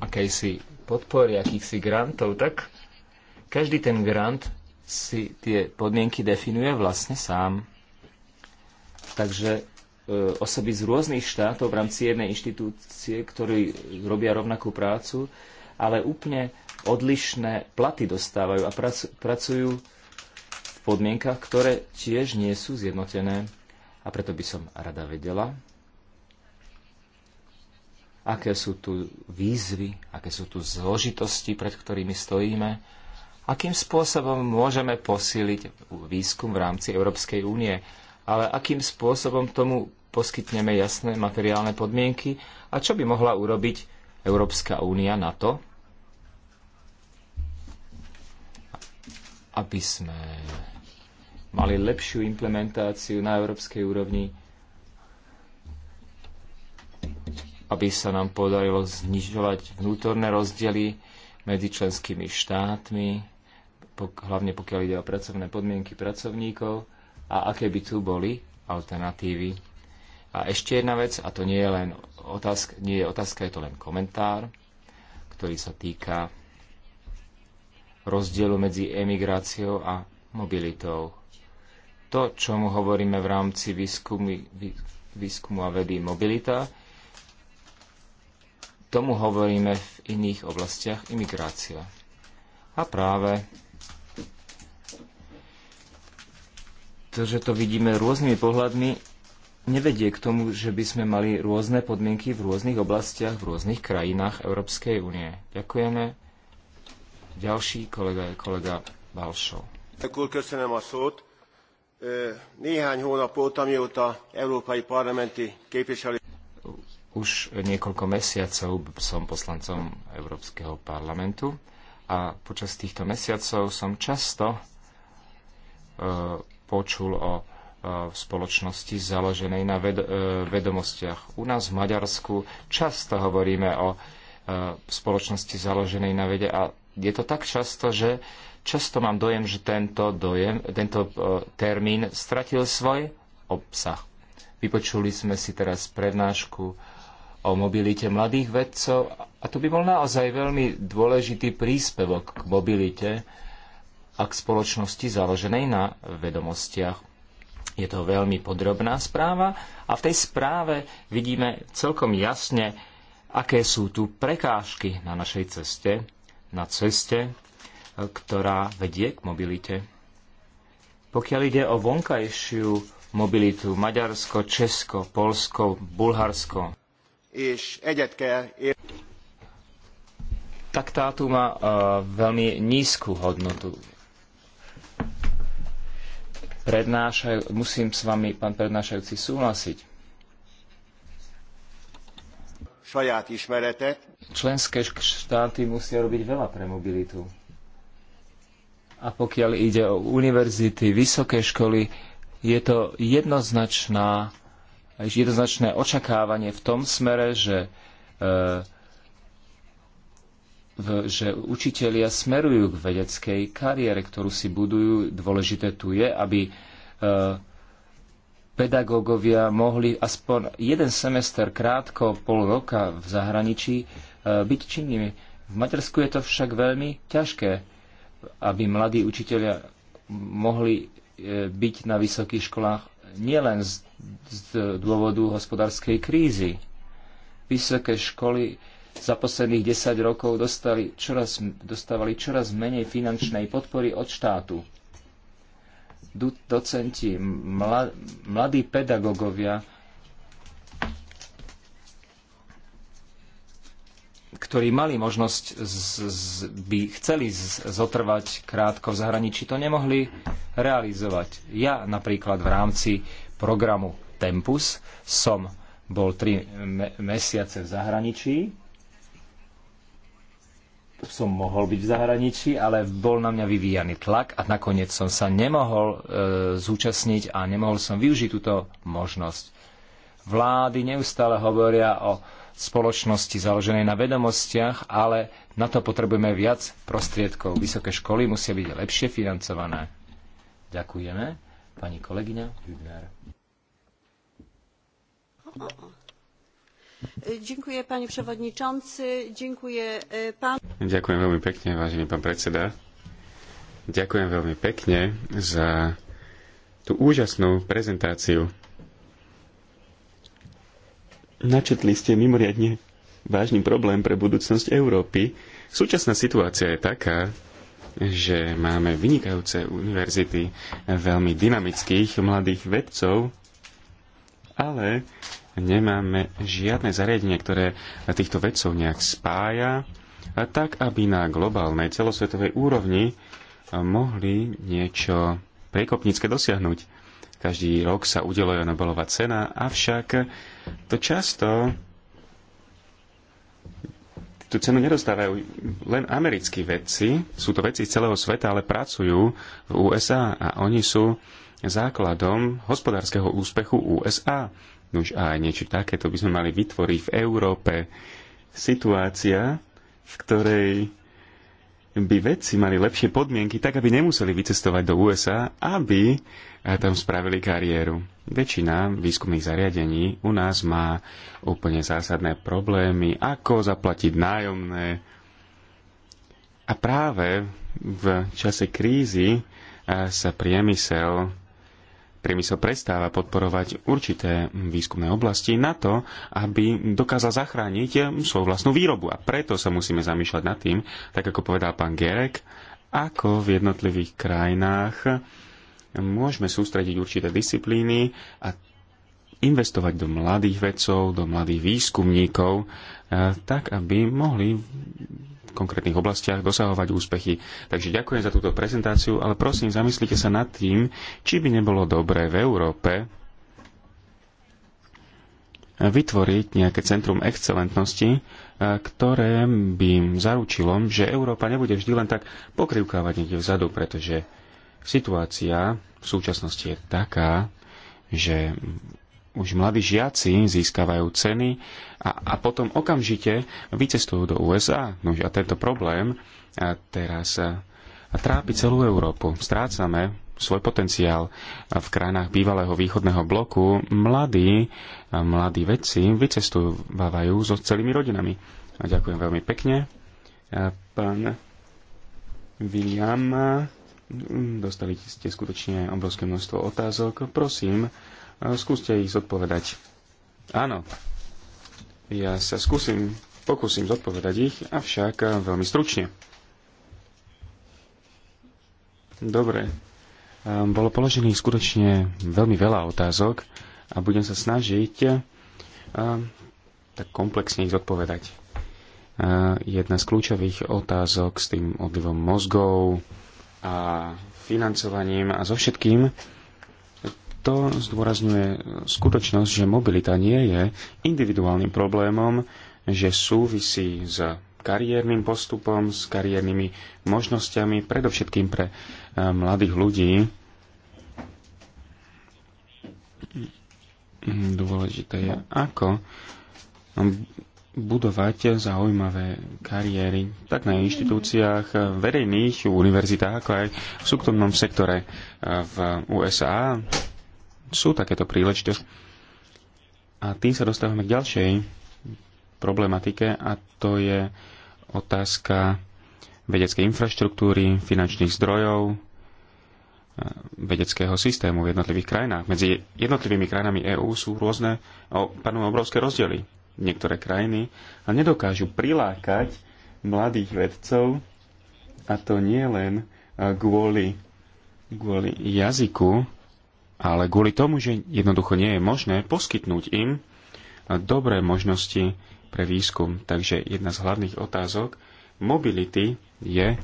akejsi podpory, akýchsi grantov, tak každý ten grant si tie podmienky definuje vlastne sám. Takže eh, osoby z rôznych štátov v rámci jednej inštitúcie, ktorí robia rovnakú prácu, ale úplne odlišné platy dostávajú a pracujú v podmienkach, ktoré tiež nie sú zjednotené. A preto by som rada vedela, aké sú tu výzvy, aké sú tu zložitosti, pred ktorými stojíme, akým spôsobom môžeme posíliť výskum v rámci Európskej únie, ale akým spôsobom tomu poskytneme jasné materiálne podmienky a čo by mohla urobiť Európska únia na to, aby sme mali lepšiu implementáciu na európskej úrovni, aby sa nám podarilo znižovať vnútorné rozdiely medzi členskými štátmi, hlavne pokiaľ ide o pracovné podmienky pracovníkov a aké by tu boli alternatívy. A ešte jedna vec, a to nie je len otázka, nie je otázka, je to len komentár, ktorý sa týka rozdielu medzi emigráciou a mobilitou. To, čo mu hovoríme v rámci výskumy, výskumu a vedy mobilita, tomu hovoríme v iných oblastiach imigrácia. A práve to, že to vidíme rôznymi pohľadmi, nevedie k tomu, že by sme mali rôzne podmienky v rôznych oblastiach, v rôznych krajinách Európskej únie. Ďakujeme. Ďalší kolega je kolega Balšov. Köszönöm a szót. Néhány hónap óta, mióta európai parlamenti képviselő... Už niekoľko mesiacov som poslancom Európskeho parlamentu a počas týchto mesiacov som často počul o v spoločnosti založenej na vedomostiach. U nás v Maďarsku často hovoríme o spoločnosti založenej na vede a je to tak často, že často mám dojem, že tento, dojem, tento e, termín stratil svoj obsah. Vypočuli sme si teraz prednášku o mobilite mladých vedcov a to by bol naozaj veľmi dôležitý príspevok k mobilite a k spoločnosti založenej na vedomostiach. Je to veľmi podrobná správa a v tej správe vidíme celkom jasne, aké sú tu prekážky na našej ceste na ceste, e, ktorá vedie k mobilite. Pokiaľ ide o vonkajšiu mobilitu Maďarsko, Česko, Polsko, Bulharsko, tak tá tu má uh, veľmi nízku hodnotu. Prednášajú, musím s vami, pán prednášajúci, súhlasiť saját ismeretet. Členské štáty musia robiť veľa pre mobilitu. A pokiaľ ide o univerzity, vysoké školy, je to jednoznačná, jednoznačné očakávanie v tom smere, že, e, že učitelia smerujú k vedeckej kariére, ktorú si budujú. Dôležité tu je, aby e, pedagógovia mohli aspoň jeden semester krátko, pol roka v zahraničí e, byť činnými. V Maďarsku je to však veľmi ťažké, aby mladí učiteľia mohli e, byť na vysokých školách nielen z, z dôvodu hospodárskej krízy. Vysoké školy za posledných 10 rokov dostali čoraz, dostávali čoraz menej finančnej podpory od štátu docenti, mladí pedagógovia, ktorí mali možnosť z, z, by chceli z, zotrvať krátko v zahraničí, to nemohli realizovať. Ja napríklad v rámci programu Tempus som bol tri me mesiace v zahraničí som mohol byť v zahraničí, ale bol na mňa vyvíjaný tlak a nakoniec som sa nemohol e, zúčastniť a nemohol som využiť túto možnosť. Vlády neustále hovoria o spoločnosti založenej na vedomostiach, ale na to potrebujeme viac prostriedkov. Vysoké školy musia byť lepšie financované. Ďakujeme. Pani kolegyňa Hübner. Ďakujem, e, veľmi pekne, vážený pán predseda. Ďakujem veľmi pekne za tú úžasnú prezentáciu. Načetli ste mimoriadne vážny problém pre budúcnosť Európy. Súčasná situácia je taká, že máme vynikajúce univerzity veľmi dynamických mladých vedcov, ale nemáme žiadne zariadenie, ktoré týchto vedcov nejak spája, a tak aby na globálnej celosvetovej úrovni mohli niečo prekopnícke dosiahnuť. Každý rok sa udeluje Nobelová cena, avšak to často tú cenu nedostávajú len americkí vedci, sú to vedci z celého sveta, ale pracujú v USA a oni sú základom hospodárskeho úspechu USA už a niečo takéto by sme mali vytvoriť v Európe. Situácia, v ktorej by vedci mali lepšie podmienky, tak aby nemuseli vycestovať do USA, aby tam spravili kariéru. Väčšina výskumných zariadení u nás má úplne zásadné problémy, ako zaplatiť nájomné. A práve v čase krízy sa priemysel priemysel prestáva podporovať určité výskumné oblasti na to, aby dokázal zachrániť eh, svoju vlastnú výrobu. A preto sa musíme zamýšľať nad tým, tak ako povedal pán Gerek, ako v jednotlivých krajinách eh, môžeme sústrediť určité disciplíny a investovať do mladých vedcov, do mladých výskumníkov, eh, tak aby mohli konkrétnych oblastiach dosahovať úspechy. Takže ďakujem za túto prezentáciu, ale prosím, zamyslite sa nad tým, či by nebolo dobré v Európe vytvoriť nejaké centrum excelentnosti, eh, ktoré by zaručilo, že Európa nebude vždy len tak pokrivkávať niekde vzadu, pretože situácia v súčasnosti je taká, že už mladí žiaci získavajú ceny a, a potom okamžite vycestujú do USA. No a tento problém a teraz a, a trápi celú Európu. Strácame svoj potenciál v krajinách bývalého východného bloku. Mladí, a mladí vedci vycestovávajú so celými rodinami. A ďakujem veľmi pekne. A pán William, dostali ste skutočne obrovské množstvo otázok. Prosím, Skúste ich zodpovedať. Áno, ja sa skúsim, pokúsim zodpovedať ich, avšak veľmi stručne. Dobre. Ehm, bolo položených skutočne veľmi veľa otázok a budem sa snažiť ehm, tak komplexne ich zodpovedať. Ehm, jedna z kľúčových otázok s tým odlivom mozgov a financovaním a so všetkým to zdôrazňuje skutočnosť, že mobilita nie je individuálnym problémom, že súvisí s kariérnym postupom, s kariérnymi možnosťami, predovšetkým pre eh, mladých ľudí. Dôležité je, ako budovať zaujímavé kariéry tak na inštitúciách verejných, univerzitách, ako aj v súkromnom sektore eh, v USA sú takéto príležitosti. A tým sa dostávame k ďalšej problematike a to je otázka vedeckej infraštruktúry, finančných zdrojov, e, vedeckého systému v jednotlivých krajinách. Medzi jednotlivými krajinami EÚ sú rôzne, panujú obrovské rozdiely. Niektoré krajiny a nedokážu prilákať mladých vedcov a to nie len e, kvôli, kvôli jazyku, ale kvôli tomu, že jednoducho nie je možné poskytnúť im dobré možnosti pre výskum. Takže jedna z hlavných otázok mobility je,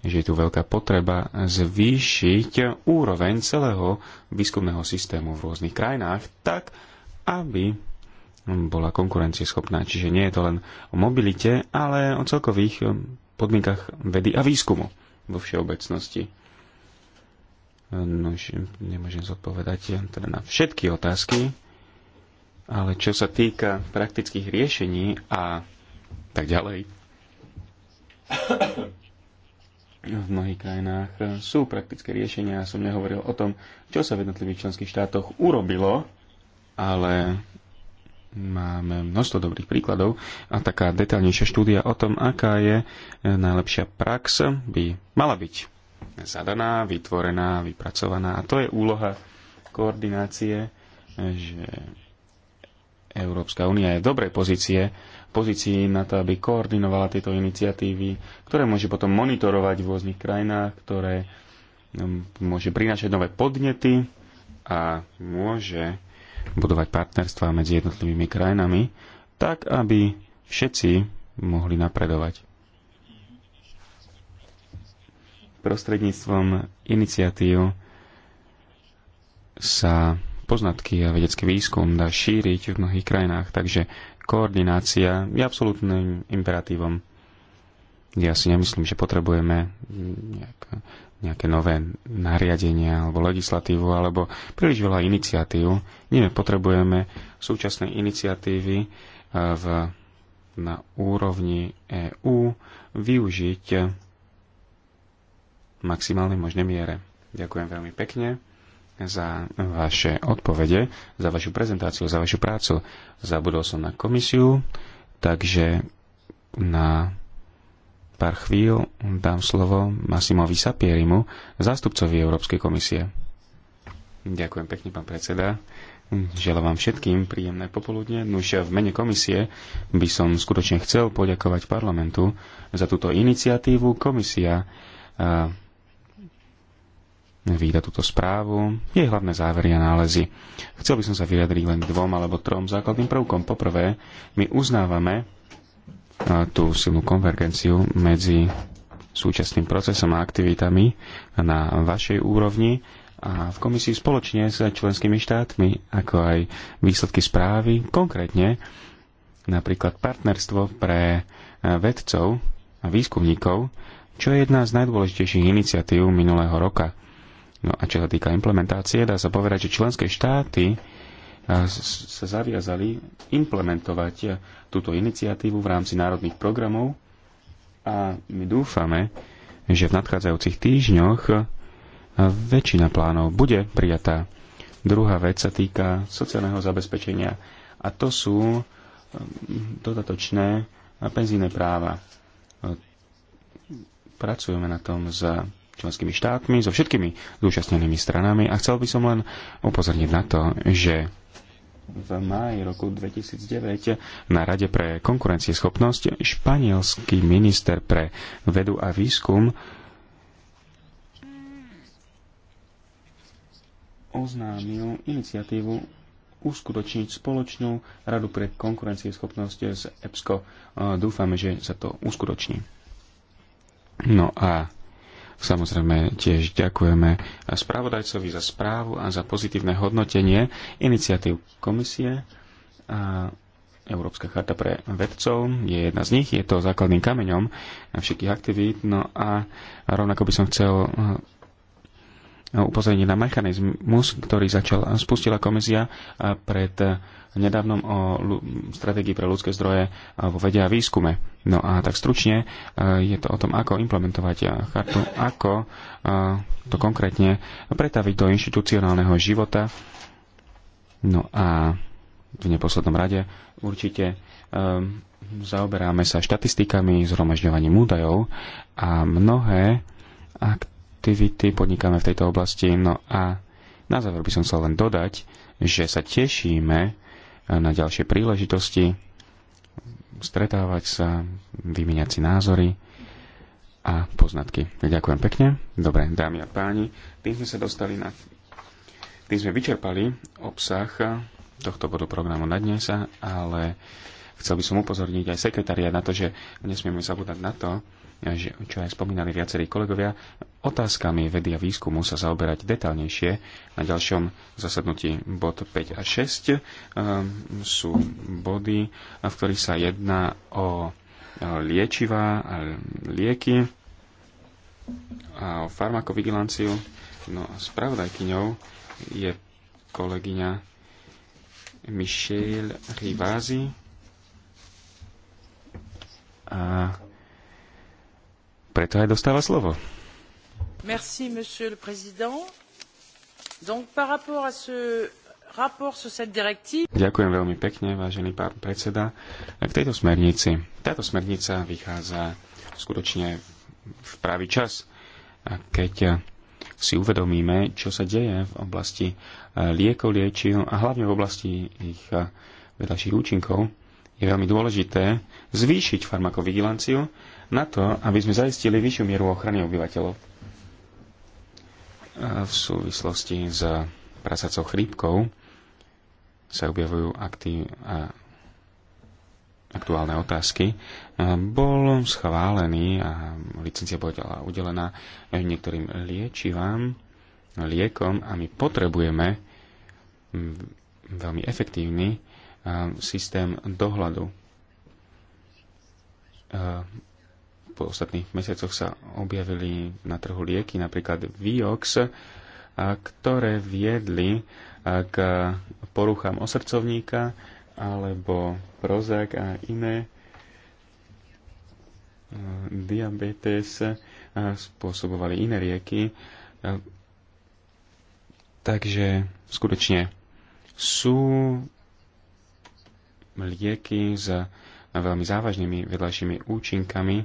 že je tu veľká potreba zvýšiť úroveň celého výskumného systému v rôznych krajinách tak, aby bola konkurencieschopná. Čiže nie je to len o mobilite, ale o celkových podmienkach vedy a výskumu vo všeobecnosti. No, nemôžem zodpovedať teda na všetky otázky, ale čo sa týka praktických riešení a tak ďalej, v mnohých krajinách sú praktické riešenia. Ja som nehovoril o tom, čo sa v jednotlivých členských štátoch urobilo, ale máme množstvo dobrých príkladov a taká detaľnejšia štúdia o tom, aká je najlepšia prax, by mala byť zadaná, vytvorená, vypracovaná. A to je úloha koordinácie, že Európska únia je v dobrej pozície, pozícii na to, aby koordinovala tieto iniciatívy, ktoré môže potom monitorovať v rôznych krajinách, ktoré um, môže prinášať nové podnety a môže budovať partnerstva medzi jednotlivými krajinami, tak aby všetci mohli napredovať. prostredníctvom iniciatív sa poznatky a vedecký výskum dá šíriť v mnohých krajinách, takže koordinácia je absolútnym imperatívom. Ja si nemyslím, že potrebujeme nejaké, nové nariadenia alebo legislatívu alebo príliš veľa iniciatív. Nie, potrebujeme súčasné iniciatívy eh, v, na úrovni EÚ využiť maximálnej možnej miere. Ďakujem veľmi pekne za vaše odpovede, za vašu prezentáciu, za vašu prácu. Zabudol som na komisiu, takže na pár chvíľ dám slovo Massimovi Sapierimu, zástupcovi Európskej komisie. Ďakujem pekne, pán predseda. Želám vám všetkým príjemné popoludne. Nuž v mene komisie by som skutočne chcel poďakovať parlamentu za túto iniciatívu. Komisia vyda túto správu, jej hlavné závery a nálezy. Chcel by som sa vyjadriť len dvom alebo trom základným prvkom. Poprvé, my uznávame tú silnú konvergenciu medzi súčasným procesom a aktivitami na vašej úrovni a v komisii spoločne s členskými štátmi, ako aj výsledky správy, konkrétne napríklad partnerstvo pre vedcov a výskumníkov, čo je jedna z najdôležitejších iniciatív minulého roka No a čo sa týka implementácie, dá sa povedať, že členské štáty eh, sa zaviazali implementovať eh, túto iniciatívu v rámci národných programov a my dúfame, že v nadchádzajúcich týždňoch eh, väčšina plánov bude prijatá. Druhá vec sa týka sociálneho zabezpečenia a to sú dodatočné penzíne práva. Pracujeme na tom s členskými štátmi, so všetkými zúčastnenými stranami a chcel by som len upozorniť na to, že v máji roku 2009 na Rade pre konkurencieschopnosť španielský minister pre vedu a výskum oznámil iniciatívu uskutočniť spoločnú radu pre konkurencieschopnosť z EPSCO. Dúfame, že sa to uskutoční. No a Samozrejme tiež ďakujeme spravodajcovi za správu a za pozitívne hodnotenie iniciatív komisie. A Európska charta pre vedcov je jedna z nich, je to základným kameňom všetkých aktivít. No a rovnako by som chcel No, upozornenie na mechanizmus, ktorý začal, spustila komisia pred nedávnom o stratégii pre ľudské zdroje vo vede a výskume. No a tak stručne je to o tom, ako implementovať chartu, ako to konkrétne pretaviť do inštitucionálneho života. No a v neposlednom rade určite ehm, zaoberáme sa štatistikami, zhromažďovaním údajov a mnohé ak aktivity podnikáme v tejto oblasti. No a na záver by som chcel len dodať, že sa tešíme eh, na ďalšie príležitosti stretávať sa, vymieňať si názory a poznatky. Ďakujem pekne. Dobre, dámy a páni, tým sme sa dostali na... Tým sme vyčerpali obsah eh, tohto bodu programu na dnes, eh, ale chcel by som upozorniť aj sekretariat na to, že nesmieme zabúdať na to, že, čo aj spomínali viacerí kolegovia, otázkami vedy a výskumu sa zaoberať detaľnejšie. Na ďalšom zasadnutí bod 5 a 6 eh, sú body, v ktorých sa jedná o eh, liečivá a eh, lieky a o farmakovigilanciu. No a spravodajkyňou je kolegyňa Michelle Rivázy a preto aj dostáva slovo monsieur le président. par rapport à ce rapport sur cette directive... Ďakujem veľmi pekne, vážený pán predseda. K tejto smernici. Táto smernica vychádza skutočne v pravý čas, keď si uvedomíme, čo sa deje v oblasti e, liekov, liečiv a hlavne v oblasti ich e, vedľajších účinkov, je veľmi dôležité zvýšiť farmakovigilanciu na to, aby sme zaistili vyššiu mieru ochrany obyvateľov v súvislosti s prasacou chrípkou sa objavujú a aktuálne otázky, bol schválený a licencia bola udelená niektorým liečivám, liekom a my potrebujeme veľmi efektívny systém dohľadu po ostatných mesiacoch sa objavili na trhu lieky, napríklad Viox, ktoré viedli k poruchám osrdcovníka alebo Prozac a iné diabetes spôsobovali iné rieky. Takže skutočne sú lieky s veľmi závažnými vedľajšími účinkami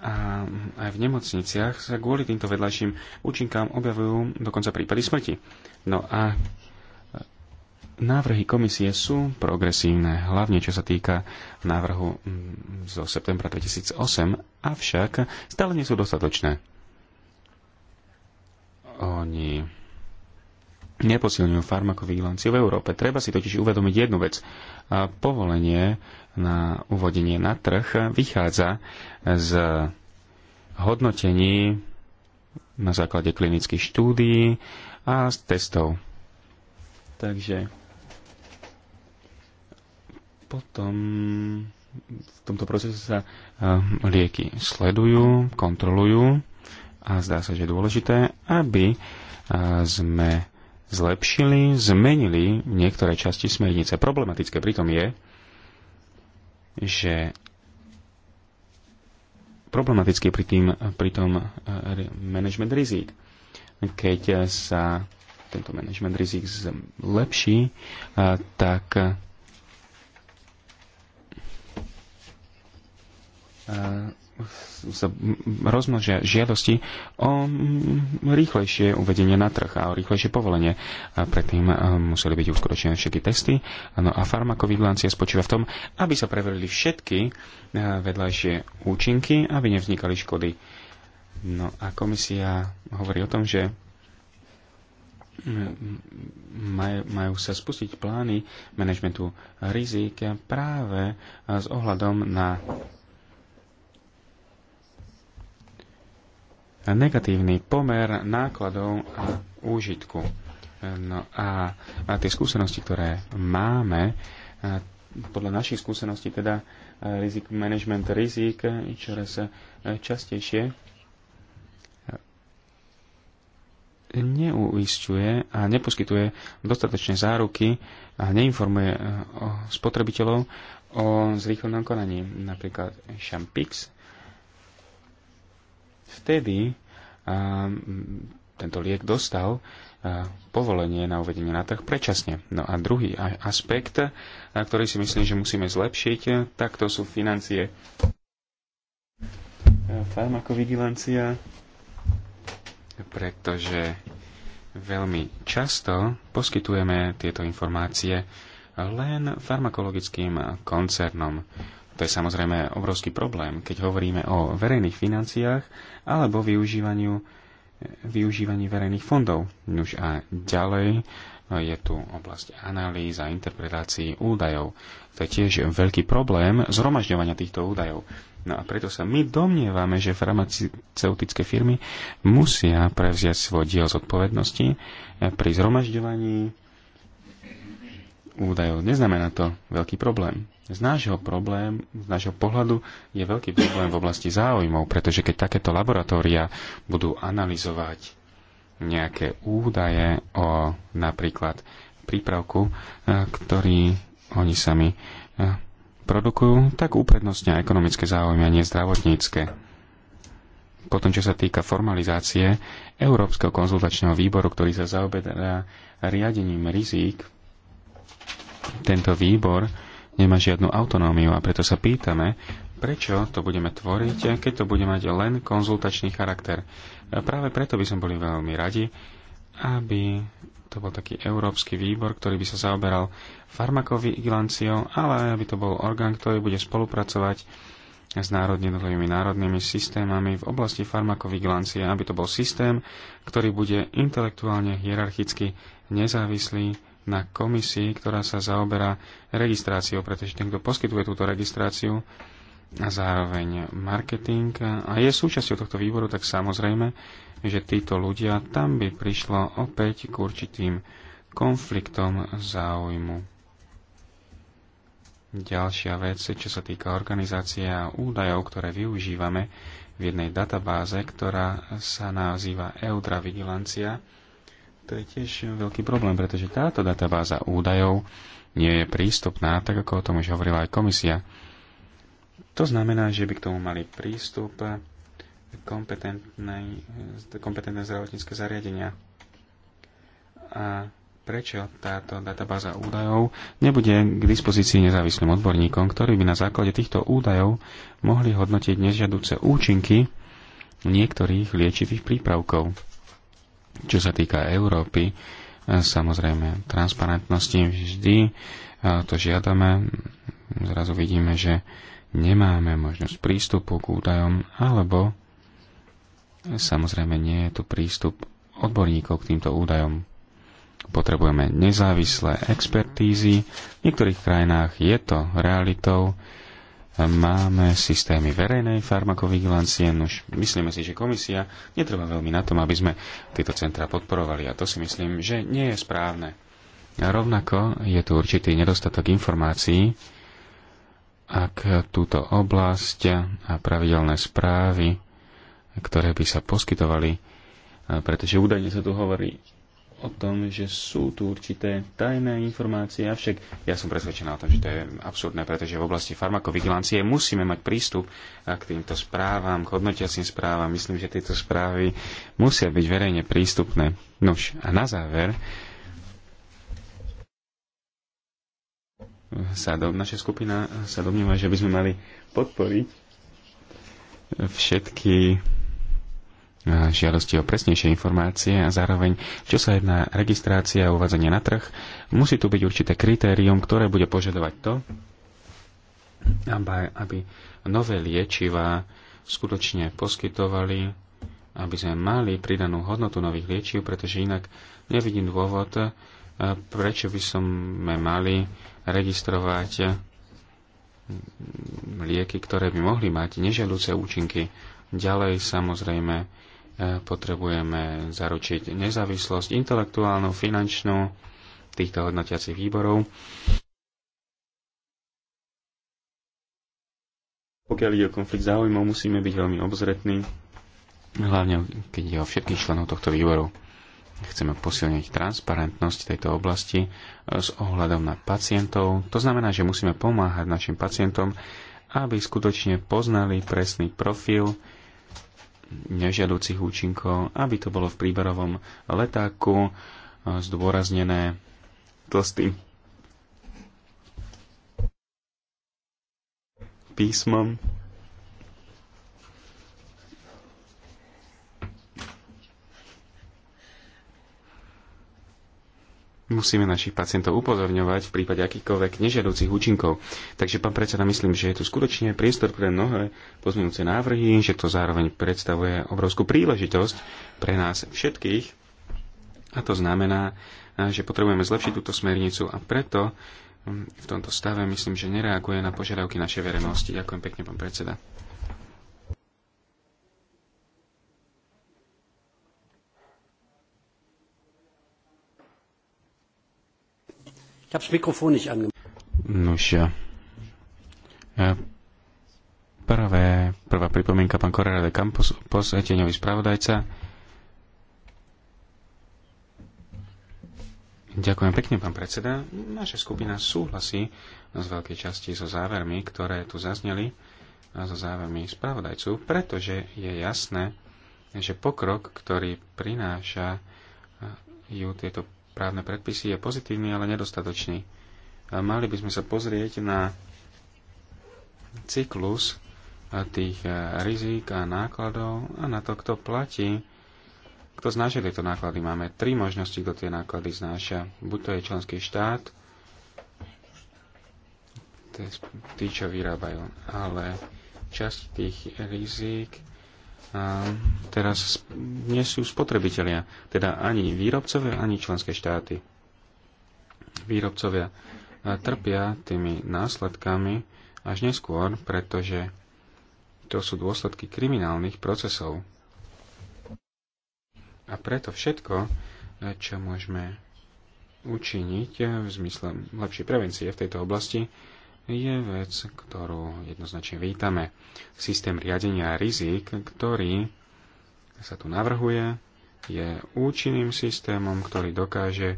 a aj v nemocniciach sa kvôli týmto vedľajším účinkám objavujú dokonca prípady smrti. No a návrhy komisie sú progresívne, hlavne čo sa týka návrhu mm, zo septembra 2008, avšak stále nie sú dostatočné. Oni neposilňujú farmakovigilanciu v Európe. Treba si totiž uvedomiť jednu vec povolenie na uvodenie na trh vychádza z hodnotení na základe klinických štúdií a z testov. Takže potom v tomto procese sa eh, lieky sledujú, kontrolujú a zdá sa, že je dôležité, aby eh, sme zlepšili, zmenili niektoré časti smernice. Problematické pritom je, že problematický pri tým, pri tom eh, management rizik. Keď sa tento management rizik zlepší, eh, tak eh, sa rozmnožia žiadosti o mm, rýchlejšie uvedenie na trh a o rýchlejšie povolenie. A predtým eh, museli byť uskutočnené všetky testy. No a farmakovigilancia spočíva v tom, aby sa preverili všetky eh, vedľajšie účinky, aby nevznikali škody. No a komisia hovorí o tom, že mm, maj, majú sa spustiť plány manažmentu rizik práve eh, s ohľadom na negatívny pomer nákladov a úžitku. No a, a tie skúsenosti, ktoré máme, podľa našich skúseností teda rizik management rizik čoraz častejšie neuisťuje a neposkytuje dostatočné záruky a neinformuje spotrebiteľov o zrýchlenom konaní. Napríklad Shampix vtedy tento liek dostal povolenie na uvedenie na trh predčasne. No a druhý aspekt, na ktorý si myslím, že musíme zlepšiť, tak to sú financie. Farmakovigilancia, pretože veľmi často poskytujeme tieto informácie len farmakologickým koncernom. To je samozrejme obrovský problém, keď hovoríme o verejných financiách alebo využívaniu, využívaní verejných fondov. Nuž a ďalej no, je tu oblasť analýz a interpretácií údajov. To je tiež veľký problém zhromažďovania týchto údajov. No a preto sa my domnievame, že farmaceutické firmy musia prevziať svoj diel zodpovednosti pri zhromažďovaní údajov. Neznamená to veľký problém z nášho problém, z nášho pohľadu je veľký problém v oblasti záujmov, pretože keď takéto laboratória budú analyzovať nejaké údaje o napríklad prípravku, e, ktorý oni sami e, produkujú, tak uprednostňa ekonomické záujmy a nie zdravotnícke. Potom, čo sa týka formalizácie Európskeho konzultačného výboru, ktorý sa zaoberá riadením rizík, tento výbor nemá žiadnu autonómiu a preto sa pýtame, prečo to budeme tvoriť, keď to bude mať len konzultačný charakter. A práve preto by sme boli veľmi radi, aby to bol taký európsky výbor, ktorý by sa zaoberal farmakovigilanciou, ale aby to bol orgán, ktorý bude spolupracovať s národnými, národnými systémami v oblasti farmakovigilancie, aby to bol systém, ktorý bude intelektuálne hierarchicky nezávislý na komisii, ktorá sa zaoberá registráciou, pretože ten, kto poskytuje túto registráciu a zároveň marketing a je súčasťou tohto výboru, tak samozrejme, že títo ľudia tam by prišlo opäť k určitým konfliktom záujmu. Ďalšia vec, čo sa týka organizácie a údajov, ktoré využívame v jednej databáze, ktorá sa nazýva Eudra Vigilancia, to je tiež veľký problém, pretože táto databáza údajov nie je prístupná, tak ako o tom už hovorila aj komisia. To znamená, že by k tomu mali prístup kompetentné zdravotnícke zariadenia. A prečo táto databáza údajov nebude k dispozícii nezávislým odborníkom, ktorí by na základe týchto údajov mohli hodnotiť nežiaduce účinky niektorých liečivých prípravkov. Čo sa týka Európy, e, samozrejme transparentnosti vždy e, to žiadame. Zrazu vidíme, že nemáme možnosť prístupu k údajom, alebo samozrejme nie je tu prístup odborníkov k týmto údajom. Potrebujeme nezávislé expertízy. V niektorých krajinách je to realitou, máme systémy verejnej farmakovigilancie. Nož myslíme si, že komisia netrvá veľmi na tom, aby sme tieto centra podporovali a to si myslím, že nie je správne. A rovnako je tu určitý nedostatok informácií, ak túto oblasť a pravidelné správy, ktoré by sa poskytovali, pretože údajne sa tu hovorí o tom, že sú tu určité tajné informácie, avšak ja som presvedčená o tom, že to je absurdné, pretože v oblasti farmakovigilancie musíme mať prístup k týmto správam, k hodnotiacím správam. Myslím, že tieto správy musia byť verejne prístupné. Nož a na záver sa do, naša skupina sa domníva, že by sme mali podporiť všetky žiadosti o presnejšie informácie a zároveň, čo sa jedná registrácia a uvádzanie na trh, musí tu byť určité kritérium, ktoré bude požadovať to, aby, nové liečivá skutočne poskytovali, aby sme mali pridanú hodnotu nových liečiv, pretože inak nevidím dôvod, e, prečo by sme mali registrovať lieky, ktoré by mohli mať neželúce účinky. Ďalej samozrejme E, potrebujeme zaručiť nezávislosť intelektuálnu, finančnú týchto hodnotiacich výborov. Pokiaľ ide o konflikt záujmov, musíme byť veľmi obzretní, hlavne keď ide o všetkých členov tohto výboru. Chceme posilniť transparentnosť tejto oblasti e, s ohľadom na pacientov. To znamená, že musíme pomáhať našim pacientom, aby skutočne poznali presný profil nežiaducich účinkov, aby to bolo v príberovom letáku e, zdôraznené tlstým písmom musíme našich pacientov upozorňovať v prípade akýchkoľvek nežiadúcich účinkov. Takže, pán predseda, myslím, že je tu skutočne priestor pre mnohé pozmeňujúce návrhy, že to zároveň predstavuje obrovskú príležitosť pre nás všetkých. A to znamená, že potrebujeme zlepšiť túto smernicu a preto hm, v tomto stave myslím, že nereaguje na požiadavky našej verejnosti. Ďakujem pekne, pán predseda. Ich habe das Mikrofon nicht angemacht. Nuž, prvé, prvá pripomienka pán Correra de Campos, posveteňový eh, spravodajca. Ďakujem pekne, pán predseda. Naša skupina súhlasí z veľkej časti so závermi, ktoré tu zazneli, a so závermi spravodajcu, pretože je jasné, že pokrok, ktorý prináša eh, ju tieto právne predpisy je pozitívny, ale nedostatočný. Mali by sme sa pozrieť na cyklus tých e, rizík a nákladov a na to, kto platí, kto znáša tieto náklady. Máme tri možnosti, kto tie náklady znáša. Buď to je členský štát, tí, čo vyrábajú, ale časť tých rizík teraz nie sú spotrebitelia, teda ani výrobcovia, ani členské štáty. Výrobcovia trpia tými následkami až neskôr, pretože to sú dôsledky kriminálnych procesov. A preto všetko, čo môžeme učiniť v zmysle lepšej prevencie v tejto oblasti, je vec, ktorú jednoznačne vítame. Systém riadenia rizik, ktorý sa tu navrhuje, je účinným systémom, ktorý dokáže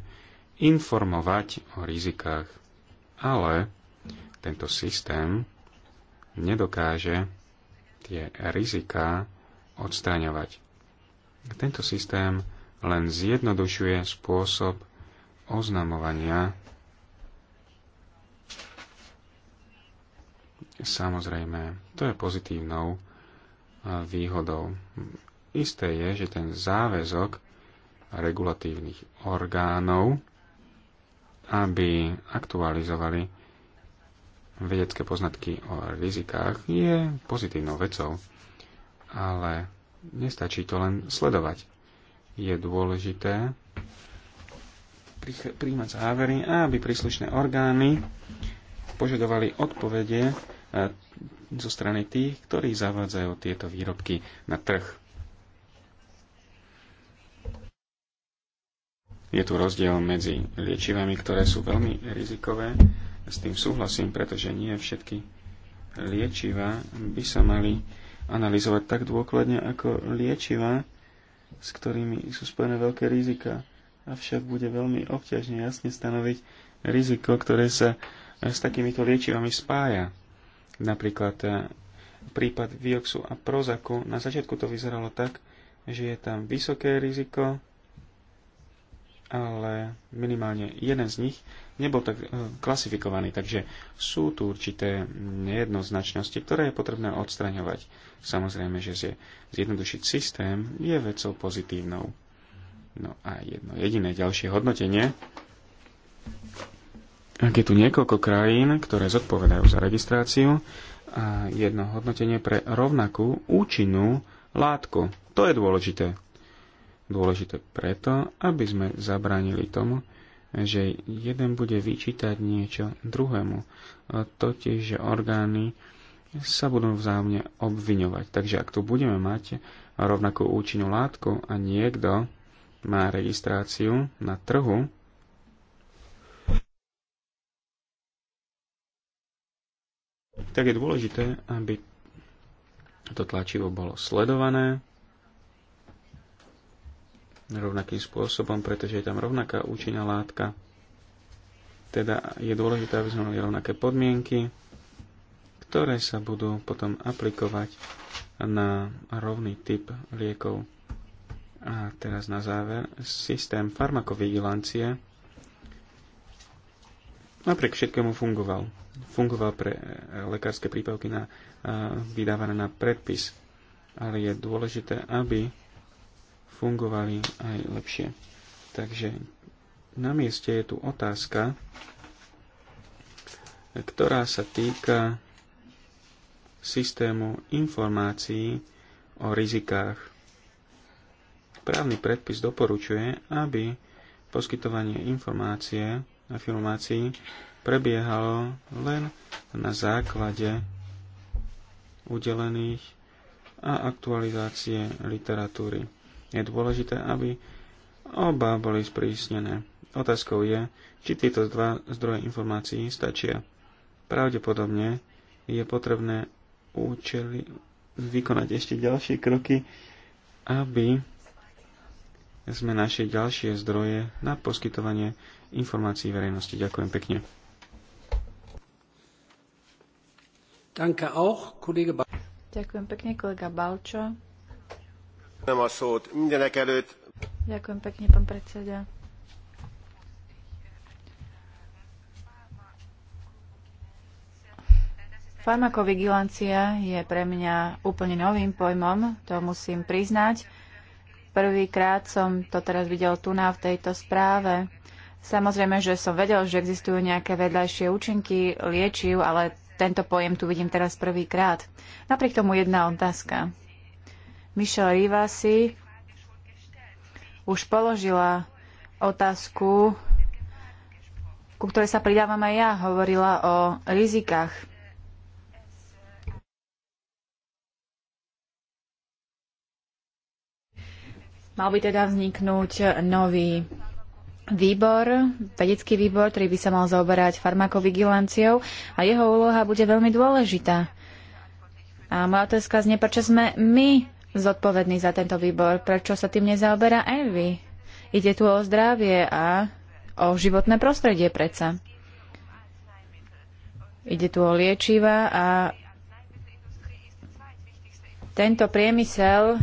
informovať o rizikách. Ale tento systém nedokáže tie rizika odstraňovať. Tento systém len zjednodušuje spôsob oznamovania Samozrejme, to je pozitívnou e, výhodou. Isté je, že ten záväzok regulatívnych orgánov, aby aktualizovali vedecké poznatky o rizikách, je pozitívnou vecou. Ale nestačí to len sledovať. Je dôležité príjmať závery, aby príslušné orgány požadovali odpovede e, zo strany tých, ktorí zavádzajú tieto výrobky na trh. Je tu rozdiel medzi liečivami, ktoré sú veľmi rizikové. S tým súhlasím, pretože nie všetky liečiva by sa mali analyzovať tak dôkladne ako liečiva, s ktorými sú spojené veľké rizika. Avšak bude veľmi obťažne jasne stanoviť riziko, ktoré sa s takýmito liečivami spája. Napríklad e, prípad Vioxu a Prozaku. Na začiatku to vyzeralo tak, že je tam vysoké riziko, ale minimálne jeden z nich nebol tak e, klasifikovaný. Takže sú tu určité nejednoznačnosti, ktoré je potrebné odstraňovať. Samozrejme, že zjednodušiť systém je vecou pozitívnou. No a jedno jediné ďalšie hodnotenie ak je tu niekoľko krajín, ktoré zodpovedajú za registráciu a jedno hodnotenie pre rovnakú účinnú látku. To je dôležité. Dôležité preto, aby sme zabránili tomu, že jeden bude vyčítať niečo druhému, totiž, že orgány sa budú vzájomne obviňovať. Takže ak tu budeme mať rovnakú účinnú látku a niekto má registráciu na trhu, tak je dôležité, aby to tlačivo bolo sledované rovnakým spôsobom, pretože je tam rovnaká účinná látka. Teda je dôležité, aby sme mali rovnaké podmienky, ktoré sa budú potom aplikovať na rovný typ liekov. A teraz na záver systém farmakovigilancie napriek všetkému fungoval. Fungoval pre eh, lekárske prípravky na, eh, vydávané na predpis, ale je dôležité, aby fungovali aj lepšie. Takže na mieste je tu otázka, ktorá sa týka systému informácií o rizikách. Právny predpis doporučuje, aby poskytovanie informácie filmácií prebiehalo len na základe udelených a aktualizácie literatúry. Je dôležité, aby oba boli sprísnené. Otázkou je, či tieto dva zdroje informácií stačia. Pravdepodobne je potrebné účely vykonať ešte ďalšie kroky, aby sme našli ďalšie zdroje na poskytovanie informácií verejnosti. Ďakujem pekne. Ďakujem pekne, kolega Balčo. Ďakujem pekne, pán predseda. Farmakovigilancia je pre mňa úplne novým pojmom, to musím priznať. Prvýkrát som to teraz videl tu na v tejto správe. Samozrejme, že som vedel, že existujú nejaké vedľajšie účinky liečiv, ale tento pojem tu vidím teraz prvýkrát. Napriek tomu jedna otázka. Michelle Rivasi už položila otázku, ku ktorej sa pridávam aj ja. Hovorila o rizikách. Mal by teda vzniknúť nový výbor, vedecký výbor, ktorý by sa mal zaoberať farmakovigilanciou a jeho úloha bude veľmi dôležitá. A moja otázka znie, prečo sme my zodpovední za tento výbor, prečo sa tým nezaoberá Envy. Ide tu o zdravie a o životné prostredie predsa. Ide tu o liečiva a tento priemysel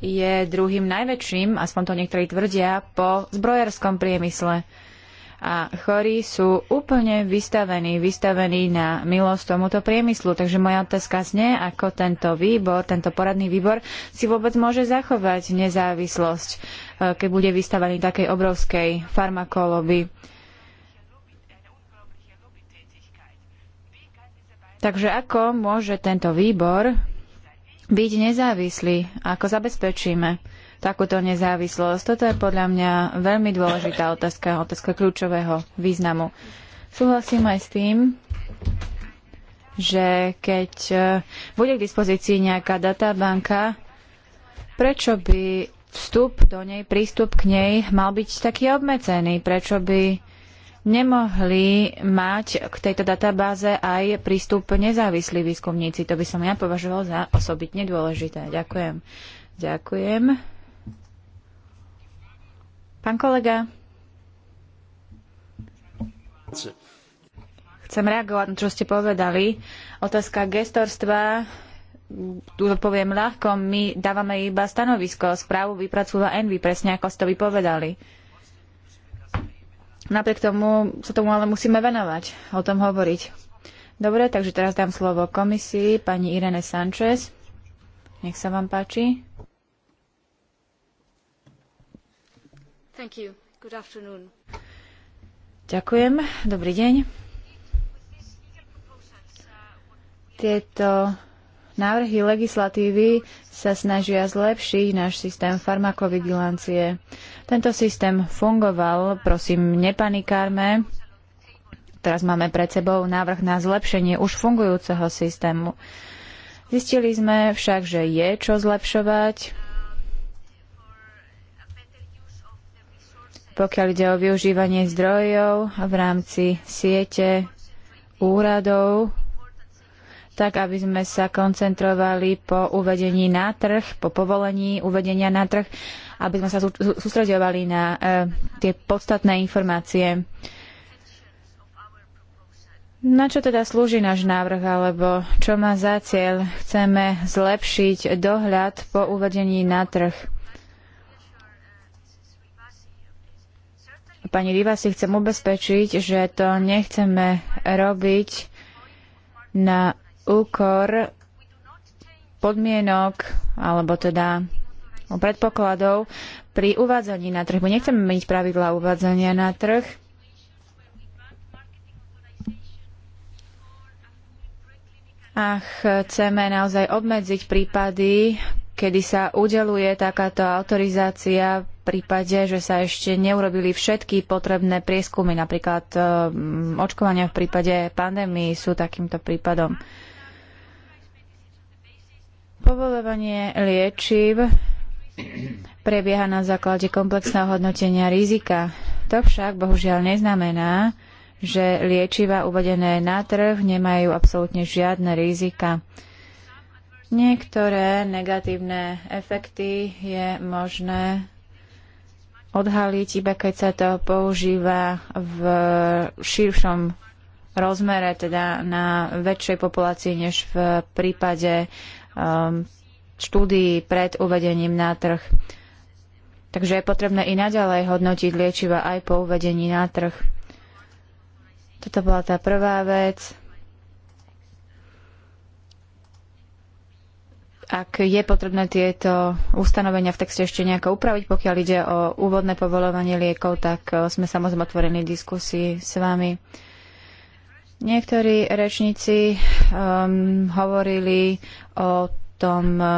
je druhým najväčším, aspoň to niektorí tvrdia, po zbrojárskom priemysle. A chorí sú úplne vystavení, vystavení na milosť tomuto priemyslu. Takže moja otázka znie, ako tento výbor, tento poradný výbor si vôbec môže zachovať nezávislosť, e, keď bude vystavený takej obrovskej farmakoloby. Takže ako môže tento výbor byť nezávislí? Ako zabezpečíme takúto nezávislosť? Toto je podľa mňa veľmi dôležitá otázka, otázka kľúčového významu. Súhlasím aj s tým, že keď eh, bude k dispozícii nejaká databanka, prečo by vstup do nej, prístup k nej mal byť taký obmedzený? Prečo by nemohli mať k tejto databáze aj prístup nezávislí výskumníci. To by som ja považoval za osobitne dôležité. Ďakujem. Ďakujem. Pán kolega. Chcem reagovať na čo ste povedali. Otázka gestorstva tu poviem ľahko, my dávame iba stanovisko, správu vypracúva Envy, presne ako ste to vypovedali. povedali. Napriek tomu sa tomu ale musíme venovať, o tom hovoriť. Dobre, takže teraz dám slovo komisii pani Irene Sanchez. Nech sa vám páči. Ďakujem. Dobrý deň. Tieto návrhy legislatívy sa snažia zlepšiť náš systém farmakovigilancie. Tento systém fungoval, prosím, nepanikárme. Teraz máme pred sebou návrh na zlepšenie už fungujúceho systému. Zistili sme však, že je čo zlepšovať, pokiaľ ide o využívanie zdrojov v rámci siete úradov, tak aby sme sa koncentrovali po uvedení na trh, po povolení uvedenia na trh aby sme sa sústredovali na e, tie podstatné informácie. Na čo teda slúži náš návrh, alebo čo má za cieľ? Chceme zlepšiť dohľad po uvedení na trh. Pani Rivasi, chcem ubezpečiť, že to nechceme robiť na úkor podmienok, alebo teda predpokladov pri uvádzaní na trh. My nechceme meniť pravidla uvádzania na trh. A chceme naozaj obmedziť prípady, kedy sa udeluje takáto autorizácia v prípade, že sa ešte neurobili všetky potrebné prieskumy, napríklad e, očkovania v prípade pandémii sú takýmto prípadom. Povolovanie liečiv prebieha na základe komplexného hodnotenia rizika. To však bohužiaľ neznamená, že liečiva uvedené na trh nemajú absolútne žiadne rizika. Niektoré negatívne efekty je možné odhaliť, iba keď sa to používa v širšom rozmere, teda na väčšej populácii, než v prípade um, štúdií pred uvedením na trh. Takže je potrebné i naďalej hodnotiť liečiva aj po uvedení na trh. Toto bola tá prvá vec. Ak je potrebné tieto ustanovenia v texte ešte nejako upraviť, pokiaľ ide o úvodné povolovanie liekov, tak e, sme samozrejme otvorení diskusii s vami. Niektorí rečníci um, hovorili o tom, eh,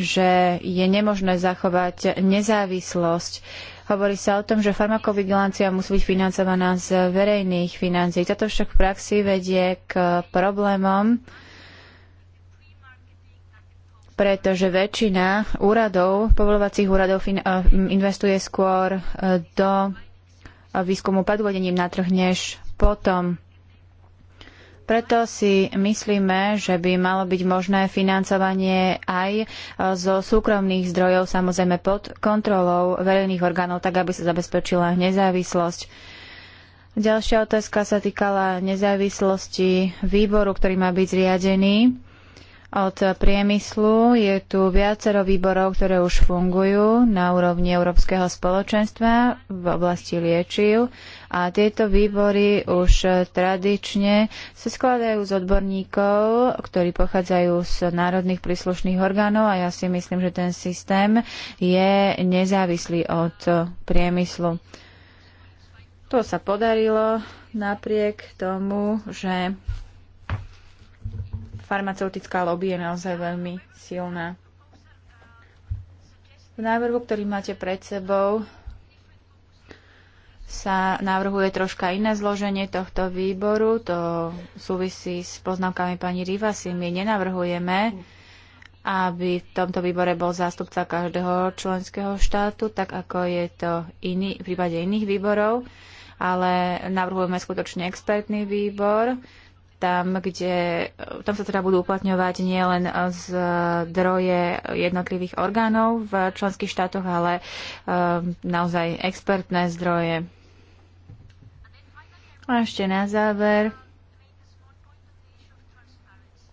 že je nemožné zachovať nezávislosť. Hovorí sa o tom, že farmakovigilancia musí byť financovaná z verejných financií. Toto však v praxi vedie k problémom, pretože väčšina úradov, povolovacích úradov eh, investuje skôr eh, do výskumu pred na trh, než potom preto si myslíme, že by malo byť možné financovanie aj e, zo súkromných zdrojov, samozrejme pod kontrolou verejných orgánov, tak aby sa zabezpečila nezávislosť. Ďalšia otázka sa týkala nezávislosti výboru, ktorý má byť zriadený od priemyslu. Je tu viacero výborov, ktoré už fungujú na úrovni Európskeho spoločenstva v oblasti liečiv a tieto výbory už e, tradične sa skladajú z odborníkov, ktorí pochádzajú z národných príslušných orgánov a ja si myslím, že ten systém je nezávislý od priemyslu. To sa podarilo napriek tomu, že farmaceutická lobby je naozaj veľmi silná. V návrhu, ktorý máte pred sebou, sa navrhuje troška iné zloženie tohto výboru. To súvisí s poznámkami pani Rivasi. My nenavrhujeme, aby v tomto výbore bol zástupca každého členského štátu, tak ako je to iný, v prípade iných výborov, ale navrhujeme skutočne expertný výbor, tam, kde, tam sa teda budú uplatňovať nielen zdroje jednotlivých orgánov v členských štátoch, ale um, naozaj expertné zdroje. A ešte na záver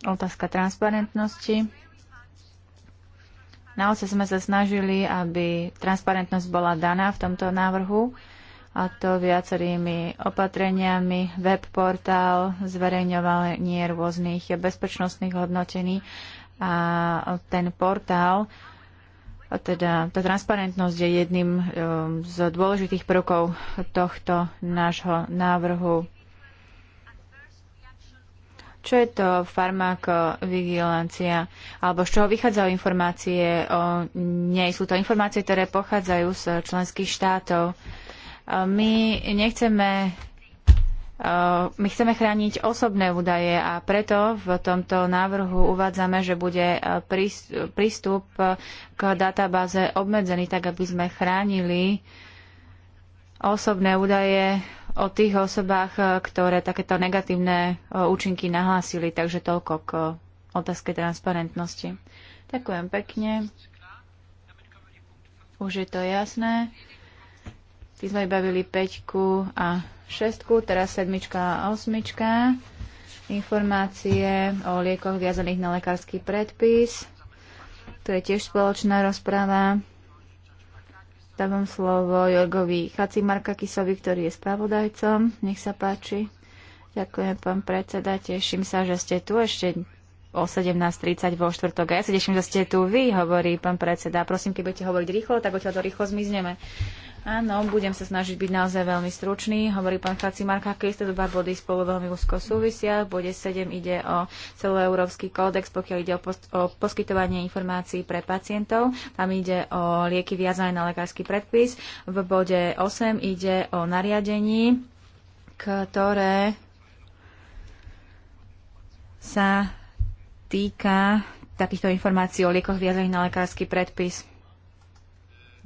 otázka transparentnosti. Naozaj sme sa snažili, aby transparentnosť bola daná v tomto návrhu a to viacerými opatreniami, web portál, zverejňovanie rôznych bezpečnostných hodnotení a ten portál teda tá transparentnosť je jedným um, z dôležitých prvkov tohto nášho návrhu. Čo je to farmakovigilancia? Alebo z čoho vychádzajú informácie o nej? Sú to informácie, ktoré pochádzajú z členských štátov. My nechceme Eh, my chceme chrániť osobné údaje a preto v tomto návrhu uvádzame, že bude eh, prístup eh, k databáze obmedzený, tak aby sme chránili osobné údaje o tých osobách, ktoré takéto negatívne účinky nahlásili. Takže toľko k otázke transparentnosti. Ďakujem pekne. Už je to jasné. Ty sme vybavili peťku a šestku, teraz sedmička a osmička. Informácie o liekoch viazaných na lekársky predpis. To je tiež spoločná rozprava. Dávam slovo Jorgovi Kisovi, ktorý je spravodajcom. Nech sa páči. Ďakujem, pán predseda. Teším sa, že ste tu ešte o 17.30 vo štvrtok. Ja sa teším, že ste tu vy, hovorí pán predseda. Prosím, keď budete hovoriť rýchlo, tak odtiaľ to rýchlo zmizneme. Áno, budem sa snažiť byť naozaj veľmi stručný. Hovorí pán Faci Marka, keď tieto dva body spolu veľmi úzko súvisia. V bode 7 ide o celoeurópsky kódex, pokiaľ ide o, pos- o poskytovanie informácií pre pacientov. Tam ide o lieky viazané na lekársky predpis. V bode 8 ide o nariadení, ktoré sa týka takýchto informácií o liekoch viazaných na lekársky predpis.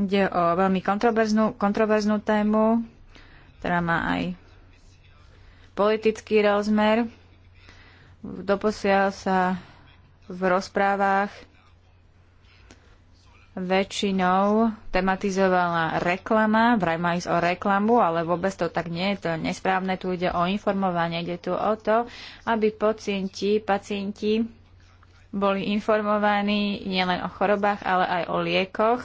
Ide o veľmi kontroverznú, kontroverznú tému, ktorá má aj politický rozmer. Doposiaľ sa v rozprávach väčšinou tematizovala reklama, vraj má ísť o reklamu, ale vôbec to tak nie je, to je nesprávne, tu ide o informovanie, ide tu o to, aby pacienti, pacienti boli informovaní nielen o chorobách, ale aj o liekoch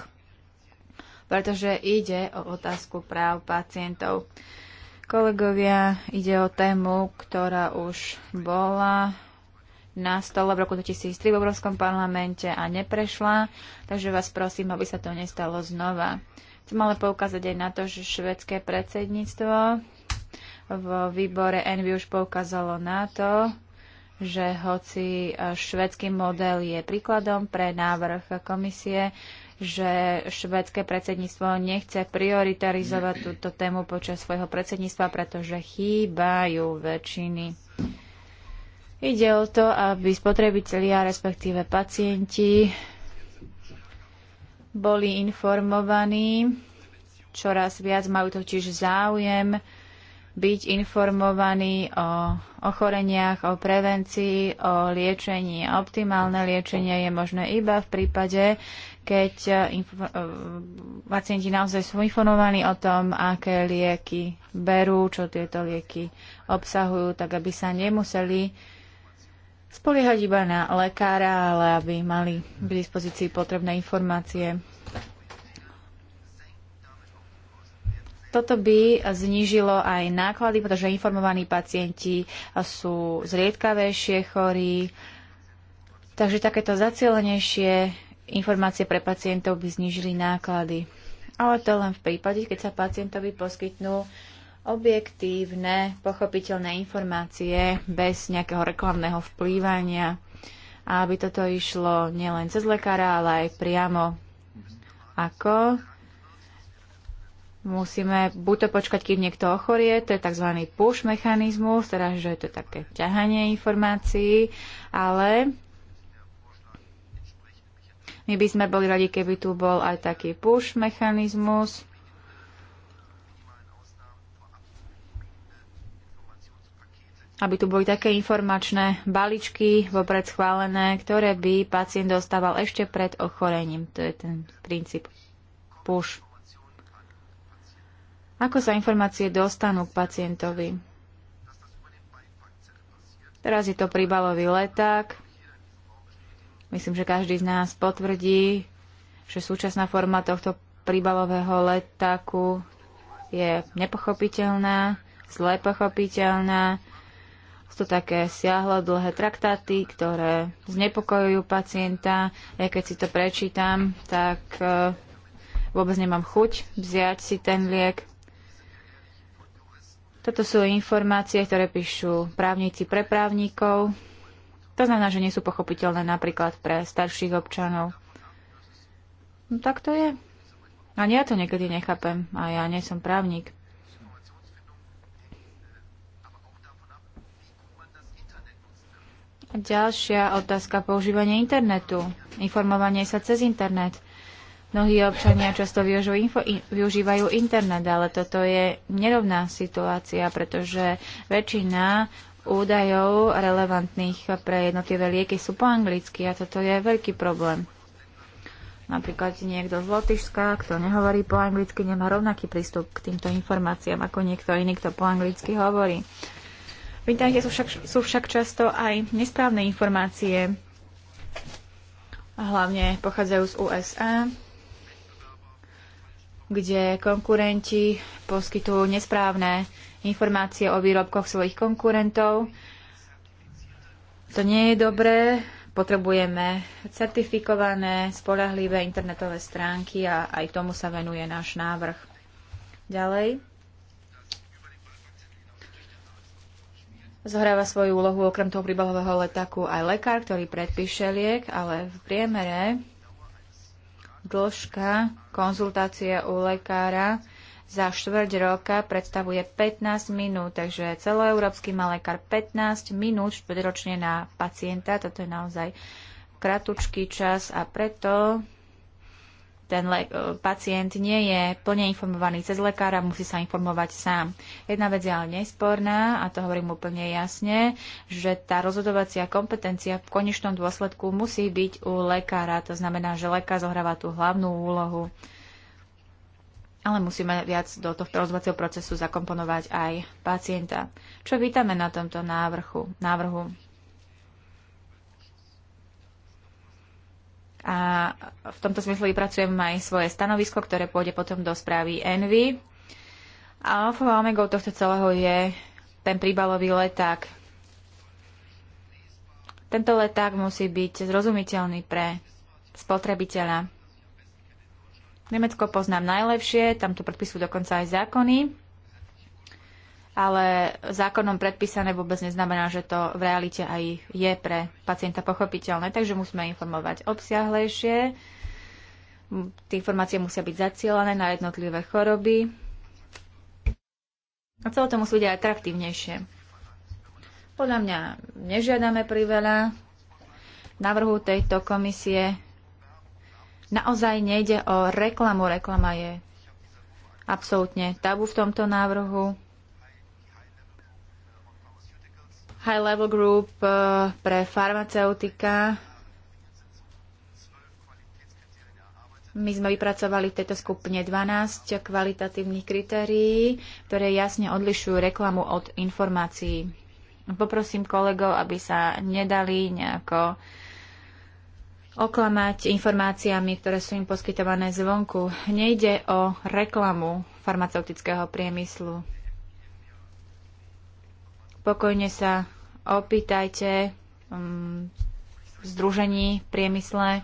pretože ide o otázku práv pacientov. Kolegovia, ide o tému, ktorá už bola na stole v roku 2003 v Európskom parlamente a neprešla, takže vás prosím, aby sa to nestalo znova. Chcem ale poukázať aj na to, že švedské predsedníctvo v výbore Envy už poukázalo na to, že hoci švedský model je príkladom pre návrh komisie, že švedské predsedníctvo nechce prioritarizovať túto tému počas svojho predsedníctva, pretože chýbajú väčšiny. Ide o to, aby spotrebitelia, respektíve pacienti, boli informovaní. Čoraz viac majú totiž záujem byť informovaní o ochoreniach, o prevencii, o liečení. Optimálne liečenie je možné iba v prípade, keď e, e, pacienti naozaj sú informovaní o tom, aké lieky berú, čo tieto lieky obsahujú, tak aby sa nemuseli spoliehať iba na lekára, ale aby mali k dispozícii potrebné informácie. Toto by znížilo aj náklady, pretože informovaní pacienti sú zriedkavejšie chorí, takže takéto zacielenejšie informácie pre pacientov by znížili náklady. Ale to len v prípade, keď sa pacientovi poskytnú objektívne, pochopiteľné informácie bez nejakého reklamného vplývania. A aby toto išlo nielen cez lekára, ale aj priamo. Ako? Musíme buď to počkať, keď niekto ochorie, to je tzv. push mechanizmus, teda že je to také ťahanie informácií, ale my by sme boli radi, keby tu bol aj taký push mechanizmus. aby tu boli také informačné balíčky vopred schválené, ktoré by pacient dostával ešte pred ochorením. To je ten princíp push. Ako sa informácie dostanú k pacientovi? Teraz je to príbalový leták. Myslím, že každý z nás potvrdí, že súčasná forma tohto príbalového letáku je nepochopiteľná, zle pochopiteľná. Sú to také siahlo dlhé traktáty, ktoré znepokojujú pacienta. Ja keď si to prečítam, tak e, vôbec nemám chuť vziať si ten liek. Toto sú informácie, ktoré píšu právnici pre právnikov, to znamená, že nie sú pochopiteľné napríklad pre starších občanov. No tak to je. A ja to niekedy nechápem a ja nie som právnik. Ďalšia otázka používanie internetu. Informovanie sa cez internet. Mnohí občania často využívajú, internet, ale toto je nerovná situácia, pretože väčšina údajov relevantných pre jednotlivé lieky sú po anglicky a toto je veľký problém. Napríklad niekto z Lotyšska, kto nehovorí po anglicky, nemá rovnaký prístup k týmto informáciám ako niekto iný, kto po anglicky hovorí. V internete sú však, sú však často aj nesprávne informácie, hlavne pochádzajú z USA, kde konkurenti poskytujú nesprávne informácie o výrobkoch svojich konkurentov. To nie je dobré. Potrebujeme certifikované, spolahlivé internetové stránky a aj tomu sa venuje náš návrh. Ďalej. Zohráva svoju úlohu okrem toho príbalového letaku aj lekár, ktorý predpíše liek, ale v priemere dĺžka konzultácie u lekára za štvrť roka predstavuje 15 minút, takže celoeurópsky má lekár 15 minút štvrťročne na pacienta, toto je naozaj kratučký čas a preto ten e, pacient nie je plne informovaný cez lekára, musí sa informovať sám. Jedna vec je ale nesporná, a to hovorím úplne jasne, že tá rozhodovacia kompetencia v konečnom dôsledku musí byť u lekára. To znamená, že lekár zohráva tú hlavnú úlohu ale musíme viac do tohto rozhodovacieho procesu zakomponovať aj pacienta. Čo vítame na tomto návrhu? návrhu? A v tomto smysle vypracujem aj svoje stanovisko, ktoré pôjde potom do správy Envy. A alfa tohto celého je ten príbalový leták. Tento leták musí byť zrozumiteľný pre spotrebiteľa. Nemecko poznám najlepšie, tam to predpisujú dokonca aj zákony, ale zákonom predpísané vôbec neznamená, že to v realite aj je pre pacienta pochopiteľné, takže musíme informovať obsiahlejšie. Tie informácie musia byť zacielené na jednotlivé choroby. A celé to musí byť aj atraktívnejšie. Podľa mňa nežiadame priveľa. Navrhu tejto komisie Naozaj nejde o reklamu. Reklama je absolútne tabu v tomto návrhu. High Level Group eh, pre farmaceutika. My sme vypracovali v tejto skupine 12 kvalitatívnych kritérií, ktoré jasne odlišujú reklamu od informácií. Poprosím kolegov, aby sa nedali nejako uh, oklamať informáciami, ktoré sú im poskytované zvonku. Nejde o reklamu farmaceutického priemyslu. Pokojne sa opýtajte v mm, združení v priemysle. E,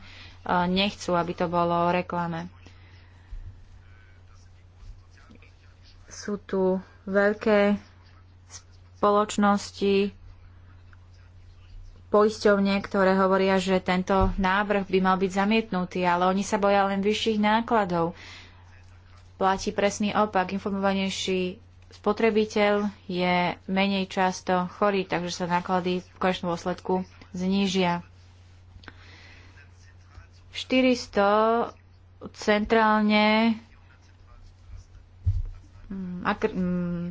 nechcú, aby to bolo o reklame. Sú tu veľké spoločnosti, poisťovne, ktoré hovoria, že tento návrh by mal byť zamietnutý, ale oni sa boja len vyšších nákladov. Platí presný opak. Informovanejší spotrebiteľ je menej často chorý, takže sa náklady v konečnom dôsledku znížia. 400 centrálne mm, mm,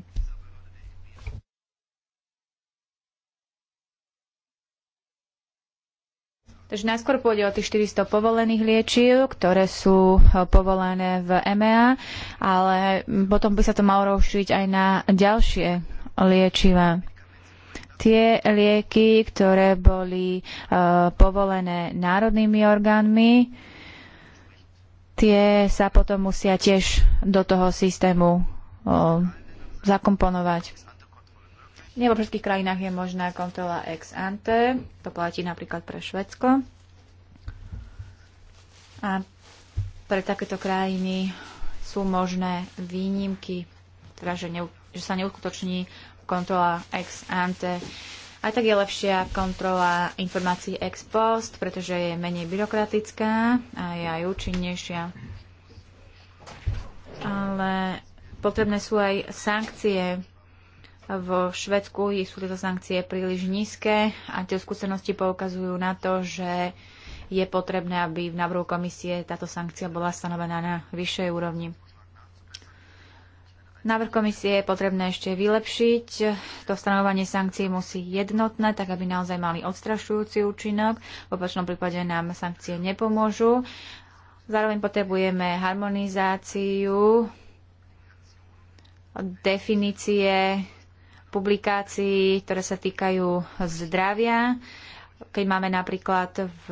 Takže najskôr pôjde o tých 400 povolených liečiv, ktoré sú e, povolené v EMEA, ale potom by sa to malo rozšíriť aj na ďalšie liečiva. Tie lieky, ktoré boli uh, povolené národnými orgánmi, tie sa potom musia tiež do toho systému uh, zakomponovať. Nie vo všetkých krajinách je možná kontrola ex ante. To platí napríklad pre Švedsko. A pre takéto krajiny sú možné výnimky, teda že, ne, že sa neuskutoční kontrola ex ante. Aj tak je lepšia kontrola informácií ex post, pretože je menej byrokratická a je aj účinnejšia. Ale potrebné sú aj sankcie v Švedsku sú tieto sankcie príliš nízke a tie skúsenosti poukazujú na to, že je potrebné, aby v návrhu komisie táto sankcia bola stanovená na vyššej úrovni. Návrh komisie je potrebné ešte vylepšiť. To stanovanie sankcií musí jednotné, tak aby naozaj mali odstrašujúci účinok. V opačnom prípade nám sankcie nepomôžu. Zároveň potrebujeme harmonizáciu definície publikácií, ktoré sa týkajú zdravia. Keď máme napríklad v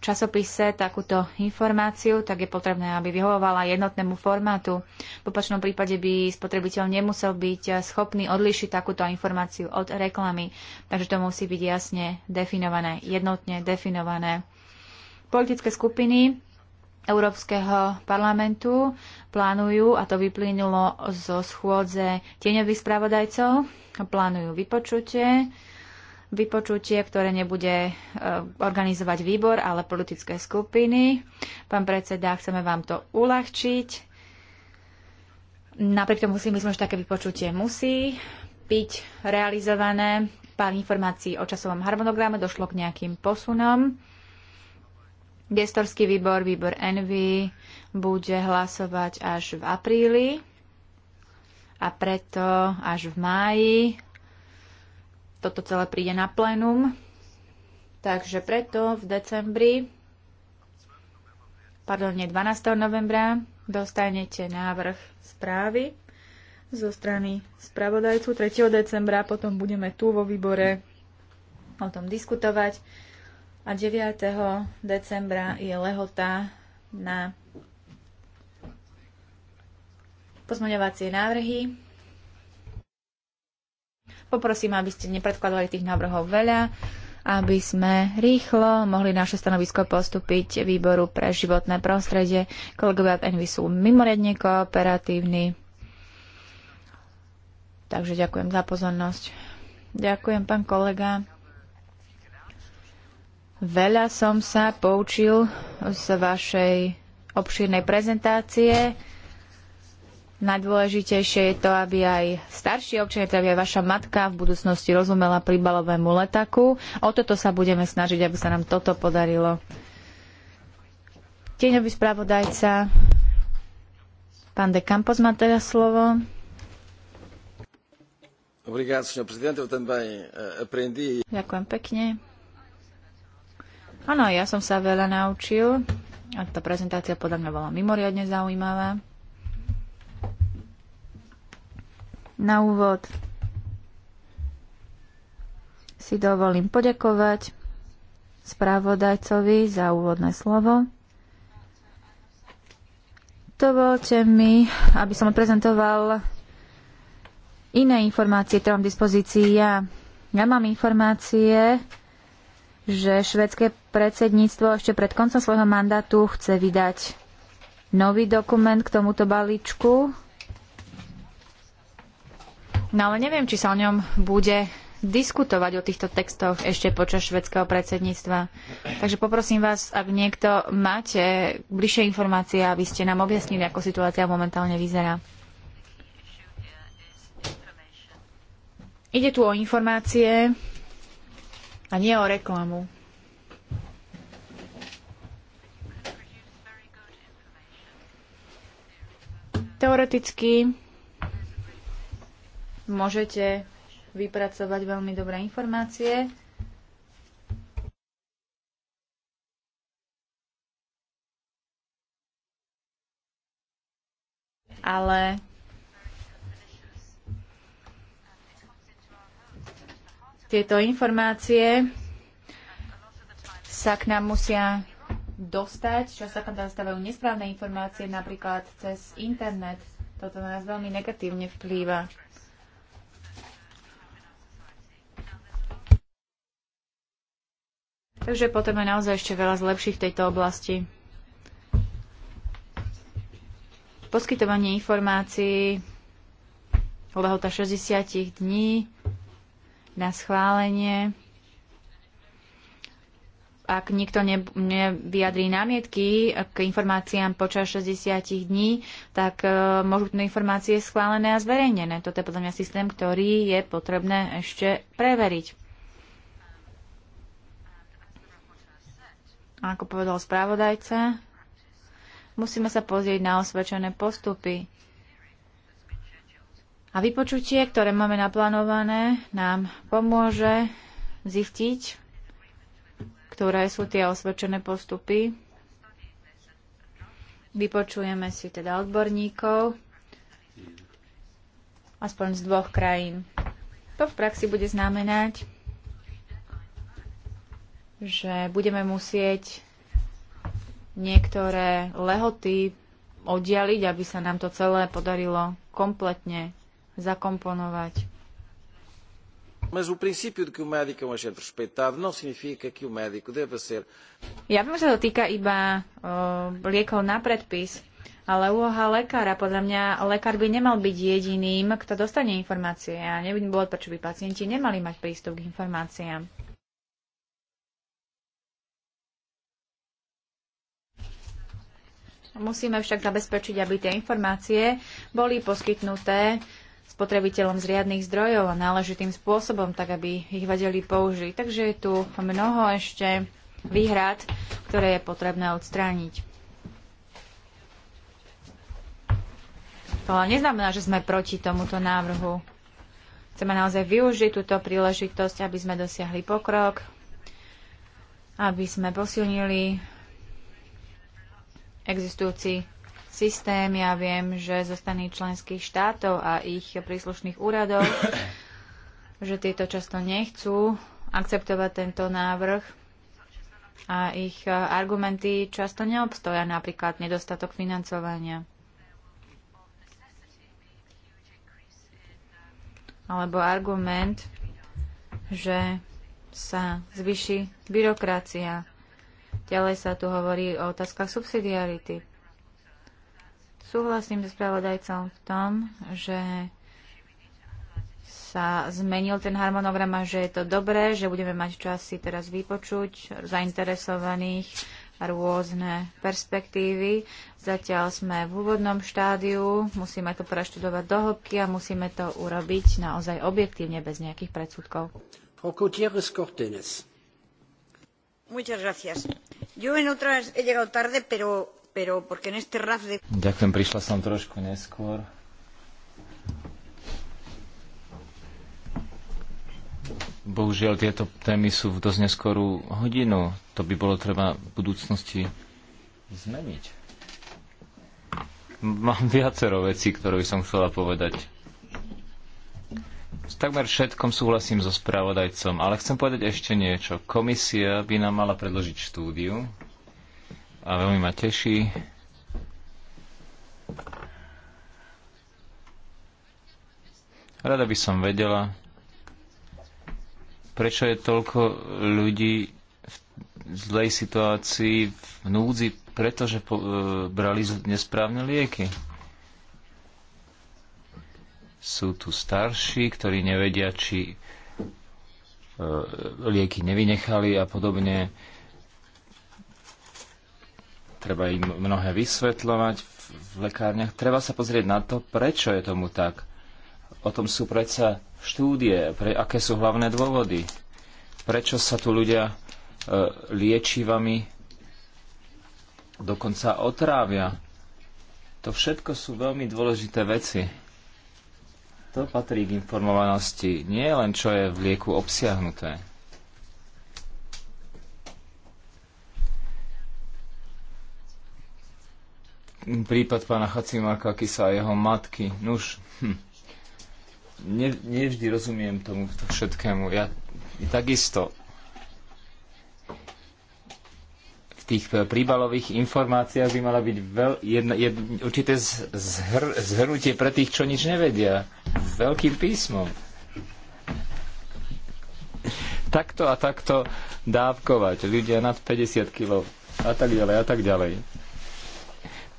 časopise takúto informáciu, tak je potrebné, aby vyhovovala jednotnému formátu. V opačnom prípade by spotrebiteľ nemusel byť schopný odlíšiť takúto informáciu od reklamy. Takže to musí byť jasne definované, jednotne definované. Politické skupiny Európskeho parlamentu plánujú, a to vyplynulo zo schôdze tieňových spravodajcov, plánujú vypočutie, vypočutie, ktoré nebude e, organizovať výbor, ale politické skupiny. Pán predseda, chceme vám to uľahčiť. Napriek tomu si myslím, že také vypočutie musí byť realizované. Pár informácií o časovom harmonograme došlo k nejakým posunom Gestorský výbor, výbor Envy, bude hlasovať až v apríli a preto až v máji toto celé príde na plénum. Takže preto v decembri, pardon, nie 12. novembra, dostanete návrh správy zo strany spravodajcu. 3. decembra potom budeme tu vo výbore o tom diskutovať a 9. decembra je lehota na pozmeňovacie návrhy. Poprosím, aby ste nepredkladovali tých návrhov veľa, aby sme rýchlo mohli naše stanovisko postúpiť výboru pre životné prostredie. Kolegovia v Envy sú mimoriadne kooperatívni. Takže ďakujem za pozornosť. Ďakujem, pán kolega. Veľa som sa poučil z vašej obšírnej prezentácie. Najdôležitejšie je to, aby aj starší občania, teda aj vaša matka v budúcnosti rozumela príbalovému letaku. O toto sa budeme snažiť, aby sa nám toto podarilo. Tieňový spravodajca, pán de Campos má teraz slovo. Eh, Ďakujem pekne. Áno, ja som sa veľa naučil a tá prezentácia podľa mňa bola mimoriadne zaujímavá. Na úvod si dovolím poďakovať spravodajcovi za úvodné slovo. Dovolte mi, aby som prezentoval iné informácie, ktoré mám v dispozícii ja. Ja mám informácie, že švedské predsedníctvo ešte pred koncom svojho mandátu chce vydať nový dokument k tomuto balíčku. No ale neviem, či sa o ňom bude diskutovať o týchto textoch ešte počas švedského predsedníctva. Takže poprosím vás, ak niekto máte bližšie informácie, aby ste nám objasnili, ako situácia momentálne vyzerá. Ide tu o informácie, a nie o reklamu. Teoreticky môžete vypracovať veľmi dobré informácie. Ale Tieto informácie sa k nám musia dostať, čo sa tam dostávajú nesprávne informácie, napríklad cez internet. Toto na nás veľmi negatívne vplýva. Takže potom je naozaj ešte veľa zlepších v tejto oblasti. Poskytovanie informácií, lehota 60 dní, na schválenie. Ak nikto nevyjadrí námietky k informáciám počas 60 dní, tak e, môžu tie informácie schválené a zverejnené. Toto je podľa mňa systém, ktorý je potrebné ešte preveriť. ako povedal spravodajca, musíme sa pozrieť na osvedčené postupy. A vypočutie, ktoré máme naplánované, nám pomôže zistiť, ktoré sú tie osvedčené postupy. Vypočujeme si teda odborníkov, aspoň z dvoch krajín. To v praxi bude znamenať, že budeme musieť niektoré lehoty oddialiť, aby sa nám to celé podarilo kompletne zakomponovať. Um ja viem, že sa to týka iba liekov na predpis, ale úloha lekára, podľa mňa lekár by nemal byť jediným, kto dostane informácie. Ja nevidím bolo, prečo by pacienti nemali mať prístup k informáciám. Musíme však zabezpečiť, aby tie informácie boli poskytnuté spotrebiteľom z zdrojov a náležitým spôsobom, tak aby ich vedeli použiť. Takže je tu mnoho ešte výhrad, ktoré je potrebné odstrániť. To ale neznamená, že sme proti tomuto návrhu. Chceme naozaj využiť túto príležitosť, aby sme dosiahli pokrok, aby sme posilnili existujúci systém. Ja viem, že zo strany členských štátov a ich príslušných úradov, [COUGHS] že tieto často nechcú akceptovať tento návrh a ich argumenty často neobstoja, napríklad nedostatok financovania. alebo argument, že sa zvyši byrokracia. Ďalej sa tu hovorí o otázkach subsidiarity. Súhlasím so spravodajcom v tom, že sa zmenil ten harmonogram a že je to dobré, že budeme mať čas si teraz vypočuť zainteresovaných rôzne perspektívy. Zatiaľ sme v úvodnom štádiu, musíme to preštudovať do hĺbky a musíme to urobiť naozaj objektívne, bez nejakých predsudkov. Muchas gracias. Yo en otras he llegado tarde, pero pero porque en este raf de... Ďakujem, prišla som trošku neskôr. Bohužiaľ, tieto témy sú v dosť neskorú hodinu. To by bolo treba v budúcnosti zmeniť. Mám viacero vecí, ktoré by som chcela povedať. S takmer všetkom súhlasím so spravodajcom, ale chcem povedať ešte niečo. Komisia by nám mala predložiť štúdiu, a veľmi ma teší, Rada by som vedela, prečo je toľko ľudí v zlej situácii, v núdzi, pretože po, e, brali nesprávne lieky. Sú tu starší, ktorí nevedia, či e, lieky nevynechali a podobne. E, treba im mnohé vysvetľovať v lekárniach. Treba sa pozrieť na to, prečo je tomu tak. O tom sú predsa štúdie, pre, aké sú hlavné dôvody. Prečo sa tu ľudia e, liečivami dokonca otrávia. To všetko sú veľmi dôležité veci. To patrí k informovanosti, nie len čo je v lieku obsiahnuté. prípad pána Chacimáka Kisa a jeho matky. Nuž, hm. ne, nevždy rozumiem tomu všetkému. Ja takisto v tých príbalových informáciách by mala byť veľ, jedna, jed, určité zhr, zhrnutie pre tých, čo nič nevedia. veľkým písmom. Takto a takto dávkovať ľudia nad 50 kg a tak ďalej a tak ďalej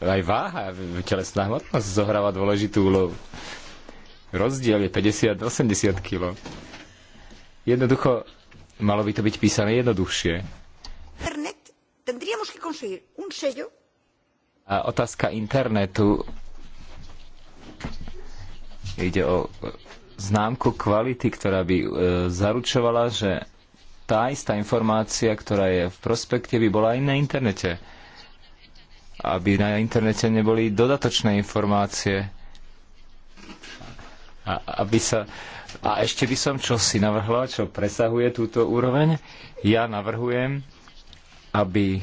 aj váha, telesná hmotnosť zohráva dôležitú úlohu. Rozdiel je 50-80 kg. Jednoducho, malo by to byť písané jednoduchšie. A otázka internetu ide o známku kvality, ktorá by e, zaručovala, že tá istá informácia, ktorá je v prospekte, by bola aj na internete aby na internete neboli dodatočné informácie. A, aby sa, a ešte by som čo si navrhla, čo presahuje túto úroveň. Ja navrhujem, aby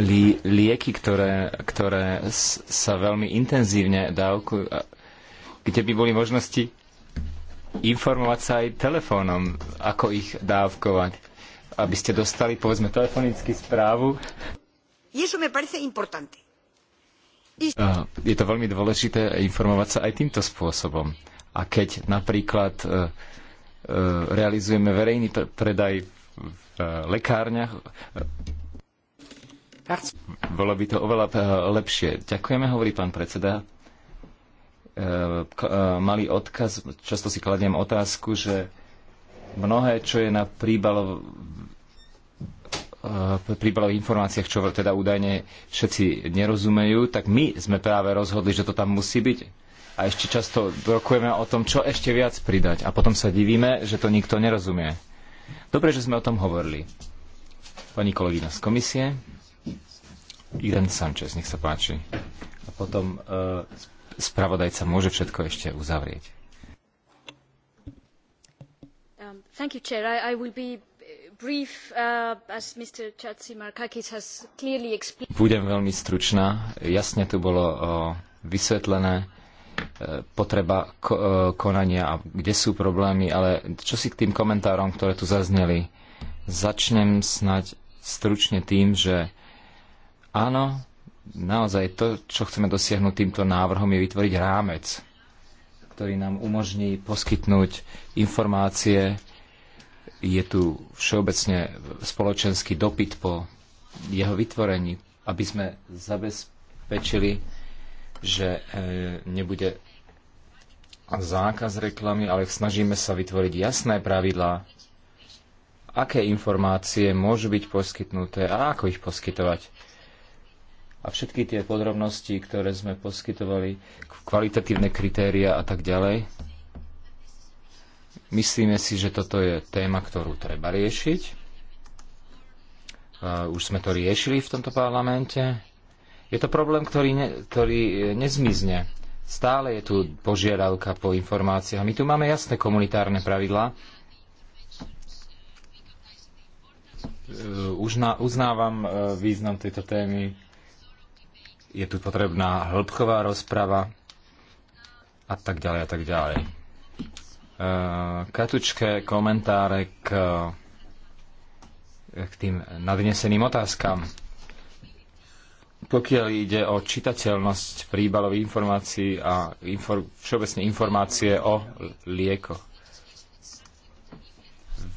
li, lieky, ktoré, ktoré sa veľmi intenzívne dávkujú, kde by boli možnosti informovať sa aj telefónom, ako ich dávkovať. Aby ste dostali, povedzme, telefonicky správu, Eh, je to veľmi dôležité informovať sa aj týmto spôsobom. A keď napríklad eh, eh, realizujeme verejný predaj v lekárniach, bolo by to oveľa lepšie. Ďakujeme, hovorí pán predseda. Malý odkaz, často si kladiem otázku, že mnohé, čo je na príbalov, Eh, pribalo v informáciách, čo teda údajne všetci nerozumejú, tak my sme práve rozhodli, že to tam musí byť. A ešte často rokujeme o tom, čo ešte viac pridať. A potom sa divíme, že to nikto nerozumie. Dobre, že sme o tom hovorili. Pani kolegyna z komisie. Irene Sanchez, nech sa páči. A potom uh, spravodajca môže všetko ešte uzavrieť. Um, thank you, Chair. I, I will be Uh, Budem veľmi stručná. Jasne tu bolo uh, vysvetlené uh, potreba konania a kde sú problémy, ale čo si k tým komentárom, ktoré tu zazneli, začnem snať stručne tým, že áno, naozaj to, čo chceme dosiahnuť týmto návrhom, je vytvoriť rámec, ktorý nám umožní poskytnúť informácie je tu všeobecne spoločenský dopyt po jeho vytvorení, aby sme zabezpečili, že e, nebude zákaz reklamy, ale snažíme sa vytvoriť jasné pravidlá, aké informácie môžu byť poskytnuté a ako ich poskytovať. A všetky tie podrobnosti, ktoré sme poskytovali, kvalitatívne kritéria a tak ďalej, Myslíme si, že toto je téma, ktorú treba riešiť. Uh, už sme to riešili v tomto parlamente. Je to problém, ktorý, ne, ktorý eh, nezmizne. Stále je tu požiadavka po informáciách. My tu máme jasné komunitárne pravidlá. Eh, už na, uznávam eh, význam tejto témy. Je tu potrebná hĺbková rozprava a tak ďalej a tak ďalej. Eh, katučké komentáre k, eh, k tým nadneseným otázkam. Pokiaľ ide o čitateľnosť príbalových informácií a infor, všeobecne informácie o liekoch.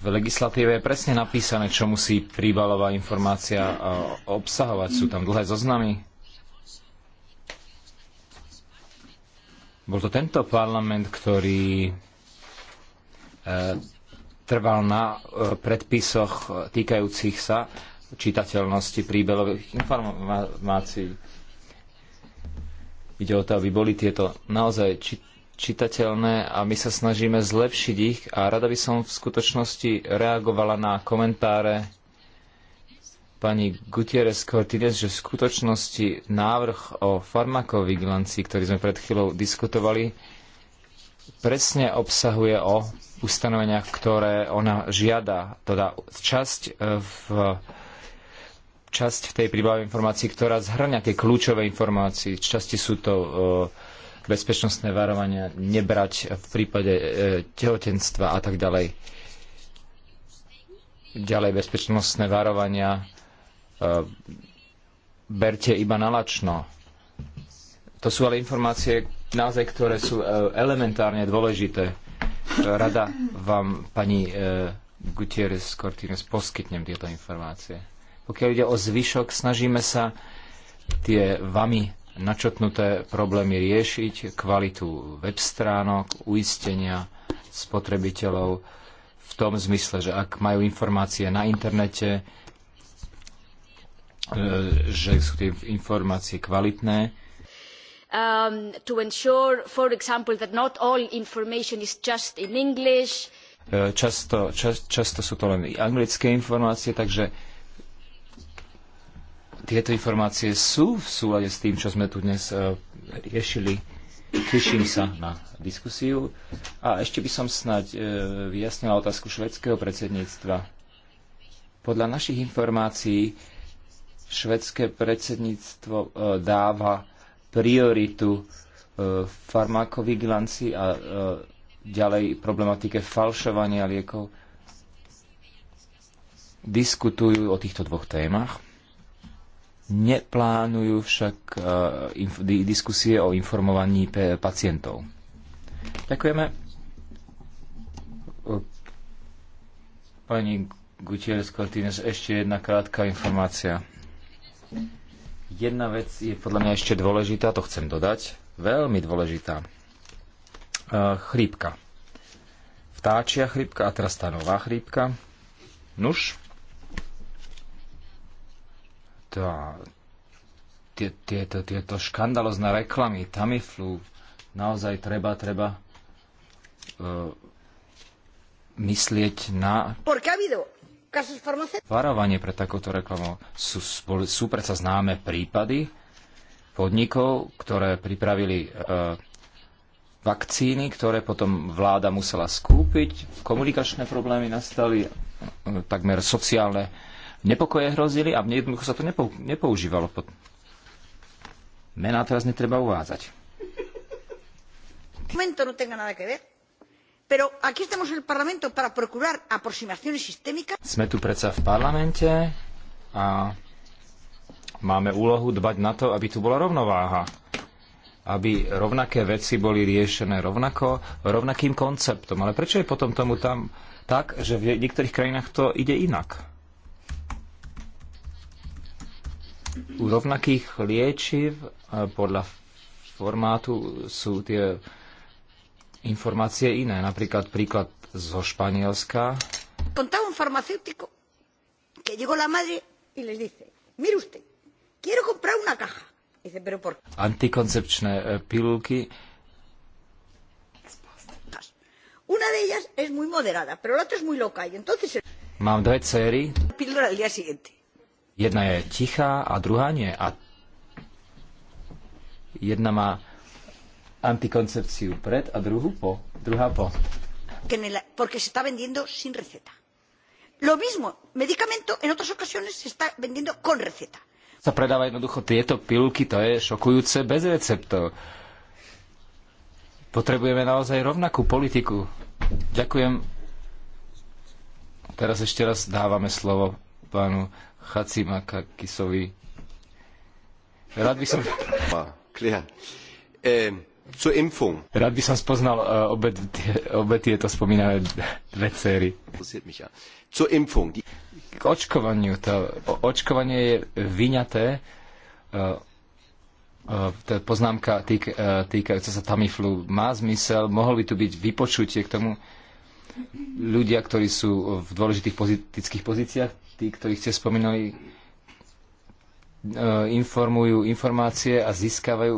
V legislatíve je presne napísané, čo musí príbalová informácia eh, obsahovať. Sú tam dlhé zoznamy. Bol to tento parlament, ktorý E, trval na e, predpisoch týkajúcich sa čitateľnosti príbelových informácií. Ide o to, aby boli tieto naozaj čitateľné a my sa snažíme zlepšiť ich a rada by som v skutočnosti reagovala na komentáre pani Gutierrez Cortines, že v skutočnosti návrh o farmakovigilancii, ktorý sme pred chvíľou diskutovali, presne obsahuje o ustanovenia, ktoré ona žiada, teda časť e, v časť v tej príbave informácií, ktorá zhrňa tie kľúčové informácie. Časti sú to e, bezpečnostné varovania, nebrať v prípade e, tehotenstva a tak ďalej. Ďalej bezpečnostné varovania berte iba nalačno. To sú ale informácie, naozaj, ktoré sú e, elementárne dôležité. E, rada vám, pani e, Gutierrez Cortines, poskytnem tieto informácie. Pokiaľ ide o zvyšok, snažíme sa tie vami načotnuté problémy riešiť, kvalitu web stránok, uistenia spotrebiteľov v tom zmysle, že ak majú informácie na internete, že sú tie informácie kvalitné, um, to ensure, for example, that not all information is just in English. E, často, čas, často sú to len anglické informácie, takže tieto informácie sú v súlade s tým, čo sme tu dnes uh, riešili. Teším sa na diskusiu. A ešte by som snáď e, vyjasnila otázku švedského predsedníctva. Podľa našich informácií švedské predsedníctvo dáva prioritu e, farmakovigilancii a e, ďalej problematike falšovania liekov. Diskutujú o týchto dvoch témach. Neplánujú však e, diskusie o informovaní pacientov. Ďakujeme. Pani Gutierrez Cortines, ešte jedna krátka informácia. Jedna vec je podľa mňa ešte dôležitá, to chcem dodať, veľmi dôležitá. E, chrípka. Vtáčia chrípka a teraz tá nová chrípka. Nuž. Tá, tieto, tieto škandalozné reklamy, Tamiflu, naozaj treba, treba e, myslieť na... Porque ha habido Varovanie pre takúto reklamu sú, sú predsa známe prípady podnikov, ktoré pripravili e, vakcíny, ktoré potom vláda musela skúpiť. Komunikačné problémy nastali, e, takmer sociálne nepokoje hrozili a jednoducho sa to nepo, nepoužívalo. Mená teraz netreba uvádzať. Momento, no tenga nada que ver. Pero aquí estamos en el Parlamento para procurar aproximaciones sistémicas. Sme tu predsa v parlamente a máme úlohu dbať na to, aby tu bola rovnováha. Aby rovnaké veci boli riešené rovnako, rovnakým konceptom. Ale prečo je potom tomu tam tak, že v niektorých krajinách to ide inak? U rovnakých liečiv eh, podľa formátu sú tie informácie iné. Napríklad príklad zo Španielska. Contaba un farmacéutico que llegó la madre y les dice, mire usted, quiero comprar una caja. Dice, pero por... Antikoncepčné eh, pilulky. Una de ellas es muy moderada, pero la otra es muy loca y entonces... Mám dve céry. Píldora al día siguiente. Jedna je tichá a druhá nie. A jedna má antikoncepciu pred a druhú po. Druhá po. Que Porque se está vendiendo sin receta. Lo mismo, medicamento en otras ocasiones se está vendiendo con receta. Sa predáva jednoducho tieto pilulky, to je šokujúce, bez receptov. Potrebujeme naozaj rovnakú politiku. Ďakujem. Teraz ešte raz dávame slovo pánu Chacimaka Kisovi. Rád by som... Clear. Um, Rád by som spoznal e, obe, obe tieto spomínané dve céry. K očkovaniu. To, očkovanie je vyňaté. E, e, tá poznámka týk, týkajúca sa Tamiflu má zmysel. Mohol by tu byť vypočutie k tomu ľudia, ktorí sú v dôležitých politických pozíciách, tí, ktorých ste spomínali, informujú informácie a získavajú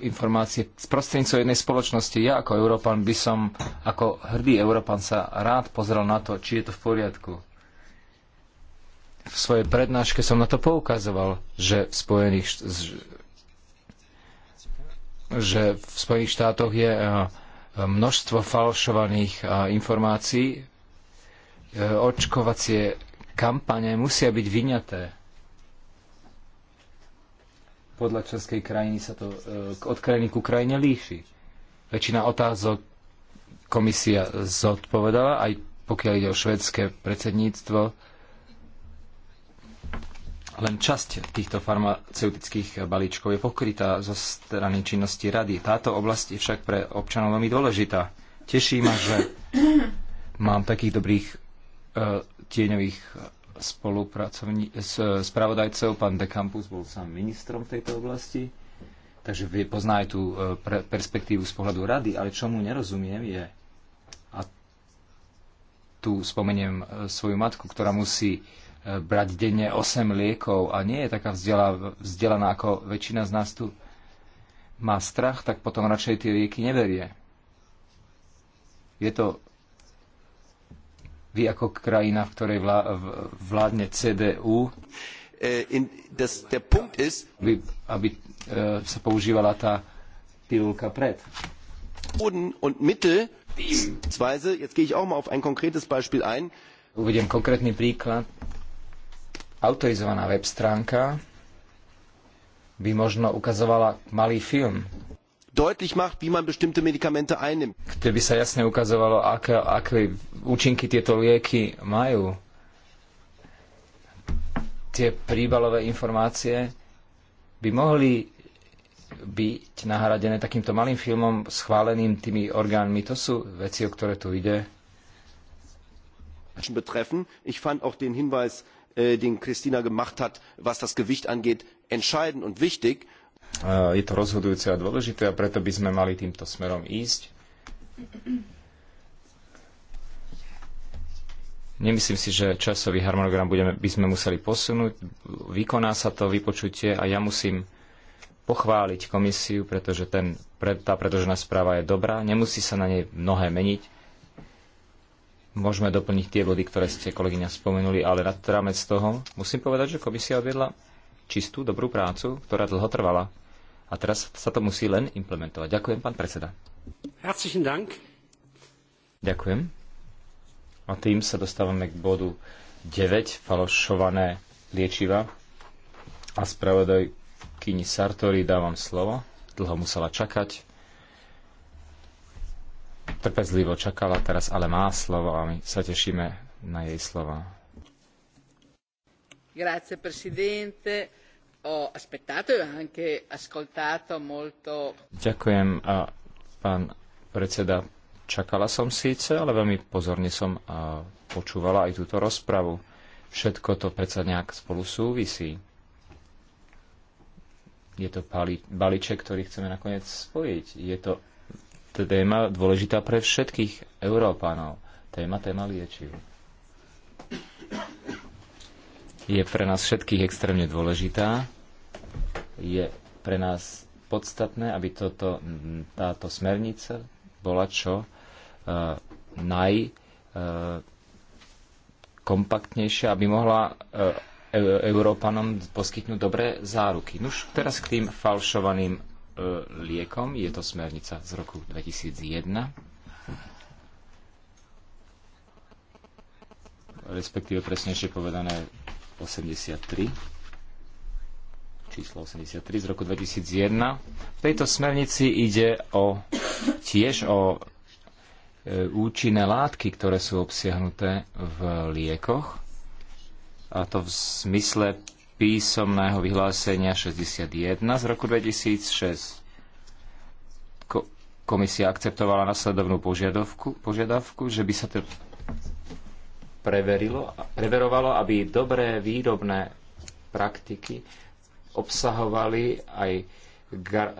informácie z prostredníctvom jednej spoločnosti. Ja ako Európan by som, ako hrdý Európan sa rád pozrel na to, či je to v poriadku. V svojej prednáške som na to poukazoval, že v Spojených, že v Spojených štátoch je e, množstvo falšovaných e, informácií. E, očkovacie kampane musia byť vyňaté podľa členskej krajiny sa to e, od krajiny ku krajine líši. Väčšina otázok komisia zodpovedala, aj pokiaľ ide o švedské predsedníctvo. Len časť týchto farmaceutických balíčkov je pokrytá zo strany činnosti rady. Táto oblasť je však pre občanov veľmi dôležitá. Teší ma, že mám takých dobrých e, tieňových s e, spravodajcov. Pán De Campus bol sám ministrom v tejto oblasti, takže pozná aj tú e, perspektívu z pohľadu rady, ale čo mu nerozumiem je, a tu spomeniem e, svoju matku, ktorá musí brať denne 8 liekov a nie je taká vzdelaná ako väčšina z nás tu má strach, tak potom radšej tie lieky neberie. Je to vy ako krajina, v ktorej vládne CDU, äh, aby, aby äh, sa používala tá pilulka pred. Uvediem konkrétny príklad. Autorizovaná web stránka by možno ukazovala malý film, deutlich macht, wie man bestimmte Medikamente einnimmt. Kde by sa jasne ukazovalo, aké, aké účinky tieto lieky majú. Tie príbalové informácie by mohli byť nahradené takýmto malým filmom schváleným tými orgánmi. To sú veci, o ktoré tu ide. betreffen. Ich fand auch den Hinweis, äh, den Christina gemacht hat, was das Gewicht angeht, entscheidend und wichtig je to rozhodujúce a dôležité a preto by sme mali týmto smerom ísť. Nemyslím si, že časový harmonogram budeme, by sme museli posunúť. Vykoná sa to vypočutie a ja musím pochváliť komisiu, pretože ten, tá predložená správa je dobrá. Nemusí sa na nej mnohé meniť. Môžeme doplniť tie body, ktoré ste, kolegyňa, spomenuli, ale nad rámec toho musím povedať, že komisia odvedla čistú, dobrú prácu, ktorá dlho trvala. A teraz sa to musí len implementovať. Ďakujem, pán predseda. Herzlichen Dank. Ďakujem. A tým sa dostávame k bodu 9, falošované liečiva. A spravodaj Kini Sartori dávam slovo. Dlho musela čakať. Trpezlivo čakala, teraz ale má slovo a my sa tešíme na jej slova. Grazie, presidente ho aspettato e anche ascoltato molto. Ďakujem, a pán predseda. Čakala som síce, ale veľmi pozorne som a počúvala aj túto rozpravu. Všetko to predsa nejak spolu súvisí. Je to pali, balíček, ktorý chceme nakoniec spojiť. Je to téma dôležitá pre všetkých Európanov. Téma, téma liečiv je pre nás všetkých extrémne dôležitá. Je pre nás podstatné, aby toto, táto smernica bola čo e, najkompaktnejšia, e, aby mohla e, e, Európanom poskytnúť dobré záruky. Nuž teraz k tým falšovaným e, liekom. Je to smernica z roku 2001. Respektíve presnejšie povedané 83, číslo 83 z roku 2001. V tejto smernici ide o, tiež o e, účinné látky, ktoré sú obsiahnuté v liekoch, a to v smysle písomného vyhlásenia 61 z roku 2006 komisia akceptovala nasledovnú požiadavku, požiadavku že by sa to preverilo, preverovalo, aby dobré výrobné praktiky obsahovali aj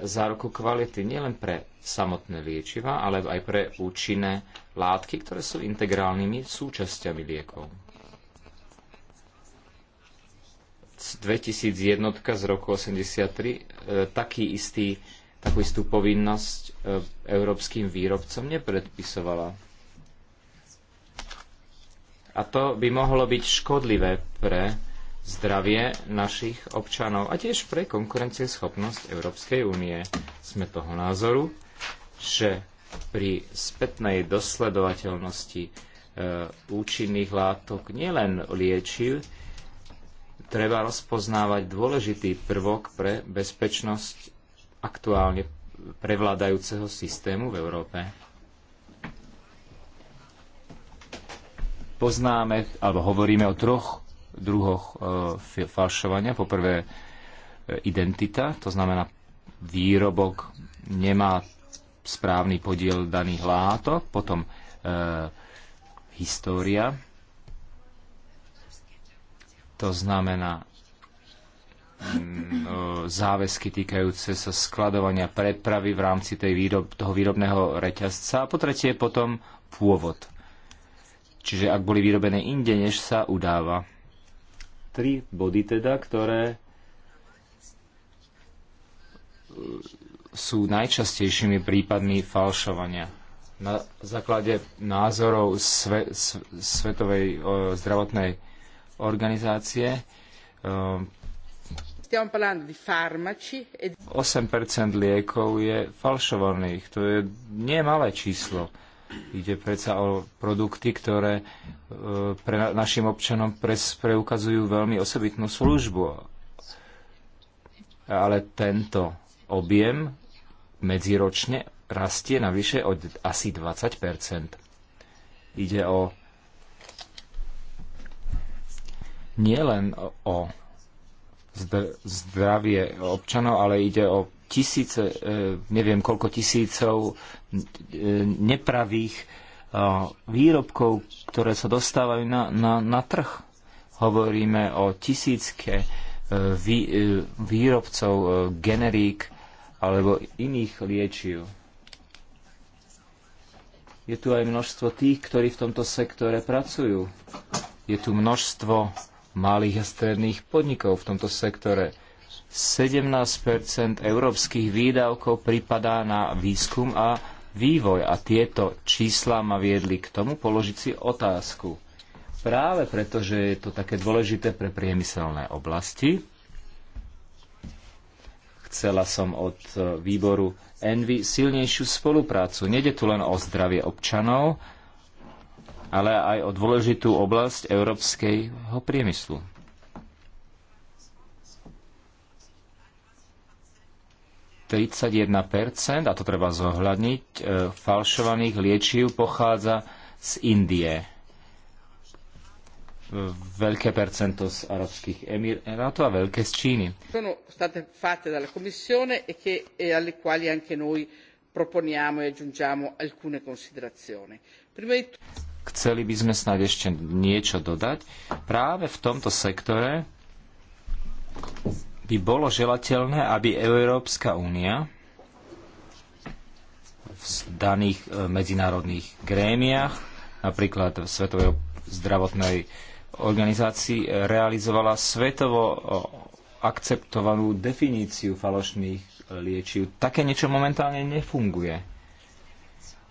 záruku kvality nielen pre samotné liečiva, ale aj pre účinné látky, ktoré sú integrálnymi súčasťami liekov. 2001 z roku 83 e, taký istý, takú istú povinnosť e, európskym výrobcom nepredpisovala a to by mohlo byť škodlivé pre zdravie našich občanov a tiež pre konkurencieschopnosť Európskej únie. Sme toho názoru, že pri spätnej dosledovateľnosti e, účinných látok nielen liečiv, treba rozpoznávať dôležitý prvok pre bezpečnosť aktuálne prevládajúceho systému v Európe. poznáme, alebo hovoríme o troch druhoch e, falšovania. Poprvé e, identita, to znamená výrobok nemá správny podiel daných látok, potom e, história, to znamená mm, e, záväzky týkajúce sa skladovania prepravy v rámci tej výrob, toho výrobného reťazca a po tretie potom pôvod. Čiže ak boli vyrobené inde, než sa udáva. Tri body teda, ktoré e, sú najčastejšími prípadmi falšovania. Na základe názorov sve, Svetovej o, zdravotnej organizácie e, o, 8% e liekov je falšovaných. To je nemalé číslo. Ide predsa o produkty, ktoré e, pre našim občanom preukazujú veľmi osobitnú službu. Ale tento objem medziročne rastie navyše od asi 20 Ide o nielen o zdravie občanov, ale ide o tisíce, e, neviem koľko tisícov e, nepravých e, výrobkov, ktoré sa dostávajú na, na, na trh. Hovoríme o tisícke vý, výrobcov generík alebo iných liečiv. Je tu aj množstvo tých, ktorí v tomto sektore pracujú. Je tu množstvo malých a stredných podnikov v tomto sektore 17 európskych výdavkov pripadá na výskum a vývoj a tieto čísla ma viedli k tomu položiť si otázku. Práve preto, že je to také dôležité pre priemyselné oblasti, chcela som od výboru Envy silnejšiu spoluprácu. Nede tu len o zdravie občanov, ale aj o dôležitú oblasť európskeho priemyslu. 31 a to treba zohľadniť, e, falšovaných liečiv pochádza z Indie. Veľké percento z arabských emirátov a veľké z Číny. E e Chceli by sme snáď ešte niečo dodať. Práve v tomto sektore by bolo želateľné, aby Európska únia v daných e, medzinárodných grémiách, napríklad v Svetovej zdravotnej organizácii, e, realizovala svetovo e, akceptovanú definíciu falošných liečiv. Také niečo momentálne nefunguje.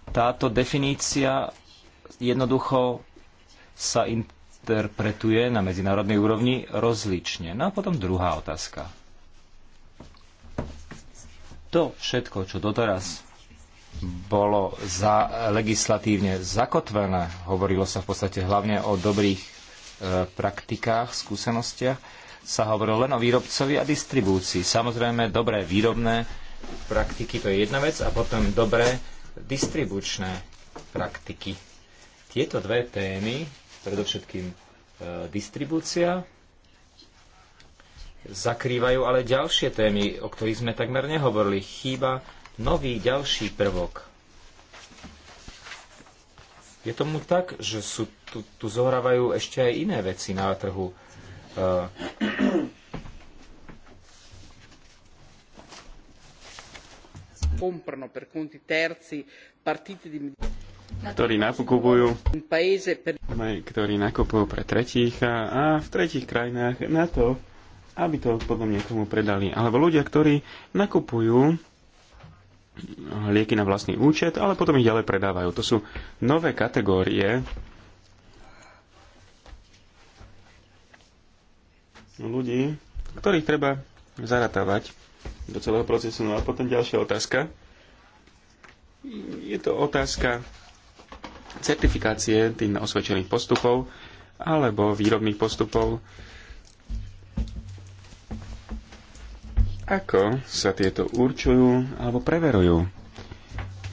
Táto definícia jednoducho sa in, interpretuje na medzinárodnej úrovni rozlične. No a potom druhá otázka. To všetko, čo doteraz bolo za legislatívne zakotvené, hovorilo sa v podstate hlavne o dobrých e, praktikách, skúsenostiach, sa hovorilo len o výrobcovi a distribúcii. Samozrejme, dobré výrobné praktiky to je jedna vec a potom dobré distribučné praktiky. Tieto dve témy predovšetkým e, distribúcia. Zakrývajú ale ďalšie témy, o ktorých sme takmer nehovorili. Chýba nový ďalší prvok. Je tomu tak, že sú, tu, tu zohrávajú ešte aj iné veci na trhu. Uh, ktorí nakupujú, ktorí nakupujú pre tretích a, a v tretích krajinách na to, aby to potom niekomu predali. Alebo ľudia, ktorí nakupujú lieky na vlastný účet, ale potom ich ďalej predávajú. To sú nové kategórie ľudí, ktorých treba zaratávať do celého procesu. No a potom ďalšia otázka. Je to otázka certifikácie tých osvedčených postupov alebo výrobných postupov. Ako sa tieto určujú alebo preverujú?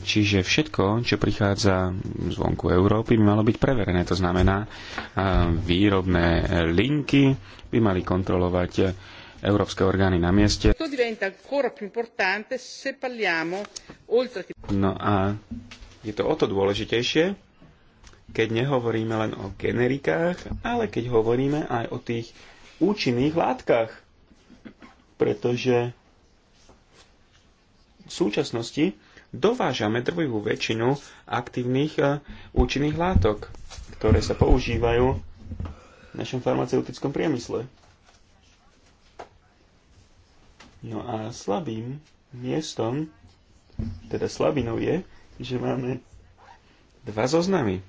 Čiže všetko, čo prichádza zvonku Európy, by malo byť preverené. To znamená, výrobné linky by mali kontrolovať európske orgány na mieste. No a je to o to dôležitejšie, keď nehovoríme len o generikách, ale keď hovoríme aj o tých účinných látkach. Pretože v súčasnosti dovážame drvivú väčšinu aktívnych e, účinných látok, ktoré sa používajú v našom farmaceutickom priemysle. No a slabým miestom, teda slabinou je, že máme dva zoznamy.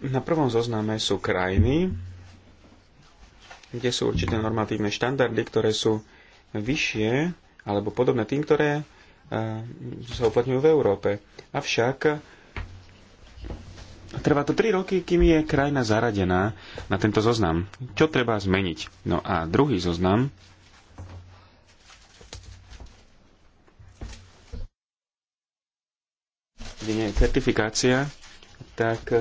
Na prvom zozname sú krajiny, kde sú určité normatívne štandardy, ktoré sú vyššie alebo podobné tým, ktoré e, sa uplatňujú v Európe. Avšak trvá to 3 roky, kým je krajina zaradená na tento zoznam. Čo treba zmeniť? No a druhý zoznam kde nie je certifikácia, tak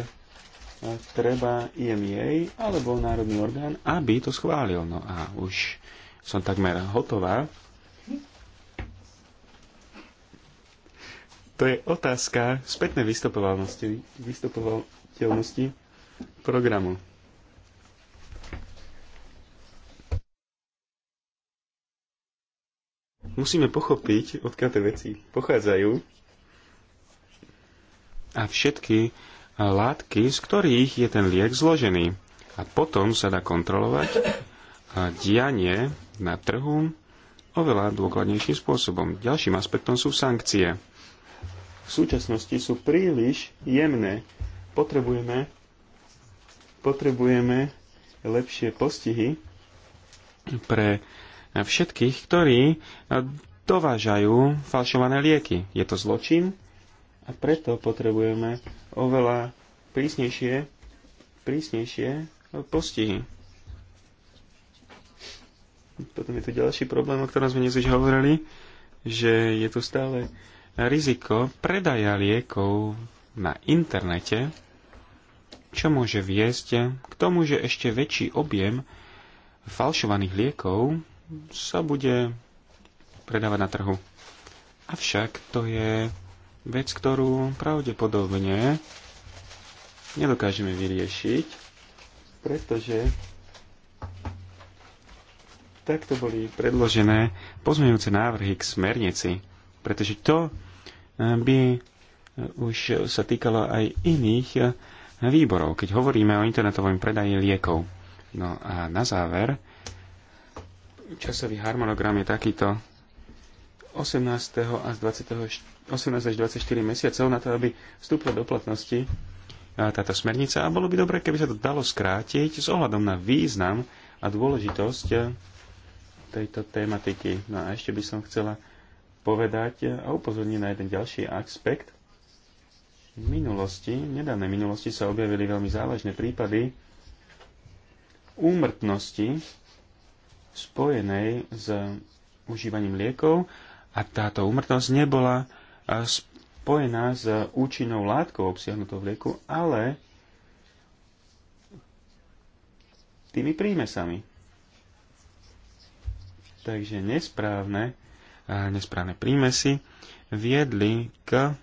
treba IMEA alebo národný orgán, aby to schválil. No a už som takmer hotová. To je otázka spätnej vystupovateľnosti, vystupovateľnosti programu. Musíme pochopiť, odkiaľ tie veci pochádzajú a všetky látky, z ktorých je ten liek zložený. A potom sa dá kontrolovať dianie na trhu oveľa dôkladnejším spôsobom. Ďalším aspektom sú sankcie. V súčasnosti sú príliš jemné. Potrebujeme, potrebujeme lepšie postihy pre všetkých, ktorí dovážajú falšované lieky. Je to zločin a preto potrebujeme oveľa prísnejšie, prísnejšie postihy. Potom je tu ďalší problém, o ktorom sme dnes už hovorili, že je tu stále riziko predaja liekov na internete, čo môže viesť k tomu, že ešte väčší objem falšovaných liekov sa bude predávať na trhu. Avšak to je vec, ktorú pravdepodobne nedokážeme vyriešiť, pretože takto boli predložené pozmeňujúce návrhy k smernici, pretože to eh, by eh, už sa týkalo aj iných eh, výborov, keď hovoríme o internetovom predaji liekov. No a na záver, časový harmonogram je takýto. 18, až 20, 18 až 24 mesiacov na to, aby vstúpila do platnosti táto smernica a bolo by dobre, keby sa to dalo skrátiť s ohľadom na význam a dôležitosť tejto tematiky. No a ešte by som chcela povedať a upozorniť na jeden ďalší aspekt. V minulosti, v nedávnej minulosti sa objavili veľmi závažné prípady úmrtnosti spojenej s užívaním liekov a táto úmrtnosť nebola eh, spojená s účinnou látkou obsiahnutou v lieku, ale tými prímesami. Takže nesprávne, eh, nesprávne prímesy viedli k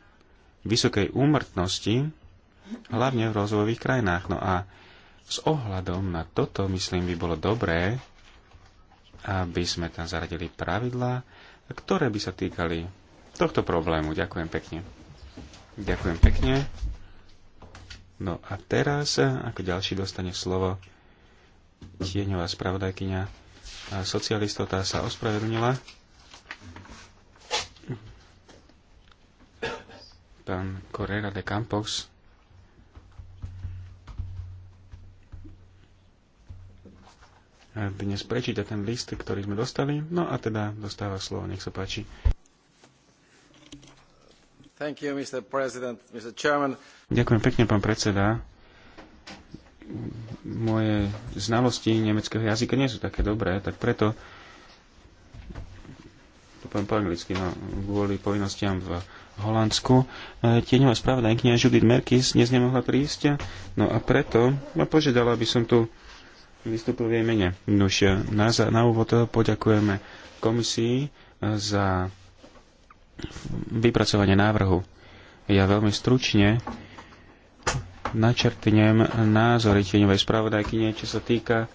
vysokej úmrtnosti, hlavne v rozvojových krajinách. No a s ohľadom na toto, myslím, by bolo dobré, aby sme tam zaradili pravidlá, ktoré by sa týkali tohto problému. Ďakujem pekne. Ďakujem pekne. No a teraz, ako ďalší dostane slovo tieňová spravodajkynia a socialistota sa ospravedlnila. Pán Correra de Campos dnes prečíta ten list, ktorý sme dostali. No a teda dostáva slovo, nech sa páči. Thank you, Mr. President, Mr. Chairman. Ďakujem pekne, pán predseda. Moje znalosti nemeckého jazyka nie sú také dobré, tak preto to poviem po anglicky, no, kvôli povinnostiam v Holandsku. E, tieňová spravodajkňa Judith Merkis dnes nemohla prísť, no a preto ma požiadala, aby som tu vystúpil v jej mene. Nož, eh, na, na úvod eh, poďakujeme komisii eh, za vypracovanie návrhu. Ja veľmi stručne načrtnem názory tieňovej spravodajkyne, čo sa týka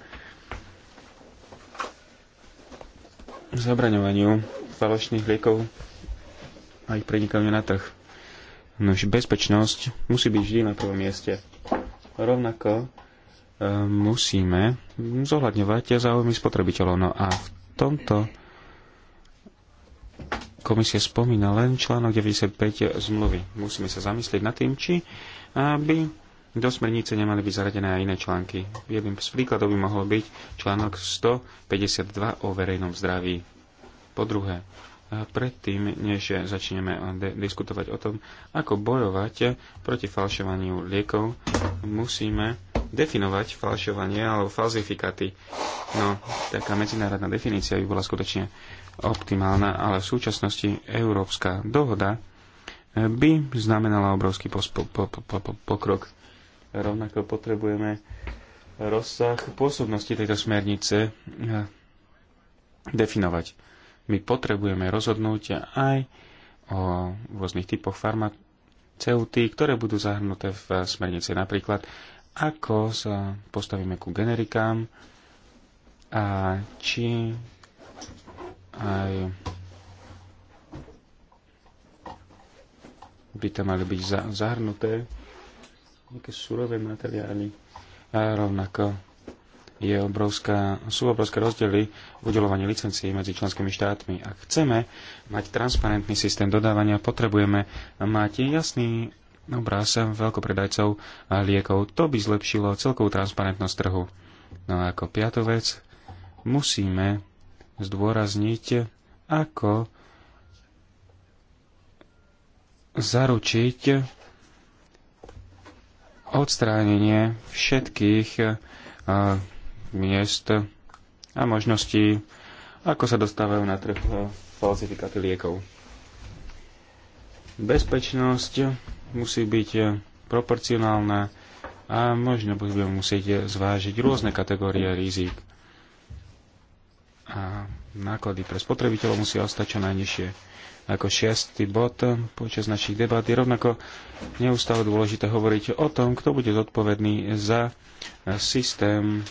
zabraňovaniu falošných liekov a ich prenikaniu na trh. Nož bezpečnosť musí byť vždy na prvom mieste. Rovnako musíme zohľadňovať záujmy spotrebiteľov. No a v tomto komisia spomína len článok 95 zmluvy. Musíme sa zamyslieť nad tým, či aby do smernice nemali byť zaradené aj iné články. Jedným z príkladov by mohol byť článok 152 o verejnom zdraví. Po druhé, predtým, než začneme diskutovať o tom, ako bojovať proti falšovaniu liekov, musíme definovať falšovanie alebo falzifikáty. No, taká medzinárodná definícia by bola skutočne optimálna, ale v súčasnosti európska dohoda eh, by znamenala obrovský po, po, po, pokrok. Rovnako potrebujeme rozsah pôsobnosti tejto smernice eh, definovať my potrebujeme rozhodnúť aj o rôznych typoch farmaceutí, ktoré budú zahrnuté v smernici. Napríklad, ako sa postavíme ku generikám a či aj by tam mali byť zahrnuté nejaké surové materiály a rovnako je obrovská, sú obrovské rozdiely v udelovaní licencií medzi členskými štátmi. Ak chceme mať transparentný systém dodávania, potrebujeme mať jasný obraz veľkopredajcov a liekov. To by zlepšilo celkovú transparentnosť trhu. No a ako piatú vec, musíme zdôrazniť, ako zaručiť odstránenie všetkých eh, miest a možností, ako sa dostávajú na trh falsifikáty liekov. Bezpečnosť musí byť proporcionálna a možno budeme musieť zvážiť rôzne kategórie rizik. A náklady pre spotrebiteľov musia ostať čo najnižšie. Ako šiestý bod počas našich debát je rovnako neustále dôležité hovoriť o tom, kto bude zodpovedný za systém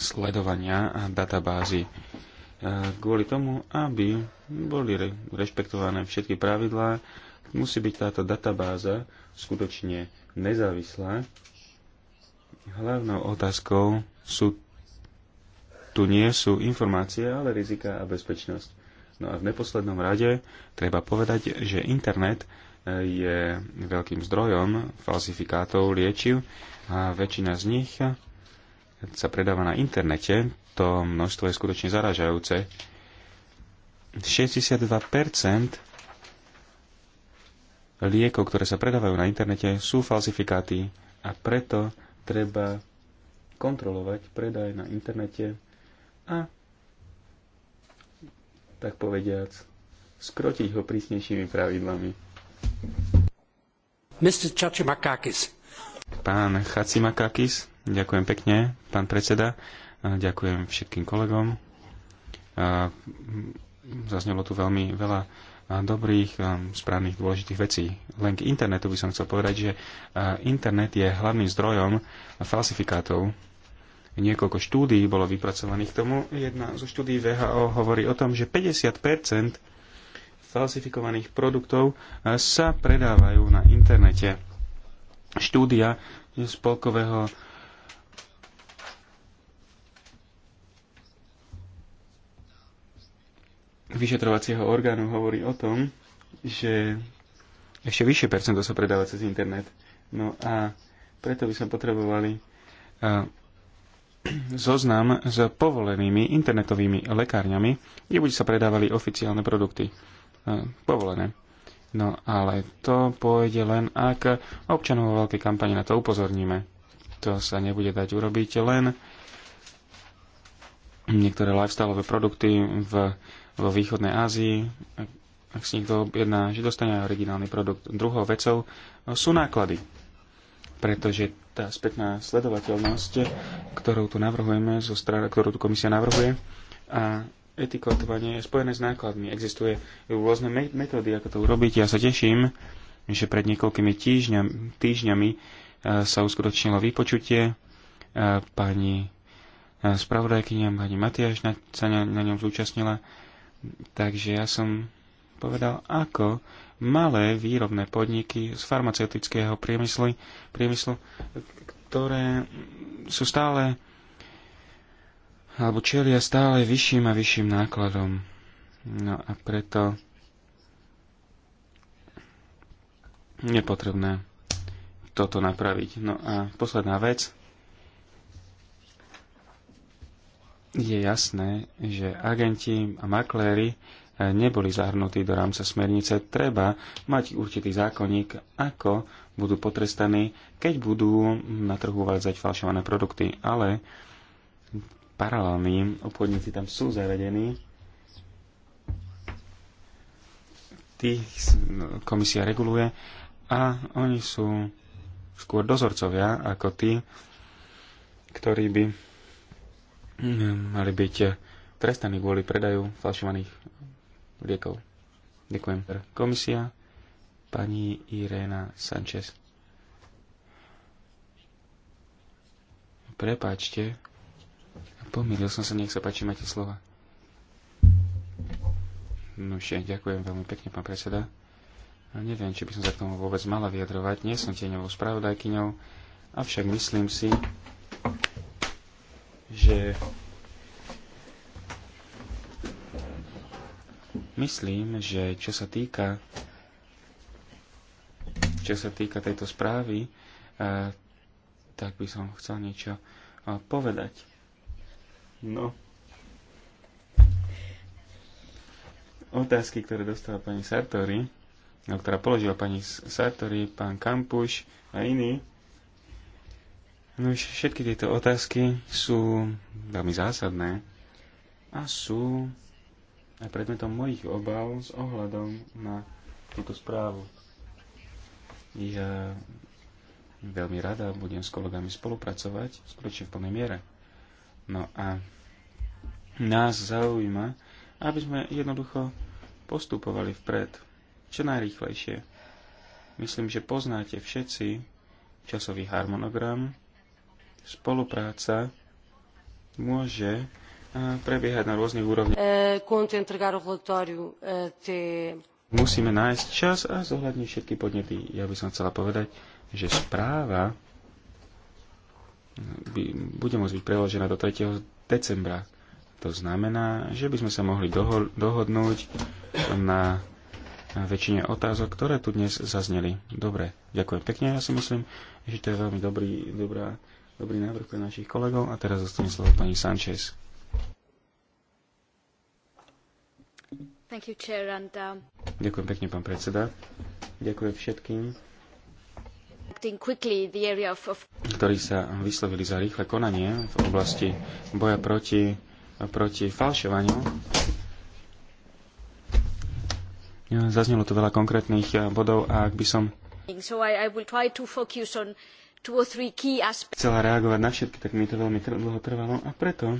sledovania databázy e, kvôli tomu, aby boli rešpektované všetky pravidlá, musí byť táto databáza skutočne nezávislá. Hlavnou otázkou sú, tu nie sú informácie, ale rizika a bezpečnosť. No a v neposlednom rade treba povedať, že internet e, je veľkým zdrojom falsifikátov liečiv a väčšina z nich sa predáva na internete, to množstvo je skutočne zaražajúce. 62% liekov, ktoré sa predávajú na internete, sú falsifikáty a preto treba kontrolovať predaj na internete a tak povediac skrotiť ho prísnejšími pravidlami. Mr. Chachimakakis. Pán Chachimakakis. Ďakujem pekne, pán predseda. Ďakujem všetkým kolegom. Zaznelo tu veľmi veľa dobrých, správnych, dôležitých vecí. Len k internetu by som chcel povedať, že internet je hlavným zdrojom falsifikátov. Niekoľko štúdií bolo vypracovaných k tomu. Jedna zo štúdií VHO hovorí o tom, že 50 falsifikovaných produktov sa predávajú na internete. Štúdia spolkového vyšetrovacieho orgánu hovorí o tom, že ešte vyššie percento sa predáva cez internet. No a preto by sme potrebovali eh, zoznam s povolenými internetovými lekárňami, kde bude sa predávali oficiálne produkty. Eh, povolené. No ale to pôjde len, ak občanov vo veľkej kampani na to upozorníme. To sa nebude dať urobiť len niektoré lifestyleové produkty v vo východnej Ázii, ak, ak si niekto objedná, že dostane originálny produkt. Druhou vecou sú náklady, pretože tá spätná sledovateľnosť, ktorú tu navrhujeme, zo strana, ktorú tu komisia navrhuje, a etikotovanie je spojené s nákladmi. Existuje rôzne metódy, ako to urobiť. Ja sa teším, že pred niekoľkými týždňami, týždňami e, sa uskutočnilo vypočutie e, pani e, spravodajkyňa, pani Matiaš na, sa na, na ňom zúčastnila Takže ja som povedal, ako malé výrobné podniky z farmaceutického priemyslu, priemyslu ktoré sú stále alebo čelia stále vyšším a vyšším nákladom. No a preto je potrebné toto napraviť. No a posledná vec. je jasné, že agenti a makléri eh, neboli zahrnutí do rámca smernice, treba mať určitý zákonník, ako budú potrestaní, keď budú na trhu uvádzať falšované produkty. Ale paralelní obchodníci tam sú zavedení. Tých komisia reguluje a oni sú skôr dozorcovia ako tí, ktorí by mali byť eh, trestaní kvôli predaju falšovaných liekov. Ďakujem. Komisia pani Irena Sanchez. Prepáčte, pomýlil som sa, nech sa páči, máte slova. No ešte, ďakujem veľmi pekne, pán predseda. A neviem, či by som sa k tomu vôbec mala vyjadrovať. Nie som tieňovou spravodajkyňou, avšak myslím si, že myslím, že čo sa týka čo sa týka tejto správy, tak by som chcel niečo povedať. No. Otázky, ktoré dostala pani Sartori, no, ktorá položila pani Sartori, pán Kampuš a iní, No, všetky tieto otázky sú veľmi zásadné a sú aj predmetom mojich obav s ohľadom na túto správu. Ja veľmi rada budem s kolegami spolupracovať, skutočne v plnej miere. No a nás zaujíma, aby sme jednoducho postupovali vpred, čo najrýchlejšie. Myslím, že poznáte všetci časový harmonogram, spolupráca môže eh, prebiehať na rôznych úrovniach. Eh, eh, Musíme nájsť čas a zohľadniť všetky podnety. Ja by som chcela povedať, že správa by, bude môcť byť preložená do 3. decembra. To znamená, že by sme sa mohli doho- dohodnúť na väčšine otázok, ktoré tu dnes zazneli. Dobre, ďakujem pekne. Ja si myslím, že to je veľmi dobrý, dobrá dobrý návrh pre našich kolegov a teraz zostane slovo pani Sanchez. You, chair, and, um... Ďakujem pekne, pán predseda. Ďakujem všetkým, ktorí sa vyslovili za rýchle konanie v oblasti boja proti, proti falšovaniu. Zaznelo tu veľa konkrétnych bodov a ak by som... So I, I Chcela reagovať na všetky, tak mi to veľmi dlho trvalo a preto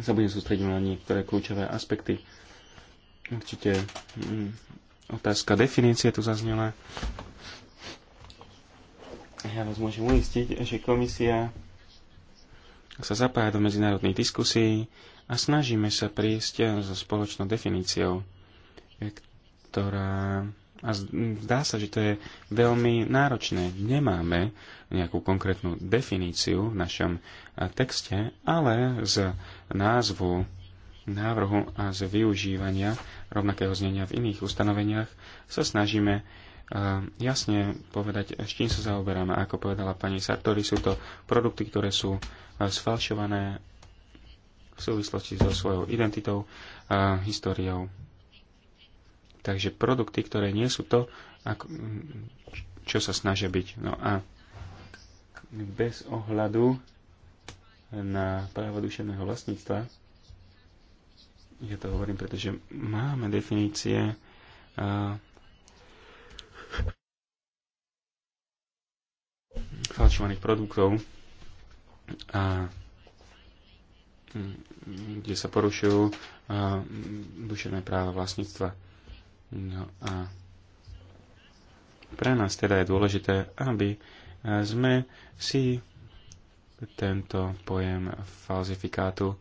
sa budem sústrediť na niektoré kľúčové aspekty. Určite mm, otázka definície tu zaznela. Ja vás môžem uistiť, že komisia sa zapája do medzinárodných diskusí a snažíme sa prísť so spoločnou definíciou, ktorá a zdá sa, že to je veľmi náročné. Nemáme nejakú konkrétnu definíciu v našom texte, ale z názvu návrhu a z využívania rovnakého znenia v iných ustanoveniach sa snažíme jasne povedať, s čím sa zaoberáme. Ako povedala pani Sartori, sú to produkty, ktoré sú sfalšované v súvislosti so svojou identitou, históriou Takže produkty, ktoré nie sú to, ako, čo sa snažia byť. No a bez ohľadu na právo duševného vlastníctva, ja to hovorím, pretože máme definície a, falšovaných produktov, a, kde sa porušujú duševné práva vlastníctva. No a pre nás teda je dôležité, aby sme si tento pojem falzifikátu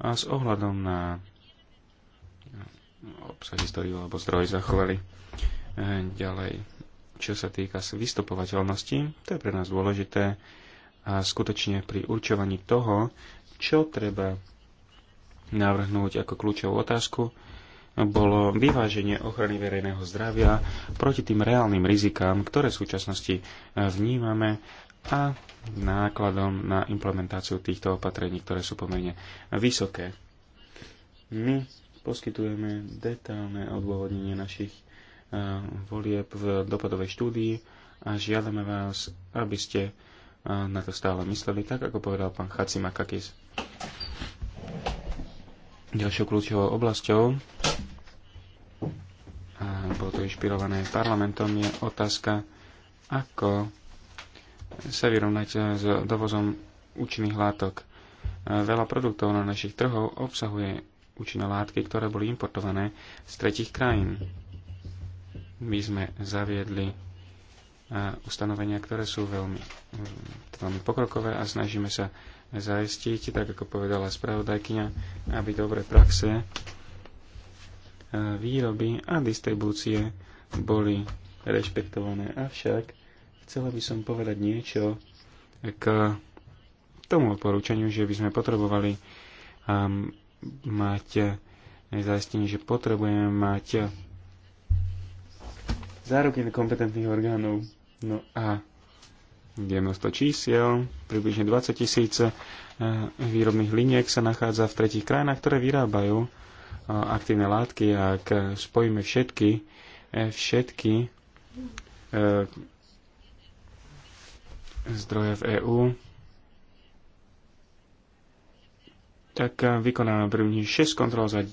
a s ohľadom na obsah históriu alebo zdroj zachovali ďalej. Čo sa týka vystupovateľnosti, to je pre nás dôležité a skutočne pri určovaní toho, čo treba navrhnúť ako kľúčovú otázku, bolo vyváženie ochrany verejného zdravia proti tým reálnym rizikám, ktoré v súčasnosti e, vnímame a nákladom na implementáciu týchto opatrení, ktoré sú pomerne vysoké. My poskytujeme detálne odôvodnenie našich e, volieb v dopadovej štúdii a žiadame vás, aby ste e, na to stále mysleli, tak ako povedal pán Chacimakakis. Ďalšou kľúčovou oblasťou bolo to inšpirované parlamentom, je otázka, ako sa vyrovnať s dovozom účinných látok. Veľa produktov na našich trhov obsahuje účinné látky, ktoré boli importované z tretich krajín. My sme zaviedli ustanovenia, ktoré sú veľmi, e, veľmi pokrokové a snažíme sa zaistiť, tak ako povedala spravodajkyňa, aby dobre praxe výroby a distribúcie boli rešpektované. Avšak chcela by som povedať niečo k tomu odporúčaniu, že by sme potrebovali um, mať eh, zaistenie, že potrebujeme mať záruky kompetentných orgánov. No a je množstvo čísiel, približne 20 tisíc eh, výrobných liniek sa nachádza v tretich krajinách, ktoré vyrábajú aktívne látky, ak spojíme všetky, eh, všetky eh, zdroje v EÚ, tak eh, vykonáme první 6 kontrol za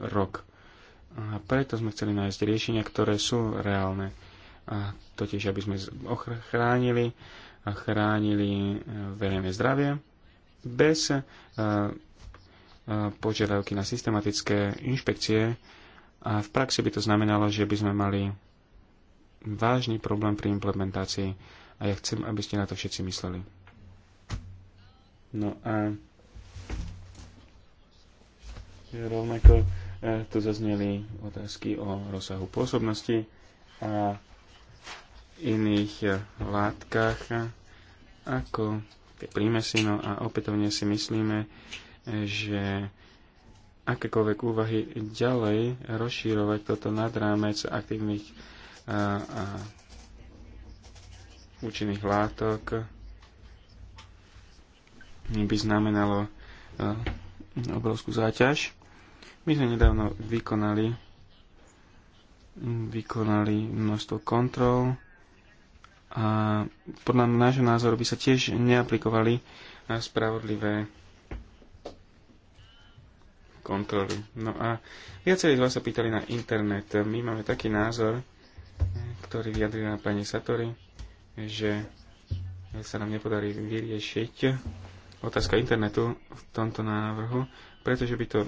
rok. A preto sme chceli nájsť riešenia, ktoré sú reálne. A totiž, aby sme ochránili a chránili verejné zdravie bez požiadavky na systematické inšpekcie a v praxi by to znamenalo, že by sme mali vážny problém pri implementácii a ja chcem, aby ste na to všetci mysleli. No a rovnako e, tu zazneli otázky o rozsahu pôsobnosti a iných e, látkach ako tie prímesy. No a opätovne si myslíme, že akékoľvek úvahy ďalej rozšírovať toto nad rámec aktívnych a, a účinných látok by znamenalo obrovskú záťaž. My sme nedávno vykonali, vykonali množstvo kontrol a podľa nášho názoru by sa tiež neaplikovali spravodlivé kontroly. No a viacerí z vás sa pýtali na internet. My máme taký názor, ktorý vyjadrila pani Satori, že sa nám nepodarí vyriešiť otázka internetu v tomto návrhu, pretože by to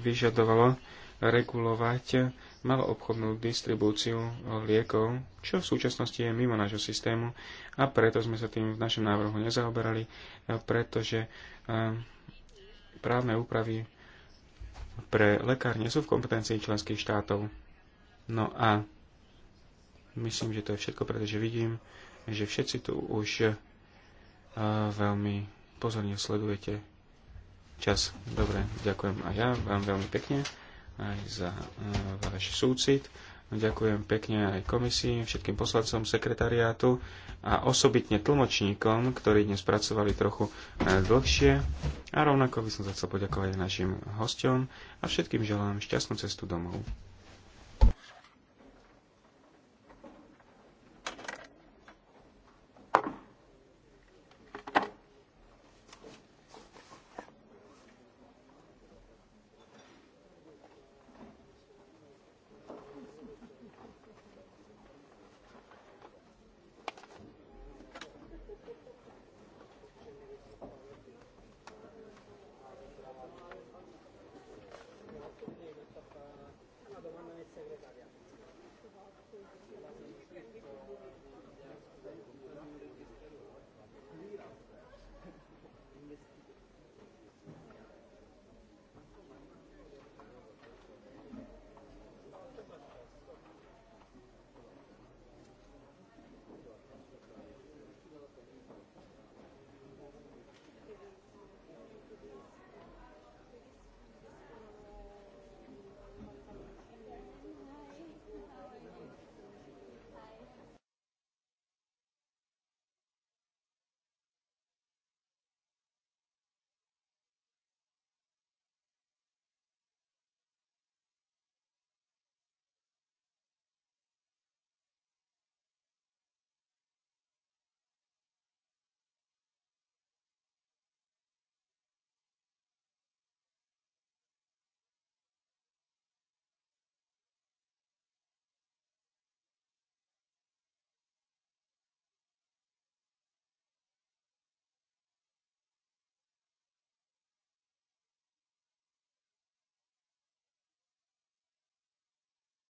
vyžadovalo regulovať maloobchodnú distribúciu liekov, čo v súčasnosti je mimo nášho systému a preto sme sa tým v našom návrhu nezaoberali, pretože eh, právne úpravy pre lekárne sú v kompetencii členských štátov. No a myslím, že to je všetko, pretože vidím, že všetci tu už e, veľmi pozorne sledujete čas. Dobre, ďakujem a ja vám veľmi pekne aj za e, váš súcit. Ďakujem pekne aj komisii, všetkým poslancom sekretariátu a osobitne tlmočníkom, ktorí dnes pracovali trochu e, dlhšie. A rovnako by som sa chcel poďakovať aj našim hostom a všetkým želám šťastnú cestu domov.